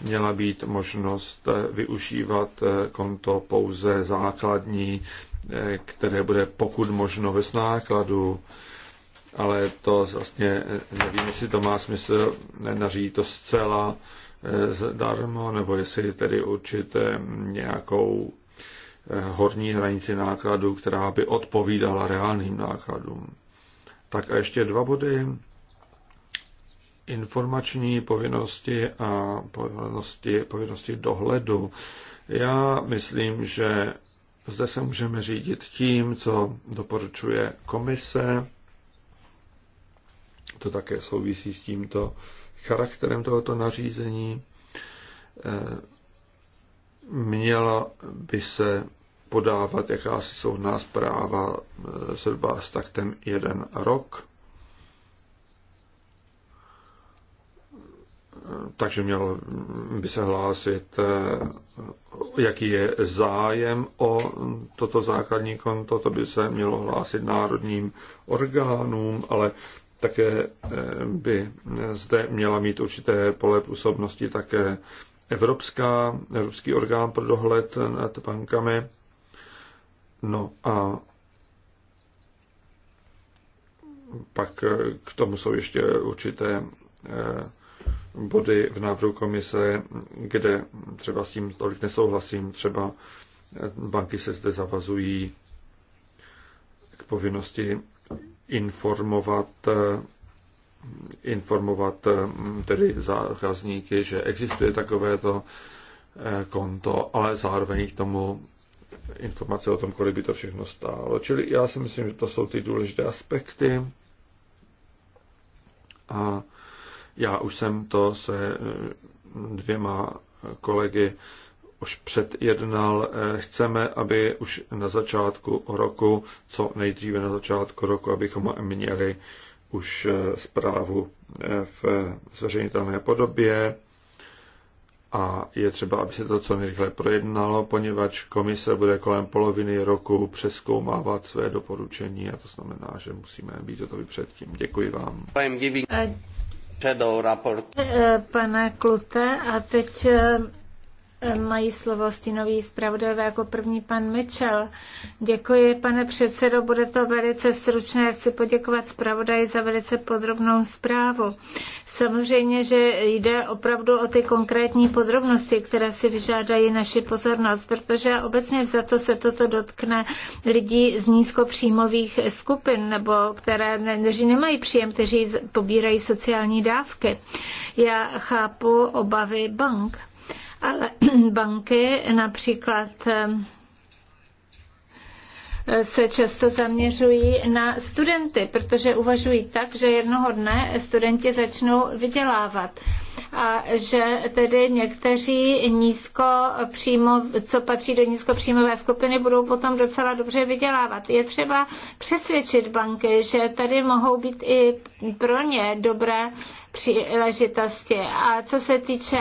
měla být možnost využívat konto pouze základní, které bude pokud možno bez nákladu, ale to vlastně nevím, jestli to má smysl nařídit to zcela Eh, zdarma, nebo jestli tedy určité nějakou eh, horní hranici nákladů, která by odpovídala reálným nákladům. Tak a ještě dva body. Informační povinnosti a povinnosti, povinnosti dohledu. Já myslím, že zde se můžeme řídit tím, co doporučuje komise. To také souvisí s tímto charakterem tohoto nařízení. Eh, měla by se podávat jakási soudná zpráva eh, zhruba s taktem jeden rok. Takže měl by se hlásit, eh, jaký je zájem o toto základní konto, to by se mělo hlásit národním orgánům, ale také eh, by eh, zde měla mít určité pole působnosti také Evropská, Evropský orgán pro dohled nad bankami. No a pak eh, k tomu jsou ještě určité body v návrhu komise, kde třeba s tím tolik nesouhlasím, třeba banky se zde zavazují k povinnosti informovat eh, informovat eh, tedy zákazníky, že existuje takovéto eh, konto, ale zároveň k tomu informace o tom, kolik by to všechno stálo. Čili já si myslím, že to jsou ty důležité aspekty. A já už jsem to se dvěma kolegy už předjednal, eh, chceme, aby už na začátku roku, co nejdříve na začátku roku, abychom měli už eh, zprávu eh, v zveřejnitelné podobě a je třeba, aby se to co nejrychle projednalo, poněvadž komise bude kolem poloviny roku přeskoumávat své doporučení a to znamená, že musíme být to předtím. Děkuji vám. Pane Klute, a teď mají slovo stínový zpravodajové jako první pan Mitchell. Děkuji, pane předsedo, bude to velice stručné. Chci poděkovat zpravodaji za velice podrobnou zprávu. Samozřejmě, že jde opravdu o ty konkrétní podrobnosti, které si vyžádají naši pozornost, protože obecně za to se toto dotkne lidí z nízkopříjmových skupin, nebo které, ne, nemají příjem, kteří pobírají sociální dávky. Já chápu obavy bank ale banky například ehm, se často zaměřují na studenty, protože uvažují tak, že jednoho dne studenti začnou vydělávat a že tedy někteří nízko přímo, co patří do nízkopříjmové skupiny, budou potom docela dobře vydělávat. Je třeba přesvědčit banky, že tady mohou být i pro ně dobré příležitosti. A co se týče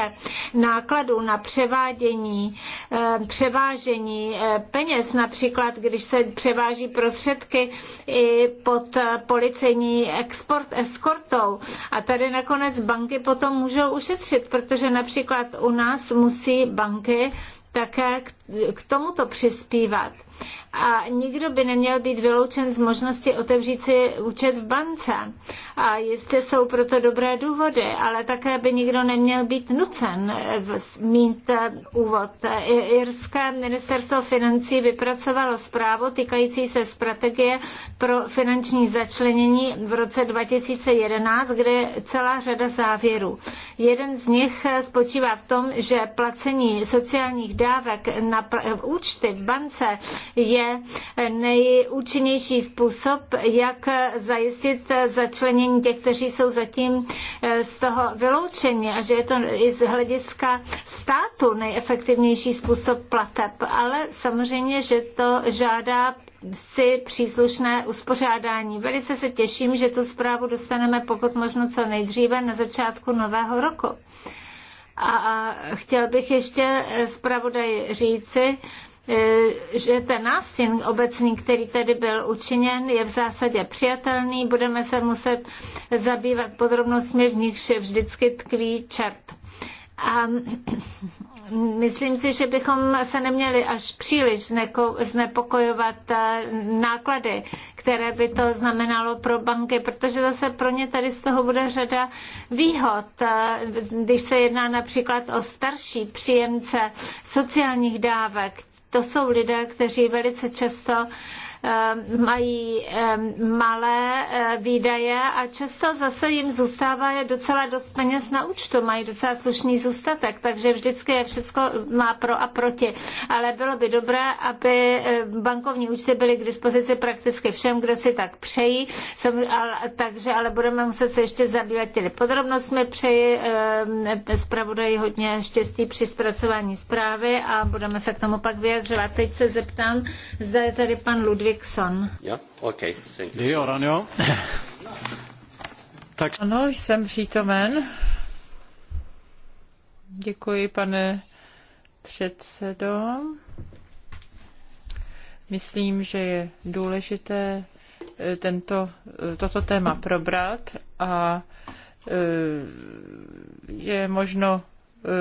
nákladů na převádění, eh, převážení eh, peněz, například když se převáží prostředky i pod policejní export, eskortou. A tady nakonec banky potom můžou ušetřit, protože například u nás musí banky také k tomuto přispívat a nikdo by neměl být vyloučen z možnosti otevřít si účet v bance. A jistě jsou proto dobré důvody, ale také by nikdo neměl být nucen mít eh, úvod. Irské ministerstvo financí vypracovalo zprávu týkající se strategie pro finanční začlenění v roce 2011, kde je celá řada závěrů. Jeden z nich spočívá v tom, že placení sociálních dávek na účty v bance je nejúčinnější způsob, jak zajistit začlenění těch, kteří jsou zatím eh, z toho vyloučeni a že je to i z hlediska státu nejefektivnější způsob plateb, ale samozřejmě, že to žádá si příslušné uspořádání. Velice se těším, že tu zprávu dostaneme pokud možno co nejdříve na začátku nového roku. A chtěl bych ještě eh, zpravodaj říci, eh, že ten nástin obecný, který tady byl učiněn, je v zásadě přijatelný. Budeme se muset zabývat podrobnostmi, v nichž vždycky tkví čert. A myslím si, že bychom se neměli až příliš znepokojovat eh, náklady, které by to znamenalo pro banky, protože zase pro ně tady z toho bude řada výhod. Eh, když se jedná například o starší příjemce sociálních dávek, to jsou lidé, kteří velice často Ehm, mají ehm, malé eh, výdaje a často zase jim zůstává docela dost peněz na účtu, mají docela slušný zůstatek, takže vždycky je všecko má pro a proti. Ale bylo by dobré, aby eh, bankovní účty byly k dispozici prakticky všem, kdo si tak přejí, takže ale budeme muset se ještě zabývat těmi podrobnostmi. Přeji ehm, zpravodaji hodně štěstí při zpracování zprávy a budeme se k tomu pak vyjadřovat. Teď se zeptám, zda je tady pan Ludvík Ludvíkson. Yeah? Okay. Det gör han, ja. Tak. Ano, jsem přítomen. Děkuji, pane předsedo. Myslím, že je důležité eh, tento, eh, toto téma probrat a eh, je možno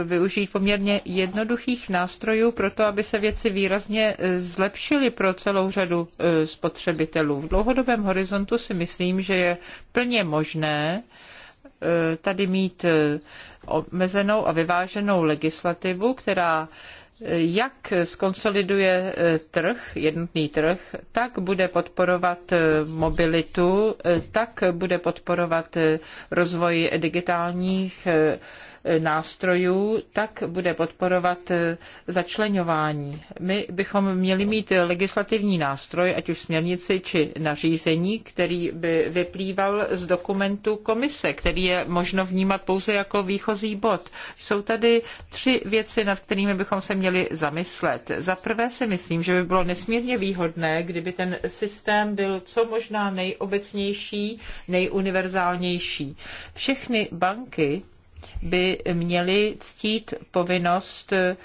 využít poměrně jednoduchých nástrojů pro to, aby se věci výrazně zlepšily pro celou řadu e, spotřebitelů. V dlouhodobém horizontu si myslím, že je plně možné e, tady mít e, omezenou a vyváženou legislativu, která jak skonsoliduje trh, jednotný trh, tak bude podporovat mobilitu, tak bude podporovat rozvoj digitálních nástrojů, tak bude podporovat e, začlenování. My bychom měli mít legislativní nástroj, ať už směrnici či nařízení, který by vyplýval z dokumentu komise, který je možno vnímat pouze jako výchozí bod. Jsou tady tři věci, nad kterými bychom se měli zamyslet. Za prvé si myslím, že by bylo nesmírně výhodné, kdyby ten systém byl co možná nejobecnější, nejuniverzálnější. Všechny banky, by měly ctít povinnost eh,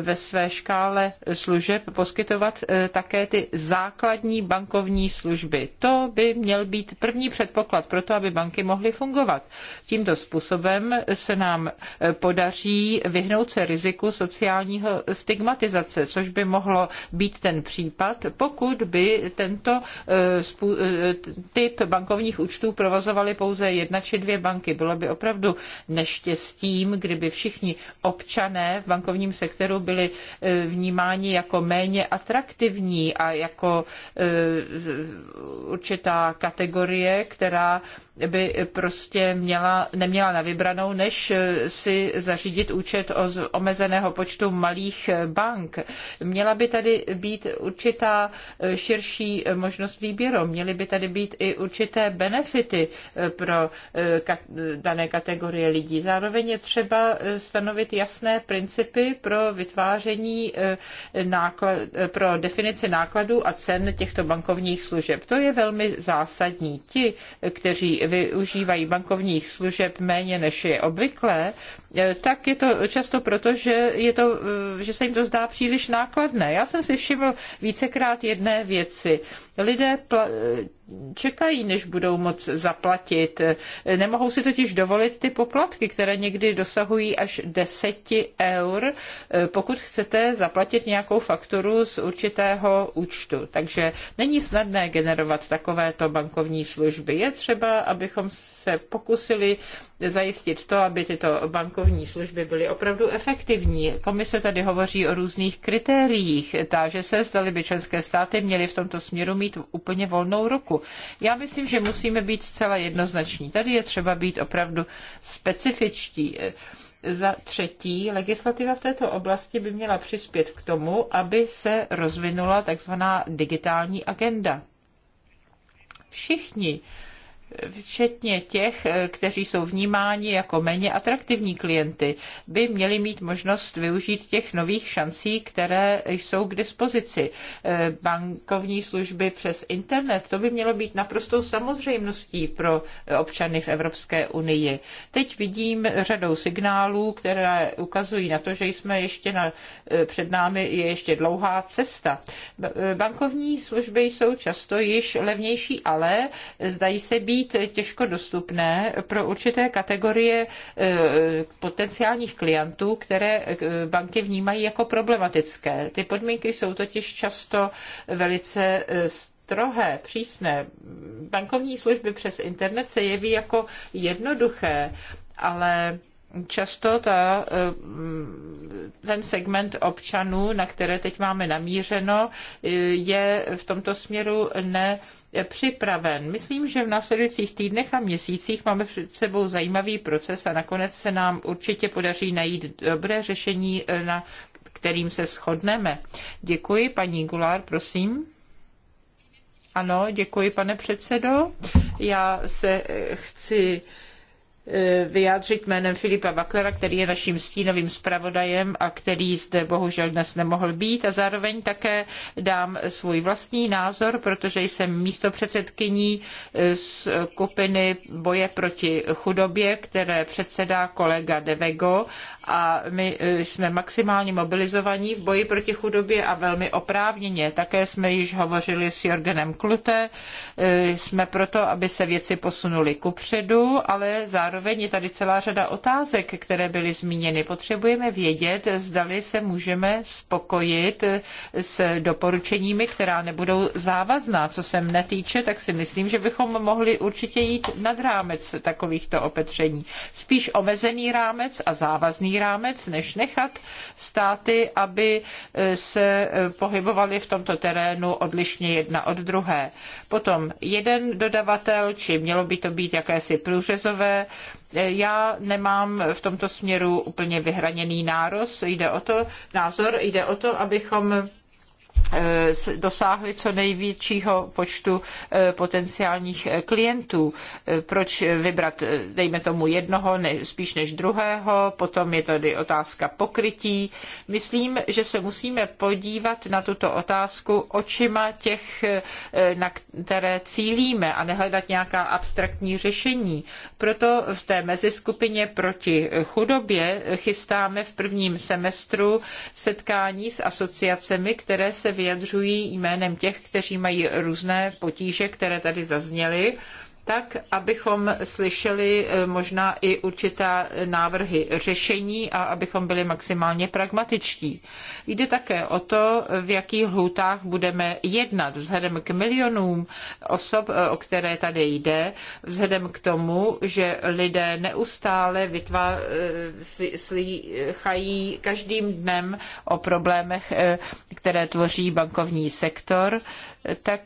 ve své škále služeb poskytovat eh, také ty základní bankovní služby. To by měl být první předpoklad pro to, aby banky mohly fungovat. Tímto způsobem se nám eh, podaří vyhnout se riziku sociálního stigmatizace, což by mohlo být ten případ, pokud by tento typ bankovních účtů provozovaly pouze jedna či dvě banky. Bylo by opravdu než ještě s tím, kdyby všichni občané v bankovním sektoru byli e, vnímáni jako méně atraktivní a jako e, určitá kategorie, která by prostě měla, neměla na vybranou, než e, si zařídit účet o omezeného počtu malých bank. Měla by tady být určitá širší možnost výběru. Měly by tady být i určité benefity pro dané kategorie lidí. Zároveň je třeba eh, stanovit jasné principy pro vytváření eh, náklad, eh, pro definici nákladů a cen těchto bankovních služeb. To je velmi zásadní. Ti, kteří využívají bankovních služeb méně než je obvyklé, tak je to často proto, že, je to, že se jim to zdá příliš nákladné. Já jsem si všiml vícekrát jedné věci. Lidé čekají, než budou moc zaplatit. Nemohou si totiž dovolit ty poplatky, které někdy dosahují až 10 eur, pokud chcete zaplatit nějakou fakturu z určitého účtu. Takže není snadné generovat takovéto bankovní služby. Je třeba, abychom se pokusili zajistit to, aby tyto bankovní služby byly opravdu efektivní. Komise tady hovoří o různých kritériích. Táže se, zdali by členské státy měly v tomto směru mít úplně volnou ruku. Já myslím, že musíme být zcela jednoznační. Tady je třeba být opravdu specifičtí. Za třetí, legislativa v této oblasti by měla přispět k tomu, aby se rozvinula takzvaná digitální agenda. Všichni včetně těch, eh, kteří jsou vnímáni jako méně atraktivní klienty, by měli mít možnost využít těch nových šancí, které jsou k dispozici. Eh, bankovní služby přes internet, to by mělo být naprostou samozřejmostí pro eh, občany v Evropské unii. Teď vidím řadou signálů, které ukazují na to, že jsme ještě na, před námi je ještě dlouhá cesta. Bankovní služby jsou často již levnější, ale zdají se být být těžko dostupné pro určité kategorie eh, potenciálních klientů, které eh, banky vnímají jako problematické. Ty podmínky jsou totiž často velice eh, strohé, přísné. Bankovní služby přes internet se jeví jako jednoduché, ale často ta, eh, ten segment občanů, na které teď máme namířeno, eh, je v tomto směru nepřipraven. Myslím, že v následujících týdnech a měsících máme před sebou zajímavý proces a nakonec se nám určitě podaří najít dobré řešení, eh, na kterým se shodneme. Děkuji, paní Gulár, prosím. Ano, děkuji, pane předsedo. Já se chci Eh, vyjádřit jménem Filipa Baklera, který je naším stínovým zpravodajem a který zde bohužel dnes nemohl být. A zároveň také dám svůj vlastní názor, protože jsem místo předsedkyní eh, skupiny boje proti chudobě, které předsedá kolega Devego a my eh, jsme maximálně mobilizovaní v boji proti chudobě a velmi oprávněně. Také jsme již hovořili s Jorgenem Klute, jsme proto, aby se věci posunuly kupředu, ale zároveň zároveň je tady celá řada otázek, které byly zmíněny. Potřebujeme vědět, zdali se můžeme spokojit s doporučeními, která nebudou závazná. Co se mne týče, tak si myslím, že bychom mohli určitě jít nad rámec takovýchto opatření. Spíš omezený rámec a závazný rámec, než nechat státy, aby eh, se eh, pohybovali v tomto terénu odlišně jedna od druhé. Potom jeden dodavatel, či mělo by to být jakési průřezové já nemám v tomto směru úplně vyhraněný nároz. Jde o to, názor, jde o to, abychom Eh, dosáhli co největšího počtu eh, potenciálních eh, klientů. Proč vybrat, dejme tomu, jednoho ne, spíš než druhého, potom je tady otázka pokrytí. Myslím, že se musíme podívat na tuto otázku očima těch, na které cílíme a nehledat nějaká abstraktní řešení. Proto v té meziskupině proti chudobě chystáme v prvním semestru setkání s asociacemi, které se se vyjadřují jménem těch, kteří mají různé potíže, které tady zazněly tak abychom slyšeli eh, možná i určitá návrhy řešení a abychom byli maximálně pragmatičtí. Jde také o to, v jakých lhůtách budeme jednat vzhledem k milionům osob, eh, o které tady jde, vzhledem k tomu, že lidé neustále vytvá, eh, slýchají každým dnem o problémech, které tvoří bankovní sektor, tak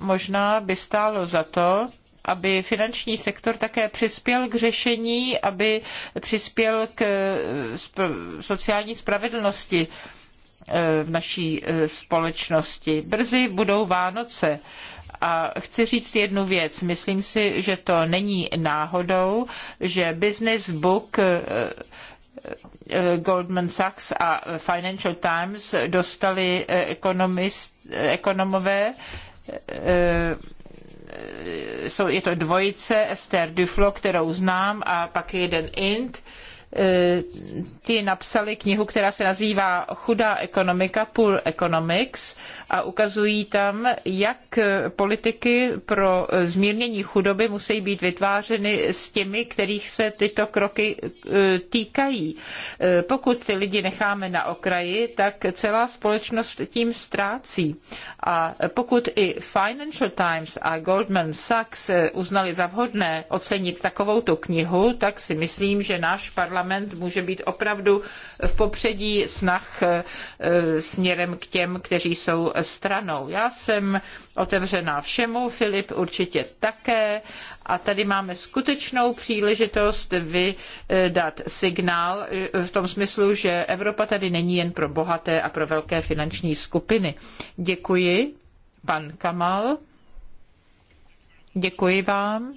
možná by stálo za to, aby finanční sektor také přispěl k řešení, aby přispěl k sociální spravedlnosti eh, v naší eh, společnosti. Brzy budou Vánoce. A chci říct jednu věc. Myslím si, že to není náhodou, že Business Book eh, Goldman Sachs a Financial Times dostali ekonomist, ekonomové jsou, je to dvojice Esther Duflo, kterou znám, a pak je jeden Int, E, ti napsali knihu, která se nazývá Chudá ekonomika, Poor Economics a ukazují tam, jak politiky pro zmírnění chudoby musí být vytvářeny s těmi, kterých se tyto kroky e, týkají. E, pokud ty lidi necháme na okraji, tak celá společnost tím ztrácí. A pokud i Financial Times a Goldman Sachs uznali za vhodné ocenit takovouto knihu, tak si myslím, že náš parlament parlament může být opravdu v popředí snah eh, směrem k těm, kteří jsou stranou. Já jsem otevřená všemu, Filip určitě také a tady máme skutečnou příležitost vydat signál eh, v tom smyslu, že Evropa tady není jen pro bohaté a pro velké finanční skupiny. Děkuji, pan Kamal. Děkuji vám.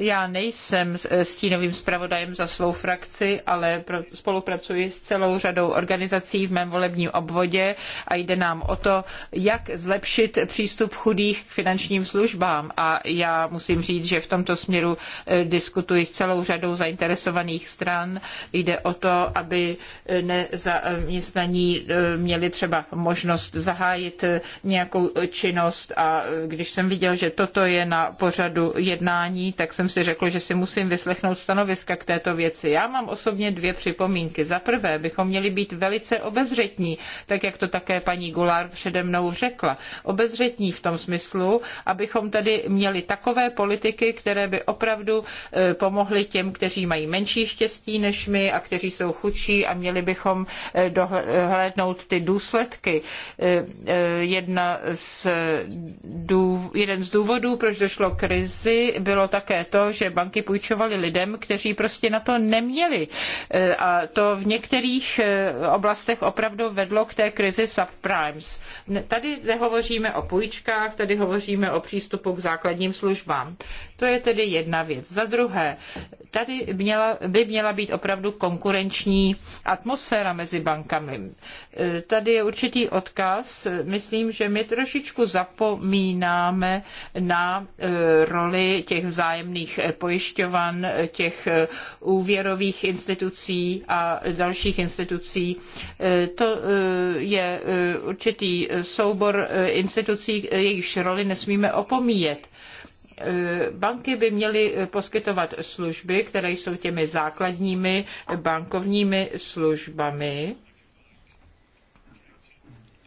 Já nejsem eh, stínovým zpravodajem za svou frakci, ale spolupracuji s celou řadou organizací v mém volebním obvodě a jde nám o to, jak zlepšit přístup chudých k finančním službám. A já musím říct, že v tomto směru eh, diskutuji s celou řadou zainteresovaných stran. Jde o to, aby eh, nezaměstnaní měli třeba možnost zahájit nějakou činnost a když jsem viděl, že toto je na pořadu jednání, tak jsem si řekl, že si musím vyslechnout stanoviska k této věci. Já mám osobně dvě připomínky. Za prvé bychom měli být velice obezřetní, tak jak to také paní Gulár přede mnou řekla. Obezřetní v tom smyslu, abychom tady měli takové politiky, které by opravdu e, pomohly těm, kteří mají menší štěstí než my a kteří jsou chudší a měli bychom e, dohlédnout ty důsledky. E, jedna z dův, jeden z důvodů, proč došlo k krizi, bylo také to, to, že banky půjčovaly lidem, kteří prostě na to neměli. E, a to v některých e, oblastech opravdu vedlo k té krizi subprimes. Tady nehovoříme o půjčkách, tady hovoříme o přístupu k základním službám. To je tedy jedna věc. Za druhé, tady měla, by měla být opravdu konkurenční atmosféra mezi bankami. E, tady je určitý odkaz. Myslím, že my trošičku zapomínáme na e, roli těch vzájemných pojišťovan, těch e, úvěrových institucí a dalších institucí. To je určitý soubor institucí, jejichž roli nesmíme opomíjet. Eh, banky by měly eh, poskytovat služby, které jsou těmi základními bankovními službami,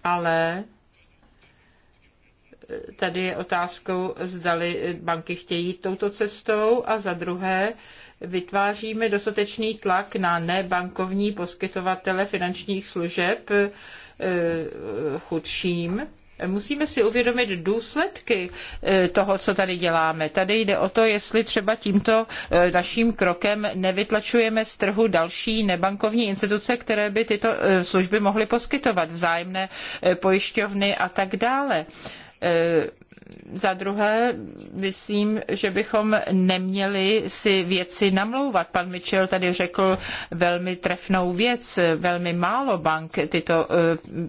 ale eh, tady je otázkou, zdali banky chtějí touto cestou a za druhé, vytváříme dostatečný tlak na nebankovní poskytovatele finančních služeb chudším Musíme si uvědomit důsledky eh, toho, co tady děláme. Tady jde o to, jestli třeba tímto eh, naším krokem nevytlačujeme z trhu další nebankovní instituce, které by tyto eh, služby mohly poskytovat, vzájemné pojišťovny a tak dále za druhé, myslím, že bychom neměli si věci namlouvat. Pan Mitchell tady řekl velmi trefnou věc. Velmi málo bank tyto eh,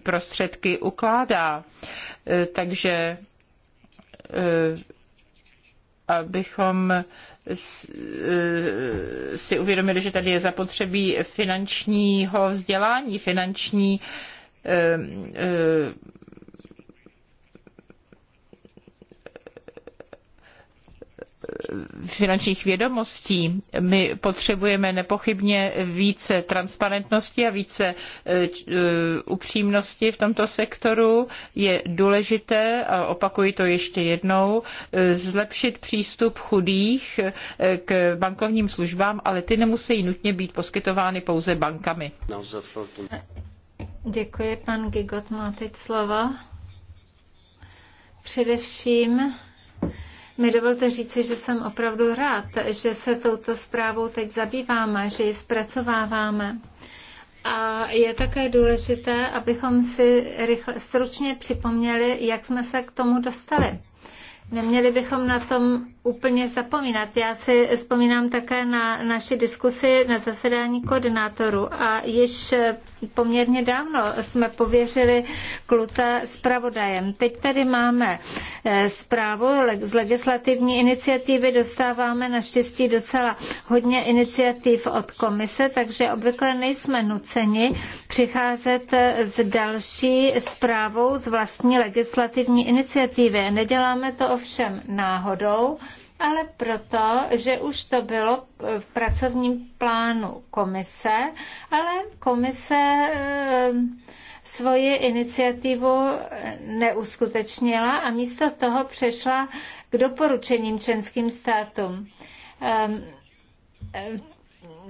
prostředky ukládá. Eh, takže eh, abychom si uvědomili, že tady je zapotřebí finančního vzdělání, finanční finančních vědomostí. My potřebujeme nepochybně více transparentnosti a více e, e, upřímnosti v tomto sektoru. Je důležité, a opakuji to ještě jednou, e, zlepšit přístup chudých k bankovním službám, ale ty nemusí nutně být poskytovány pouze bankami. Děkuji, pan Gigot, máte slovo. Především mi dovolte říci, že jsem opravdu rád, že se touto zprávou teď zabýváme, že ji zpracováváme. A je také důležité, abychom si rychle, stručně připomněli, jak jsme se k tomu dostali. Neměli bychom na tom úplně zapomínat. Já si vzpomínám také na naši diskusi na zasedání koordinátorů a již poměrně dávno jsme pověřili Kluta pravodajem. Teď tady máme eh, zprávu z legislativní iniciativy, dostáváme naštěstí docela hodně iniciativ od komise, takže obvykle nejsme nuceni přicházet eh, s další zprávou z vlastní legislativní iniciativy. Neděláme to ovšem náhodou, ale proto, že už to bylo v pracovním plánu komise, ale komise ehm, svoji iniciativu neuskutečnila a místo toho přešla k doporučením členským státům ehm, ehm,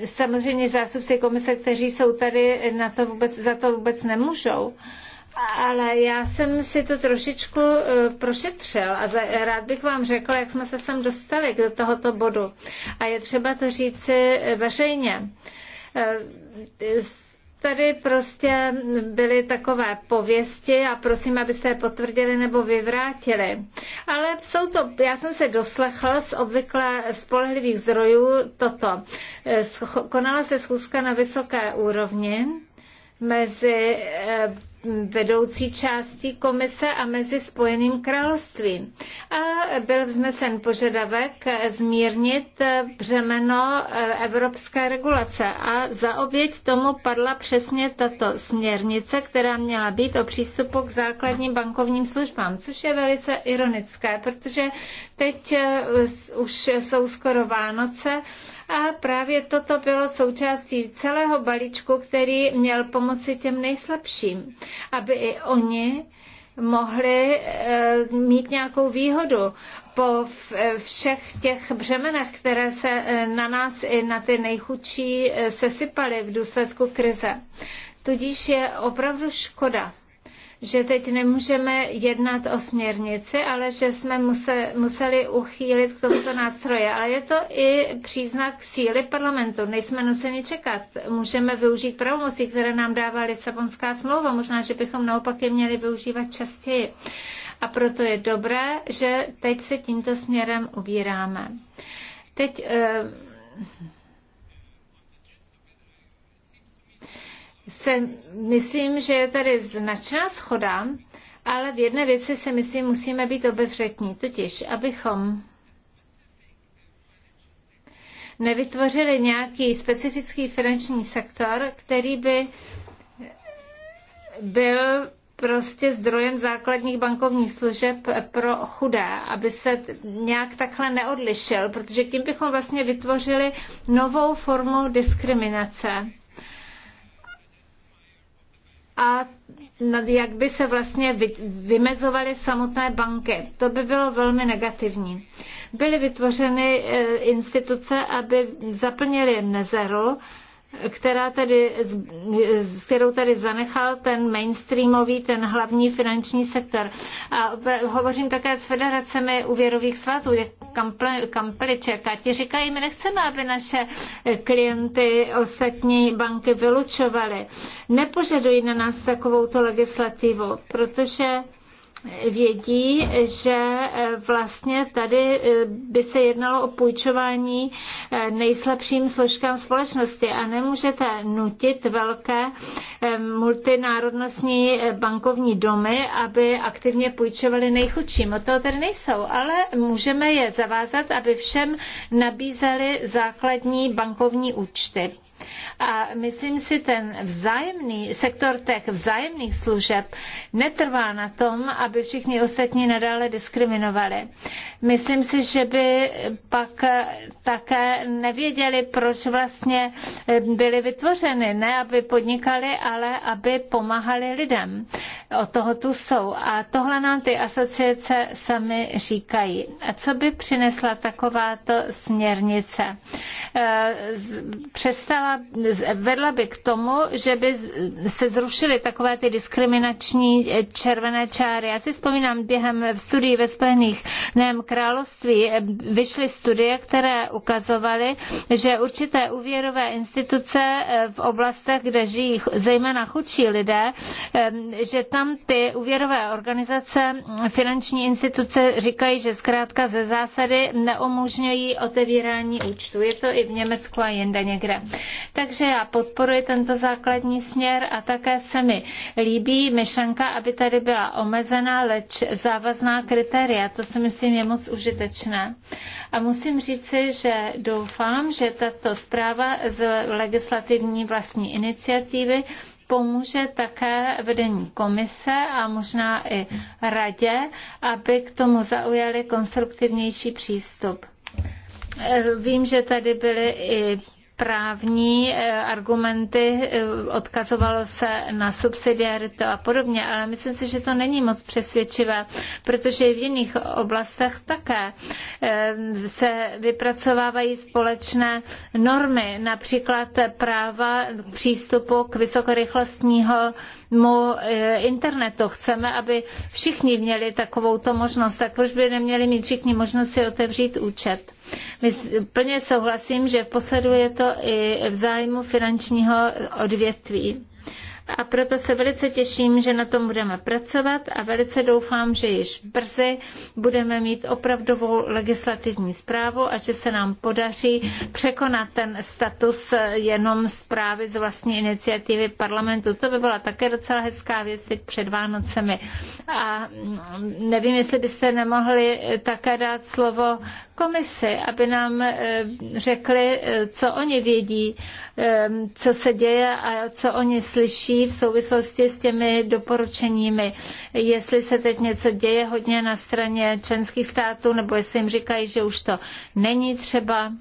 samozřejmě zástupci komise, kteří jsou tady, na to vůbec, za to vůbec nemůžou. Ale já jsem si to trošičku eh, prošetřil a rád bych vám řekl, jak jsme se sem dostali do tohoto bodu. A je třeba to říci eh, veřejně eh, tady prostě byly takové pověsti a prosím, abyste je potvrdili nebo vyvrátili. Ale jsou to, já jsem se doslechla z obvykle spolehlivých zdrojů toto. Konala se schůzka na vysoké úrovni mezi vedoucí částí komise a mezi Spojeným královstvím. A byl vznesen požadavek zmírnit břemeno eh, evropské regulace a za oběť tomu padla přesně tato směrnice, která měla být o přístupu k základním bankovním službám, což je velice ironické, protože teď eh, už jsou skoro Vánoce a právě toto bylo součástí celého balíčku, který měl pomoci těm nejslabším, aby i oni mohli eh, mít nějakou výhodu po eh, všech těch břemenech, které se eh, na nás i na ty nejchudší sesypaly v důsledku krize. Tudíž je opravdu škoda, že teď nemůžeme jednat o směrnici, ale že jsme museli uchýlit k tomuto nástroje. Ale je to i příznak síly parlamentu. Nejsme nuceni čekat. Můžeme využít pravomocí, které nám dává Lisabonská smlouva. Možná, že bychom naopak je měli využívat častěji. A proto je dobré, že teď se tímto směrem ubíráme. Teď. Uh... se myslím, že je tady značná schoda, ale v jedné věci se myslím, musíme být obevřetní, totiž abychom nevytvořili nějaký specifický finanční sektor, který by byl prostě zdrojem základních bankovních služeb pro chudé, aby se nějak takhle neodlišil, protože tím bychom vlastně vytvořili novou formu diskriminace a jak by se vlastně vymezovaly samotné banky. To by bylo velmi negativní. Byly vytvořeny eh, instituce, aby zaplnily mezeru, která tady, kterou tady zanechal ten mainstreamový, ten hlavní finanční sektor. A hovořím také s federacemi úvěrových svazů, jak kampliček, a ti říkají, my nechceme, aby naše klienty ostatní banky vylučovaly. Nepožadují na nás takovouto legislativu, protože vědí, že eh, vlastně tady eh, by se jednalo o půjčování eh, nejslabším složkám společnosti a nemůžete nutit velké multinárodnostní bankovní domy, aby aktivně půjčovali nejchudším. O toho tady nejsou, ale můžeme je zavázat, aby všem nabízeli základní bankovní účty. A myslím si, ten vzájemný sektor těch vzájemných služeb netrvá na tom, aby všichni ostatní nadále diskriminovali. Myslím si, že by pak také nevěděli, proč vlastně eh, byly vytvořeny. Ne, aby podnikali, ale aby pomáhali lidem. O toho tu jsou. A tohle nám ty asociace sami říkají. A co by přinesla takováto směrnice? Eh, přestala vedla, by k tomu, že by se zrušily takové ty diskriminační eh, červené čáry. Já si vzpomínám, během studií ve Spojených nevím, království eh, vyšly studie, které ukazovaly, že určité úvěrové instituce eh, v oblastech, kde žijí zejména chudší lidé, že tam ty úvěrové organizace, mm, finanční instituce říkají, že zkrátka ze zásady neumožňují otevírání účtu. Je to i v Německu a jinde někde. Takže já podporuji tento základní směr a také se mi líbí myšlenka, aby tady byla omezená, leč závazná kritéria. To si myslím je moc užitečné. A musím říci, že doufám, že tato zpráva z legislativní vlastní iniciativy pomůže také vedení komise a možná i radě, aby k tomu zaujali konstruktivnější přístup. Vím, že tady byly i právní eh, argumenty, eh, odkazovalo se na subsidiaritu a podobně, ale myslím si, že to není moc přesvědčivé, protože i v jiných oblastech také eh, se vypracovávají společné normy, například práva k přístupu k vysokorychlostního mu e, internetu. Chceme, aby všichni měli takovouto možnost, tak proč by neměli mít všichni možnost si otevřít účet. My plně souhlasím, že v posledu je to i v zájmu finančního odvětví a proto se velice těším, že na tom budeme pracovat a velice doufám, že již brzy budeme mít opravdovou legislativní zprávu a že se nám podaří překonat ten status jenom zprávy z vlastní iniciativy parlamentu. To by byla také docela hezká věc teď před Vánocemi. A nevím, jestli byste nemohli také dát slovo komisi, aby nám eh, řekli, eh, co oni vědí, eh, co se děje a co oni slyší v souvislosti s těmi doporučeními. Jestli se teď něco děje hodně na straně členských států, nebo jestli jim říkají, že už to není třeba.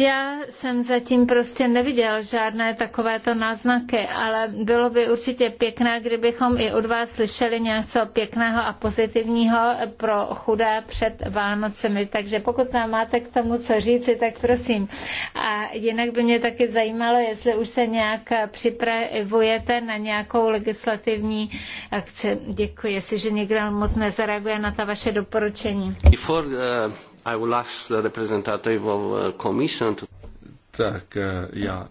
Já jsem zatím prostě neviděl žádné takovéto náznaky, ale bylo by určitě pěkné, kdybychom i od vás slyšeli něco pěkného a pozitivního pro chudé před Vánocemi. Takže pokud nám máte k tomu co říci, tak prosím. A jinak by mě taky zajímalo, jestli už se nějak připravujete na nějakou legislativní akci. Děkuji, jestliže někdo moc nezareaguje na ta vaše doporučení. Before, uh... I will ask of uh, commission to... Tak eh, já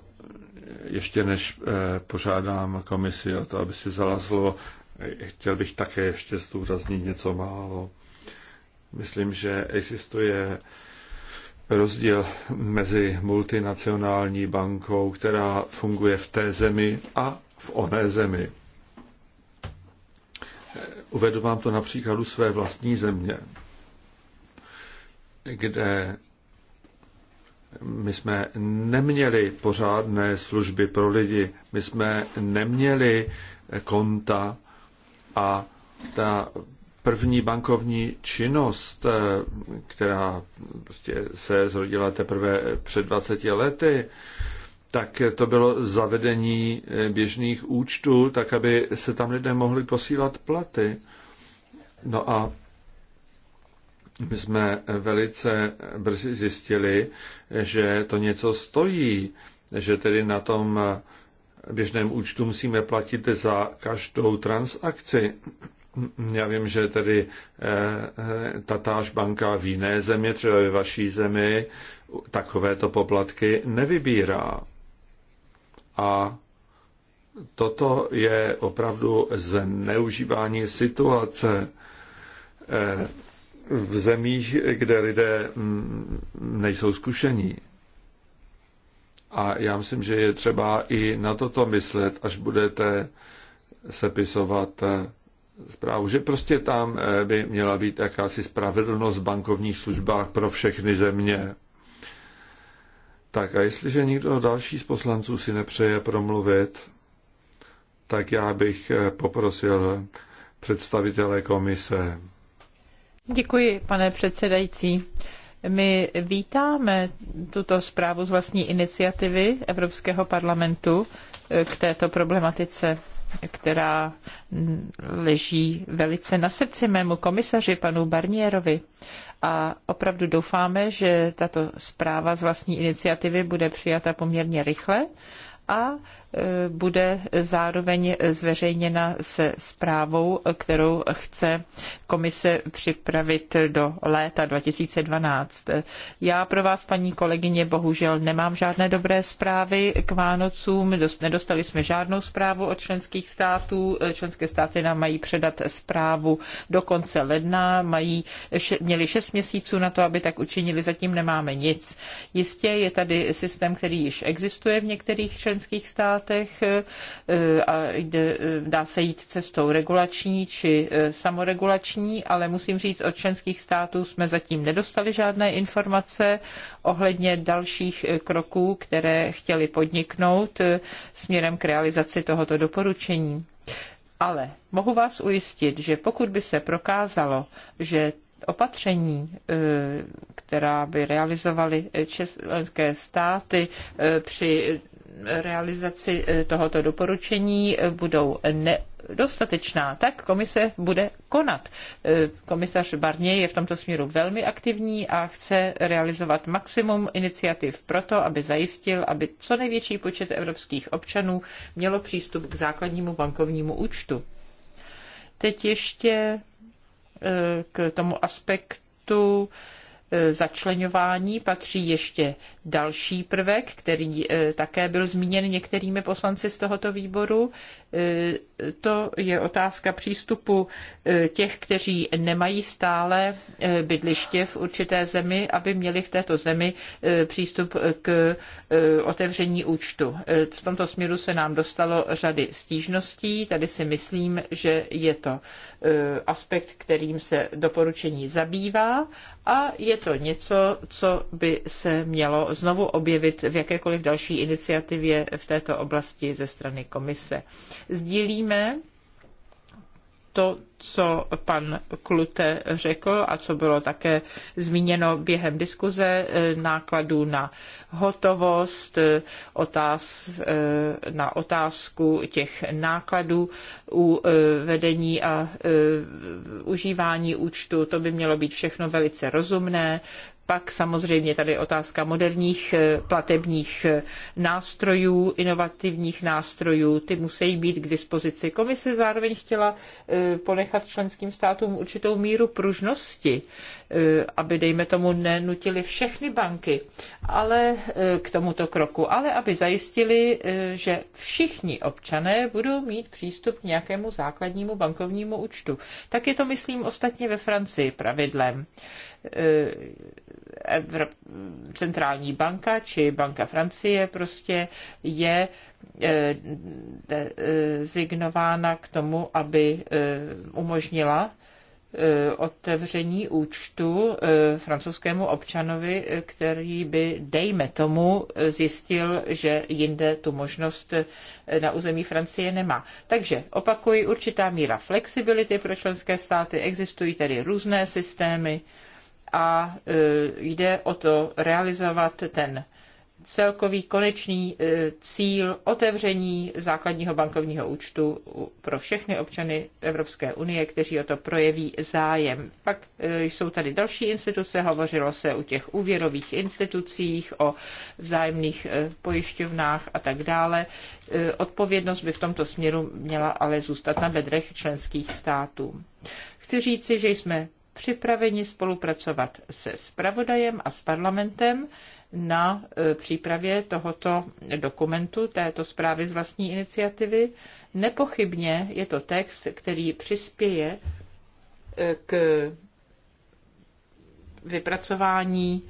ještě než eh, požádám komisi o to, aby si zalazlo, eh, chtěl bych také ještě zdůraznit něco málo. Myslím, že existuje rozdíl mezi multinacionální bankou, která funguje v té zemi a v oné zemi. Uvedu vám to na příkladu své vlastní země kde my jsme neměli pořádné služby pro lidi, my jsme neměli konta a ta první bankovní činnost, eh, která prostě se zrodila teprve před 20 lety, tak to bylo zavedení eh, běžných účtů, tak aby se tam lidé mohli posílat platy. No a my jsme velice brzy zjistili, že to něco stojí, že tedy na tom běžném účtu musíme platit za každou transakci. Já vím, že tedy eh, tatáž banka v jiné země, třeba ve vaší zemi, takovéto poplatky nevybírá. A toto je opravdu zneužívání situace eh, v zemích, kde lidé mm, nejsou zkušení. A já myslím, že je třeba i na toto myslet, až budete sepisovat eh, zprávu, že prostě tam eh, by měla být jakási spravedlnost v bankovních službách pro všechny země. Tak a jestliže někdo další z poslanců si nepřeje promluvit, tak já bych eh, poprosil představitele komise. Děkuji, pane předsedající. My vítáme tuto zprávu z vlastní iniciativy Evropského parlamentu eh, k této problematice, která leží velice na srdci mému komisaři, panu Barnierovi. A opravdu doufáme, že tato zpráva z vlastní iniciativy bude přijata poměrně rychle a bude zároveň zveřejněna se zprávou, kterou chce komise připravit do léta 2012. Já pro vás, paní kolegyně, bohužel nemám žádné dobré zprávy k Vánocům. Nedostali jsme žádnou zprávu od členských států. Členské státy nám mají předat zprávu do konce ledna. Mají, měli šest měsíců na to, aby tak učinili. Zatím nemáme nic. Jistě je tady systém, který již existuje v některých členských státech státech eh, a jde, eh, dá se jít cestou regulační či eh, samoregulační, ale musím říct, od členských států jsme zatím nedostali žádné informace ohledně dalších kroků, které chtěli podniknout směrem k realizaci tohoto doporučení. Ale mohu vás ujistit, že pokud by se prokázalo, že opatření, která by realizovaly české státy při realizaci eh, tohoto doporučení eh, budou ne dostatečná, tak komise bude konat. Eh, komisař Barnier je v tomto směru velmi aktivní a chce realizovat maximum iniciativ proto, aby zajistil, aby co největší počet evropských občanů mělo přístup k základnímu bankovnímu účtu. Teď ještě k tomu aspektu, E, začlenování patří ještě další prvek, který e, také byl zmíněn některými poslanci z tohoto výboru. E, to je otázka přístupu e, těch, kteří nemají stále e, bydliště v určité zemi, aby měli v této zemi přístup k otevření účtu. V tomto směru se nám dostalo řady stížností. Tady si myslím, že je to aspekt, kterým se doporučení zabývá a je to něco, co by se mělo znovu objevit v jakékoliv další iniciativě v této oblasti ze strany komise. Sdílíme to, co pan Klute řekl a co bylo také zmíněno během diskuze, e, nákladů na hotovost, e, otáz, e, na otázku těch nákladů u vedení a užívání účtu. To by mělo být všechno velice rozumné, pak samozřejmě tady otázka moderních eh, platebních eh, nástrojů, inovativních nástrojů, ty musí být k dispozici. Komise zároveň chtěla eh, ponechat členským státům určitou míru pružnosti. E, aby, dejme tomu, nenutili všechny banky ale e, k tomuto kroku, ale aby zajistili, e, že všichni občané budou mít přístup k nějakému základnímu bankovnímu účtu. Tak je to, myslím, ostatně ve Francii pravidlem. Evrop... centrální banka či banka Francie prostě je zignována k tomu, aby umožnila Eh, otevření účtu eh, francouzskému občanovi, eh, který by, dejme tomu, zjistil, že jinde tu možnost na území Francie nemá. Takže opakuji, určitá míra flexibility pro členské státy, existují tedy různé systémy a jde o to realizovat ten celkový konečný e, cíl otevření základního bankovního účtu pro všechny občany Evropské unie, kteří o to projeví zájem. Pak e, jsou tady další instituce, hovořilo se o těch úvěrových institucích, o vzájemných e, pojišťovnách a tak dále. Odpovědnost by v tomto směru měla ale zůstat na bedrech členských států. Chci říci, že jsme připraveni spolupracovat se spravodajem a s parlamentem, na e, přípravě tohoto dokumentu, této zprávy z vlastní iniciativy. Nepochybně je to text, který přispěje e, k vypracování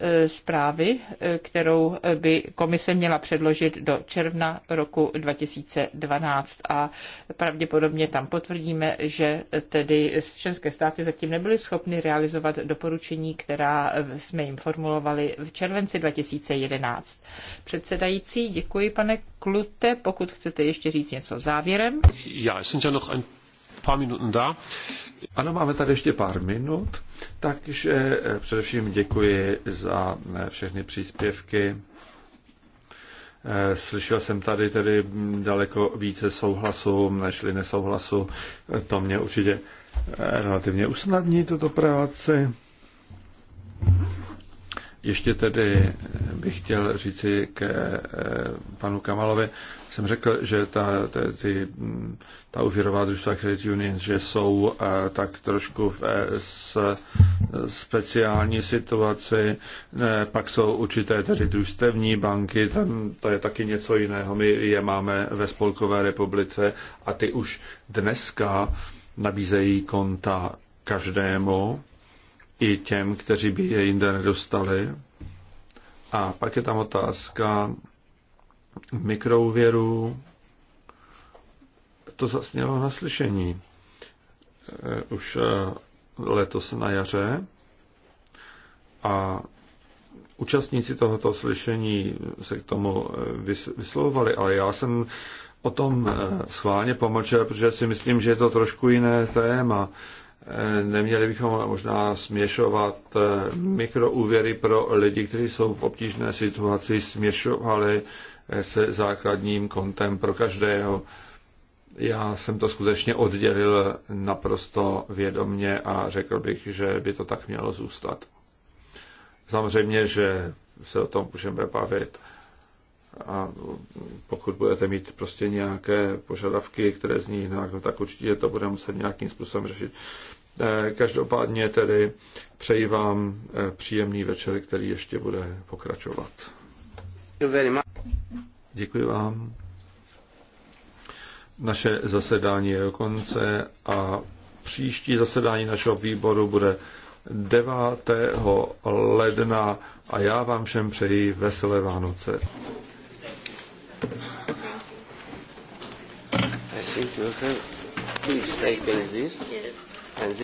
Eh, zprávy, eh, kterou by komise měla předložit do června roku 2012 a pravděpodobně tam potvrdíme, že tedy české státy zatím nebyly schopny realizovat doporučení, která eh, jsme jim formulovali v červenci 2011. Předsedající, děkuji pane Klute, pokud chcete ještě říct něco závěrem. Já jsem noch ein pár Minuten dá. Ano, máme tady ještě pár minut, takže eh, především děkuji za eh, všechny příspěvky. Eh, slyšel jsem tady tedy daleko více souhlasu, nežli nesouhlasu. To mě určitě relativně usnadní tuto práci. Ještě tedy bych chtěl říci k panu Kamalovi, jsem řekl, že ta, ta, ty, ta úvěrová družstva Credit Union, že jsou eh, tak trošku v eh, s, speciální situaci, eh, pak jsou určité tedy družstevní banky, tam to je taky něco jiného, my je máme ve Spolkové republice a ty už dneska nabízejí konta každému, i těm, kteří by je jinde nedostali. A pak je tam otázka Mikrouvěru to zasnělo na slyšení eh, už eh, letos na jaře a účastníci tohoto slyšení se k tomu eh, vyslovovali, ale já jsem o tom schválně pomlčel, protože si myslím, že je to trošku jiné téma. Neměli bychom možná směšovat mikroúvěry pro lidi, kteří jsou v obtížné situaci, směšovali se základním kontem pro každého. Já jsem to skutečně oddělil naprosto vědomně a řekl bych, že by to tak mělo zůstat. Samozřejmě, že se o tom můžeme bavit. A pokud budete mít prostě nějaké požadavky, které zní jinak, no tak určitě to budeme muset nějakým způsobem řešit. Eh, každopádně tedy přeji vám eh, příjemný večer, který ještě bude pokračovat. Děkuji vám. Naše zasedání je do konce a příští zasedání našeho výboru bude 9. ledna a já vám všem přeji veselé Vánoce. I think you have, please take this. Yes.